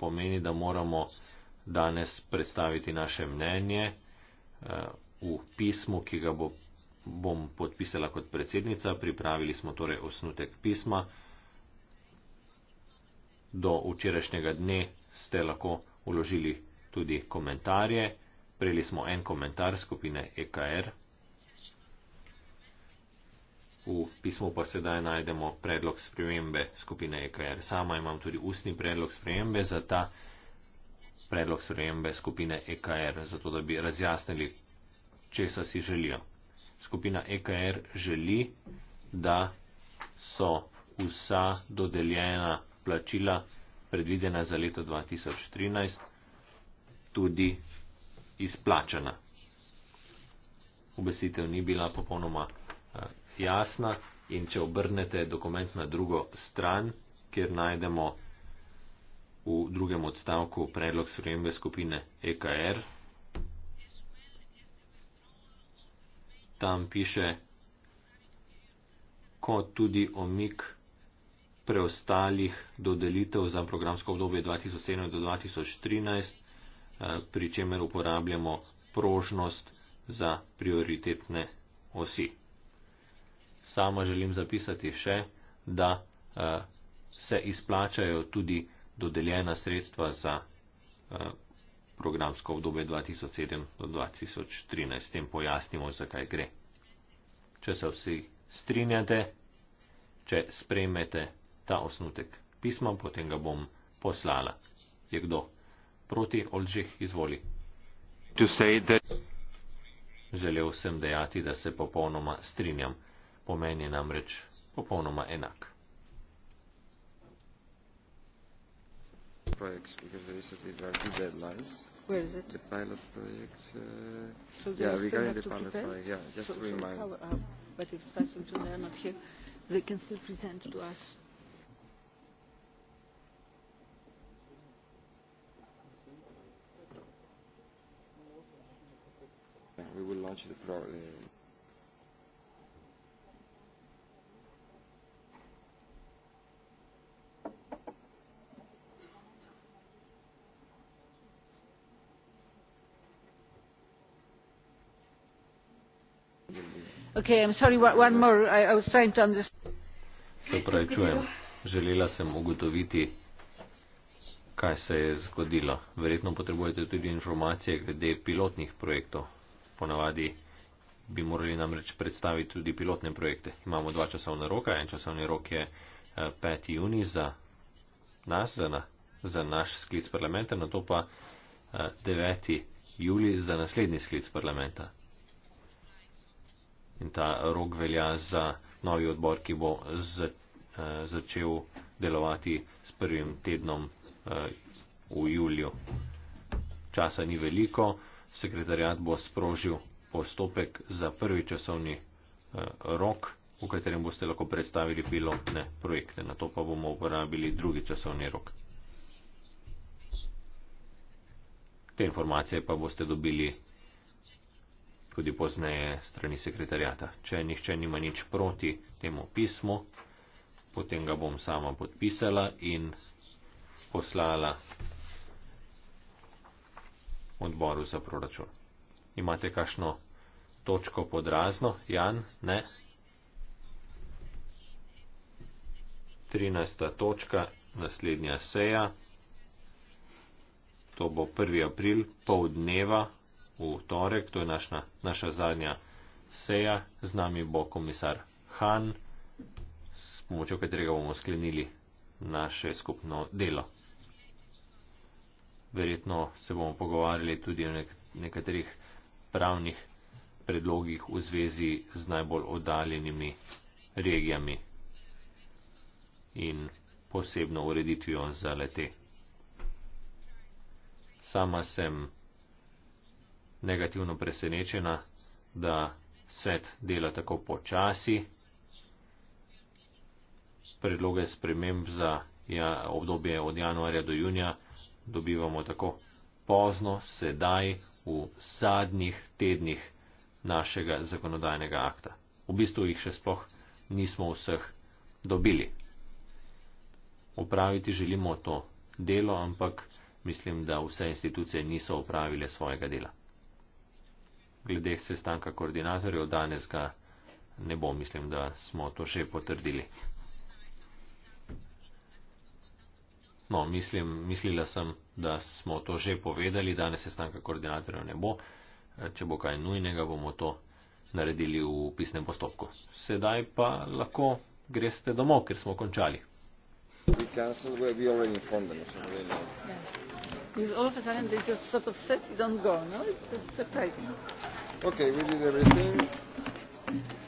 pomeni, da moramo danes predstaviti naše mnenje eh, v pismu, ki ga bo, bom podpisala kot predsednica. Pripravili smo torej osnutek pisma. Do včerajšnjega dne ste lahko uložili tudi komentarje. Prejeli smo en komentar skupine EKR. V pismu pa sedaj najdemo predlog spremembe skupine EKR. Sama imam tudi ustni predlog spremembe za ta predlog spremembe skupine EKR, zato da bi razjasnili, česa si želijo. Skupina EKR želi, da so vsa dodeljena plačila predvidena za leto 2013 tudi izplačana. Obesitev ni bila popolnoma jasna in če obrnete dokument na drugo stran, kjer najdemo v drugem odstavku predlog spremembe skupine EKR, tam piše, kot tudi omik preostalih dodelitev za programsko obdobje 2007 do 2013, eh, pri čemer uporabljamo prožnost za prioritetne osi. Sama želim zapisati še, da uh, se izplačajo tudi dodeljena sredstva za uh, programsko obdobje 2007 do 2013. S tem pojasnimo, zakaj gre. Če se vsi strinjate, če sprejmete ta osnutek pisma, potem ga bom poslala. Je kdo? Proti Olžih izvoli. Želel sem dejati, da se popolnoma strinjam pomen je namreč popolnoma enak. Projects, because there is a there are two deadlines. Where is it? The pilot project. Uh, so they yeah, still have the to pilot prepare. Project, yeah, just so, to remind. So cover, uh, but if that's until they are not here, they can still present to us. We will launch the project. Uh, se pravi čujem želela sem ugotoviti kaj se je zgodilo verjetno potrebujete tudi informacije glede pilotnih projektov ponavadi bi morali namreč predstaviti tudi pilotne projekte imamo dva časovna roka en časovni rok je 5. Eh, juni za nas za, na, za naš sklic parlamenta na to pa 9. Eh, juli za naslednji sklic parlamenta in ta rok velja za novi odbor, ki bo za, uh, začel delovati s prvim tednom uh, v juliju. Časa ni veliko, sekretarjat bo sprožil postopek za prvi časovni uh, rok, v katerem boste lahko predstavili pilotne projekte. Na to pa bomo uporabili drugi časovni rok. Te informacije pa boste dobili tudi pozneje strani sekretarjata. Če nihče nima nič proti temu pismu, potem ga bom sama podpisala in poslala odboru za proračun. Imate kakšno točko podrazno? Jan, ne? 13. točka, naslednja seja. To bo 1. april, pol dneva v torek, to je naša, naša zadnja seja, z nami bo komisar Han, s pomočjo katerega bomo sklenili naše skupno delo. Verjetno se bomo pogovarjali tudi o nek nekaterih pravnih predlogih v zvezi z najbolj oddaljenimi regijami in posebno ureditvijo za lete. Sama sem negativno presenečena, da svet dela tako počasi. Predloge sprememb za ja, obdobje od januarja do junija dobivamo tako pozno, sedaj, v zadnjih tednih našega zakonodajnega akta. V bistvu jih še sploh nismo vseh dobili. Opraviti želimo to delo, ampak mislim, da vse institucije niso opravile svojega dela glede sestanka koordinatorjev danes ga ne bo, mislim, da smo to že potrdili. No, mislim, mislila sem, da smo to že povedali, danes sestanka koordinatorjev ne bo, če bo kaj nujnega, bomo to naredili v pisnem postopku. Sedaj pa lahko greste domov, ker smo končali. Be cancelled, we'll be already in front of them or something like that. Ja. Yeah because all of a sudden they just sort of sit, don't go. No, it's just surprising. Okay, we did everything.